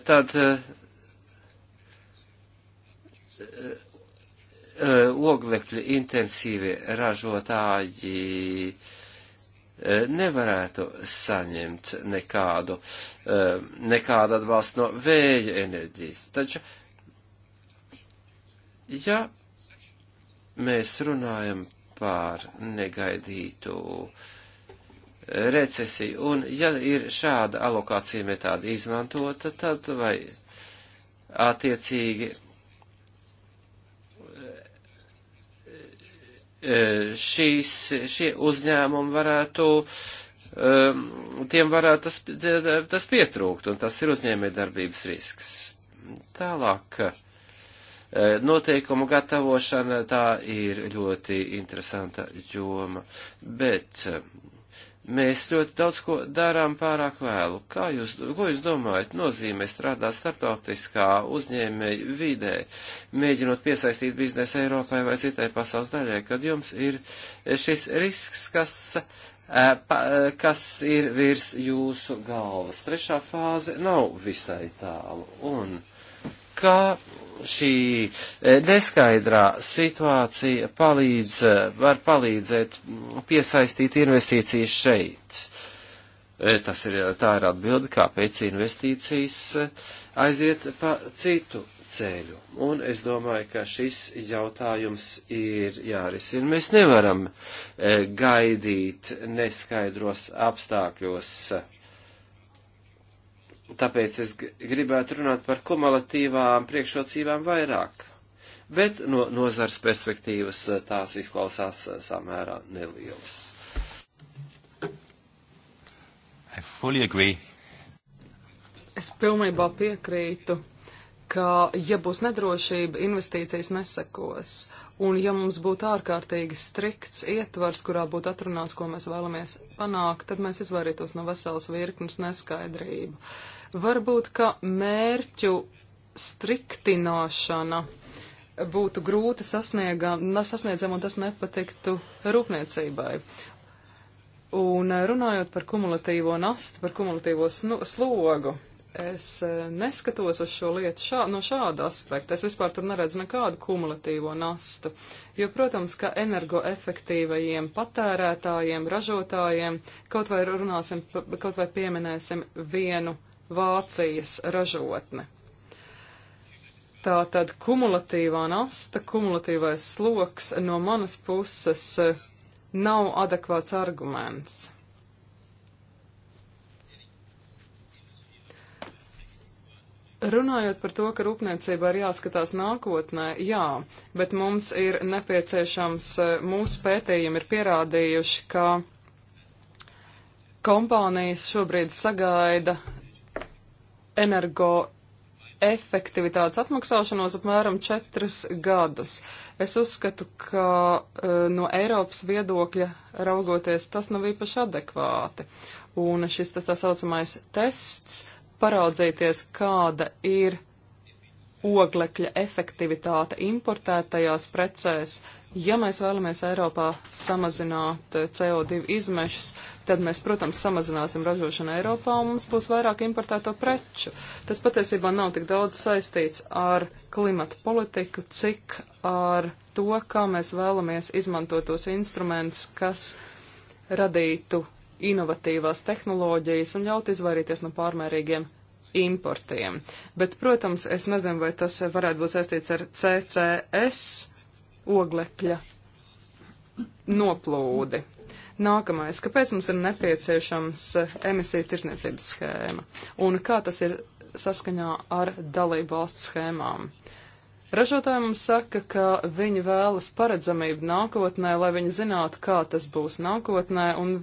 Tad, tad Eh, oglekļa intensīvi ražotāji eh, nevarētu saņemt nekādu, eh, nekādu atbalstu no vēja enerģijas. Taču, ja mēs runājam par negaidītu recesiju, un ja ir šāda alokācija metāda izmantota, tad vai attiecīgi E, šīs, šie uzņēmumi varētu, e, tiem varētu tas, tas pietrūkt, un tas ir uzņēmē darbības risks. Tālāk, e, noteikumu gatavošana tā ir ļoti interesanta joma, bet Mēs ļoti daudz ko darām pārāk vēlu. Kā jūs, ko jūs domājat, nozīmē strādāt starptautiskā uzņēmēja vidē, mēģinot piesaistīt biznesu Eiropai vai citai pasaules daļai, kad jums ir šis risks, kas, eh, eh, kas ir virs jūsu galvas? Trešā fāze nav visai tālu. Un kā šī eh, neskaidrā situācija palīdz, eh, var palīdzēt mm, piesaistīt investīcijas šeit. Eh, tas ir, tā ir atbilde, kāpēc investīcijas aiziet pa citu ceļu. Un es domāju, ka šis jautājums ir jārisina. Mēs nevaram gaidīt neskaidros apstākļos Tāpēc es gribētu runāt par kumulatīvām priekšrocībām vairāk, bet no nozars perspektīvas eh, tās izklausās eh, samērā nelielas. I fully agree. Es pilnībā piekrītu, ka, ja būs nedrošība, investīcijas nesakos. Un ja mums būtu ārkārtīgi strikts ietvars, kurā būtu atrunāts, ko mēs vēlamies panākt, tad mēs izvairītos no veselas virknes neskaidrību. Uh, Varbūt, ka mērķu striktināšana būtu grūti sasniedzama un tas nepatiktu rūpniecībai. Un eh, runājot par kumulatīvo nastu, par kumulatīvo snu, slogu, es eh, neskatos uz šo lietu šā, no šāda aspekta. Es vispār tur neredzu nekādu kumulatīvo nastu. Jo, protams, ka energoefektīvajiem patērētājiem, ražotājiem, kaut vai runāsim, kaut vai pieminēsim vienu Vācijas ražotne. Tā tad kumulatīvā nasta, kumulatīvais sloks no manas puses eh, nav adekvāts arguments. Runājot par to, ka rūpniecība ir jāskatās nākotnē, jā, bet mums ir nepieciešams, eh, mūsu pētījumi ir pierādījuši, ka kompānijas šobrīd sagaida energo efektivitātes atmaksāšanos apmēram četrus gadus. Es uzskatu, ka e, no Eiropas viedokļa raugoties tas nav īpaši adekvāti. Un šis tas tā saucamais tests paraudzīties, kāda ir oglekļa efektivitāte importētajās precēs Ja mēs vēlamies Eiropā samazināt eh, CO2 izmešus, tad mēs, protams, samazināsim ražošanu Eiropā un mums būs vairāk importēto preču. Tas patiesībā nav tik daudz saistīts ar klimatu politiku, cik ar to, kā mēs vēlamies izmantot tos instrumentus, kas radītu inovatīvās tehnoloģijas un ļaut izvairīties no pārmērīgiem importiem. Bet, protams, es nezinu, vai tas varētu būt saistīts ar CCS oglekļa noplūdi. Nākamais, kāpēc mums ir nepieciešams eh, emisiju tirsniecības schēma un kā tas ir saskaņā ar dalību valstu schēmām? Ražotāji mums saka, ka viņi vēlas paredzamību nākotnē, lai viņi zinātu, kā tas būs nākotnē, un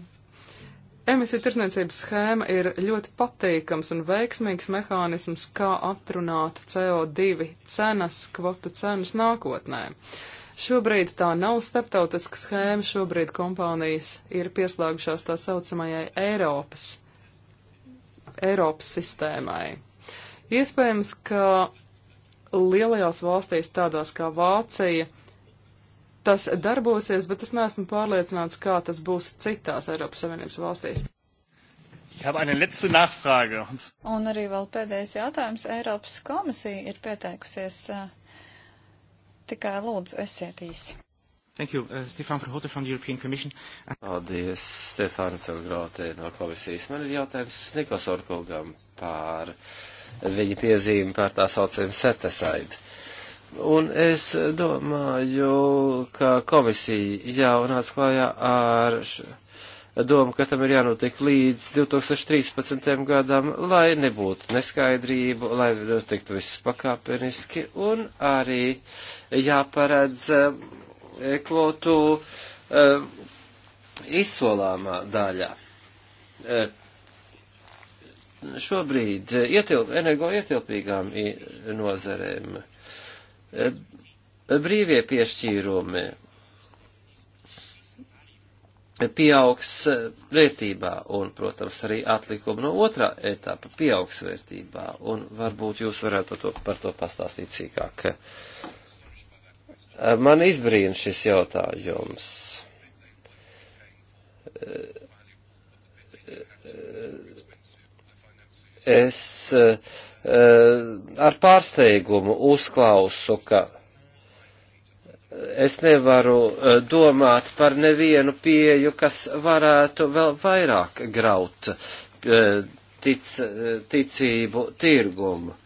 emisiju tirsniecības schēma ir ļoti patīkams un veiksmīgs mehānisms, kā atrunāt CO2 cenas, kvotu cenas nākotnē. Uh, Šobrīd tā nav starptautiska schēma, šobrīd kompānijas ir pieslēgušās tā saucamajai Eiropas, Eiropas sistēmai. Iespējams, ka lielajās valstīs tādās kā Vācija tas darbosies, bet es neesmu pārliecināts, kā tas būs citās Eiropas Savienības valstīs. Un arī vēl pēdējais jautājums. Eiropas komisija ir pieteikusies uh, Tikai lūdzu, esiet īsi. Thank you. Uh, Stefan Verhoeven from the European Commission. Paldies, Stefāns Elgrāte no komisijas. Man ir jautājums Nikos Orkulgam par viņa piezīmi par tā saucēm setesaidu. Un es domāju, ka komisija jau nāca klājā ar. Š doma, ka tam ir jānotiek līdz 2013. gadam, lai nebūtu neskaidrību, lai notiktu viss pakāpeniski un arī jāparedz eh, kvotu eh, izsolāmā daļā eh, šobrīd ietilp, energoietilpīgām nozarēm, brīvie piešķīrumi pieaugs eh, vērtībā un, protams, arī atlikuma no otrā etapa pieaugs vērtībā. Un varbūt jūs varētu par to, par to pastāstīt sīkāk. Eh, man izbrīna šis jautājums. Eh, es ar pārsteigumu uzklausu, ka es nevaru eh, domāt par nevienu pieju, kas varētu vēl vairāk graut eh, tic, eh, ticību tirgumu.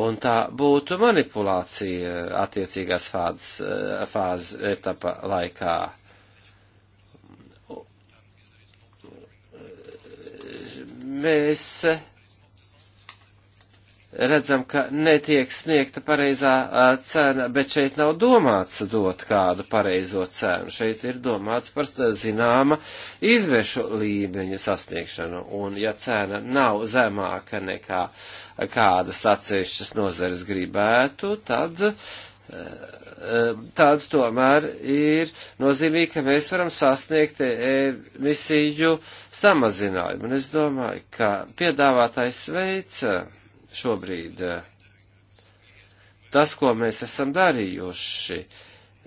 Un tā būtu manipulācija attiecīgās fāzes, fāzes etapa laikā. Mēs redzam, ka netiek sniegta pareizā cena, bet šeit nav domāts dot kādu pareizo cenu. Šeit ir domāts par zināma izvešu līmeņa sasniegšanu. Un ja cena nav zemāka nekā kādas atsevišķas nozares gribētu, tad tāds tomēr ir nozīmīgi, ka mēs varam sasniegt emisiju samazinājumu. Un es domāju, ka piedāvātais veids šobrīd. Eh, tas, ko mēs esam darījuši,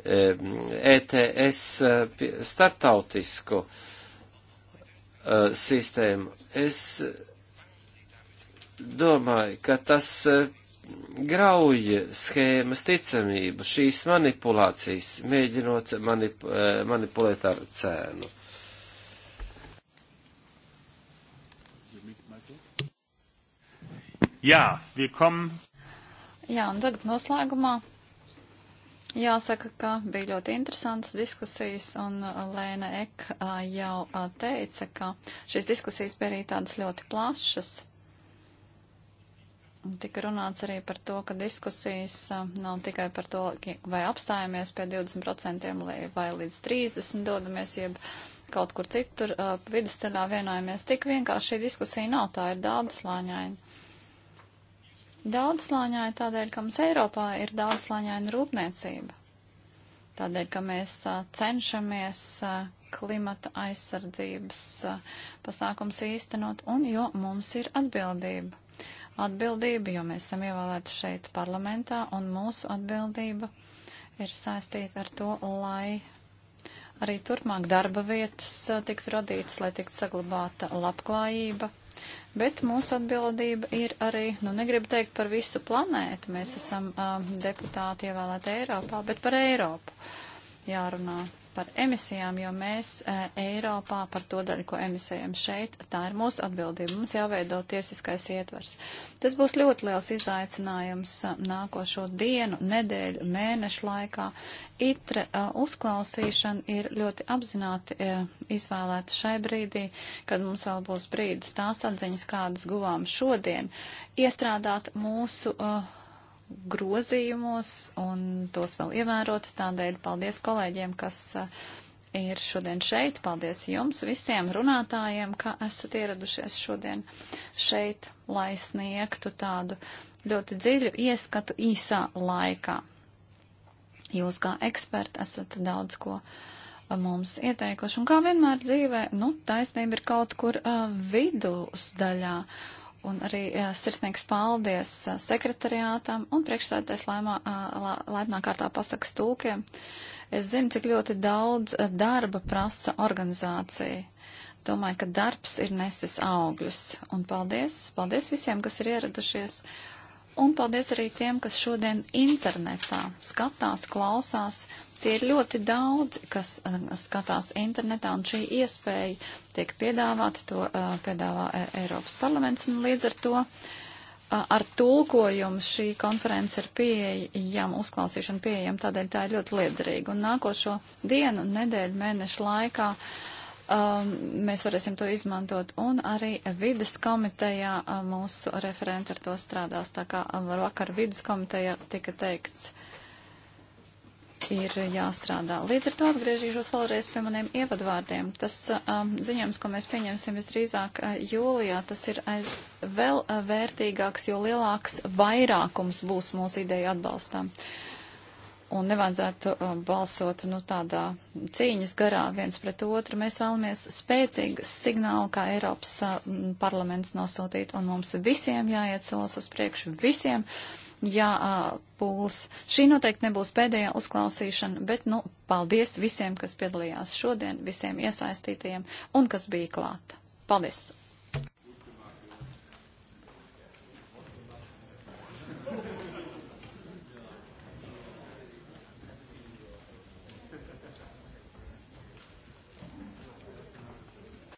ETS eh, e eh, startautisku sistēmu, es domāju, ka tas grauj schēmas ticamību, šīs manipulācijas, mēģinot manip, manipulēt ar cēnu. Jā, willkommen. Jā, un tagad noslēgumā jāsaka, ka bija ļoti interesantas diskusijas, un uh, Lēna Ek uh, jau uh, teica, ka šīs diskusijas bija arī tādas ļoti plašas. Tika runāts arī par to, ka diskusijas nav tikai par to, vai apstājamies pie 20% vai līdz 30% dodamies, jeb kaut kur citur vidusceļā vienojamies. Tik vienkārši šī diskusija nav, tā ir daudz slāņaina. Daudzslāņāji tādēļ, ka mums Eiropā ir daudzslāņaina rūpniecība. Tādēļ, ka mēs cenšamies klimata aizsardzības pasākums īstenot un jo mums ir atbildība. Atbildība, jo mēs esam ievēlēti šeit parlamentā un mūsu atbildība ir saistīta ar to, lai arī turpmāk darba vietas tiktu radītas, lai tiktu saglabāta labklājība Bet mūsu atbildība ir arī, nu negribu teikt par visu planētu, mēs esam uh, deputāti ievēlēti Eiropā, bet par Eiropu jārunā par emisijām, jo mēs uh, Eiropā par to daļu, ko emisējam šeit, tā ir mūsu atbildība. Mums jāveido tiesiskais ietvers. Tas būs ļoti liels izaicinājums uh, nākošo dienu, nedēļu, mēnešu laikā. ITRE uh, uzklausīšana ir ļoti apzināti izvēlēta šai brīdī, kad mums vēl būs brīdis tās atziņas, kādas guvām šodien, iestrādāt mūsu uh, grozījumos un tos vēl ievērot. Tādēļ paldies kolēģiem, kas eh, ir šodien šeit. Paldies jums visiem runātājiem, ka esat ieradušies šodien šeit, lai sniegtu tādu ļoti dziļu ieskatu īsā laikā. Jūs kā eksperti esat daudz ko eh, mums ieteikuši, un kā vienmēr dzīvē, nu, taisnība ir kaut kur uh, vidusdaļā. Uh, Un arī sirsnīgs paldies sekretariātam un priekšsēdētais laimā kārtā pasakas tulkiem. Es zinu, cik ļoti daudz darba prasa organizācija. Domāju, ka darbs ir nesis augļus. Un paldies, paldies visiem, kas ir ieradušies. Un paldies arī tiem, kas šodien internetā skatās, klausās Tie ir ļoti daudz, kas eh, skatās internetā, un šī iespēja tiek piedāvāta, to eh, piedāvā eh, Eiropas parlaments, un līdz ar to ar tulkojumu šī konference ir pieejama, uzklausīšana pieejama, tādēļ tā ir ļoti liederīga. Un nākošo dienu, nedēļu, mēnešu laikā um, mēs varēsim to izmantot. Un arī vidas komitejā uh, mūsu referenti ar to strādās, tā kā uh, vakar vidas komitejā tika teikts ir jāstrādā. Līdz ar to atgriežīšos vēlreiz pie maniem ievadvārdiem. Tas um, ziņojums, ko mēs pieņemsim visdrīzāk uh, jūlijā, tas ir aiz vēl uh, vērtīgāks, jo lielāks vairākums būs mūsu ideju atbalstām. Un nevajadzētu uh, balsot nu, tādā cīņas garā viens pret otru. Mēs vēlamies spēcīgu signālu, kā Eiropas uh, parlaments nosūtīt, un mums visiem jāiet solis uz priekšu, visiem. Uh, jāpūlas. Šī noteikti nebūs pēdējā uzklausīšana, bet, nu, paldies visiem, kas piedalījās šodien, visiem iesaistītajiem un kas bija klāt. Paldies!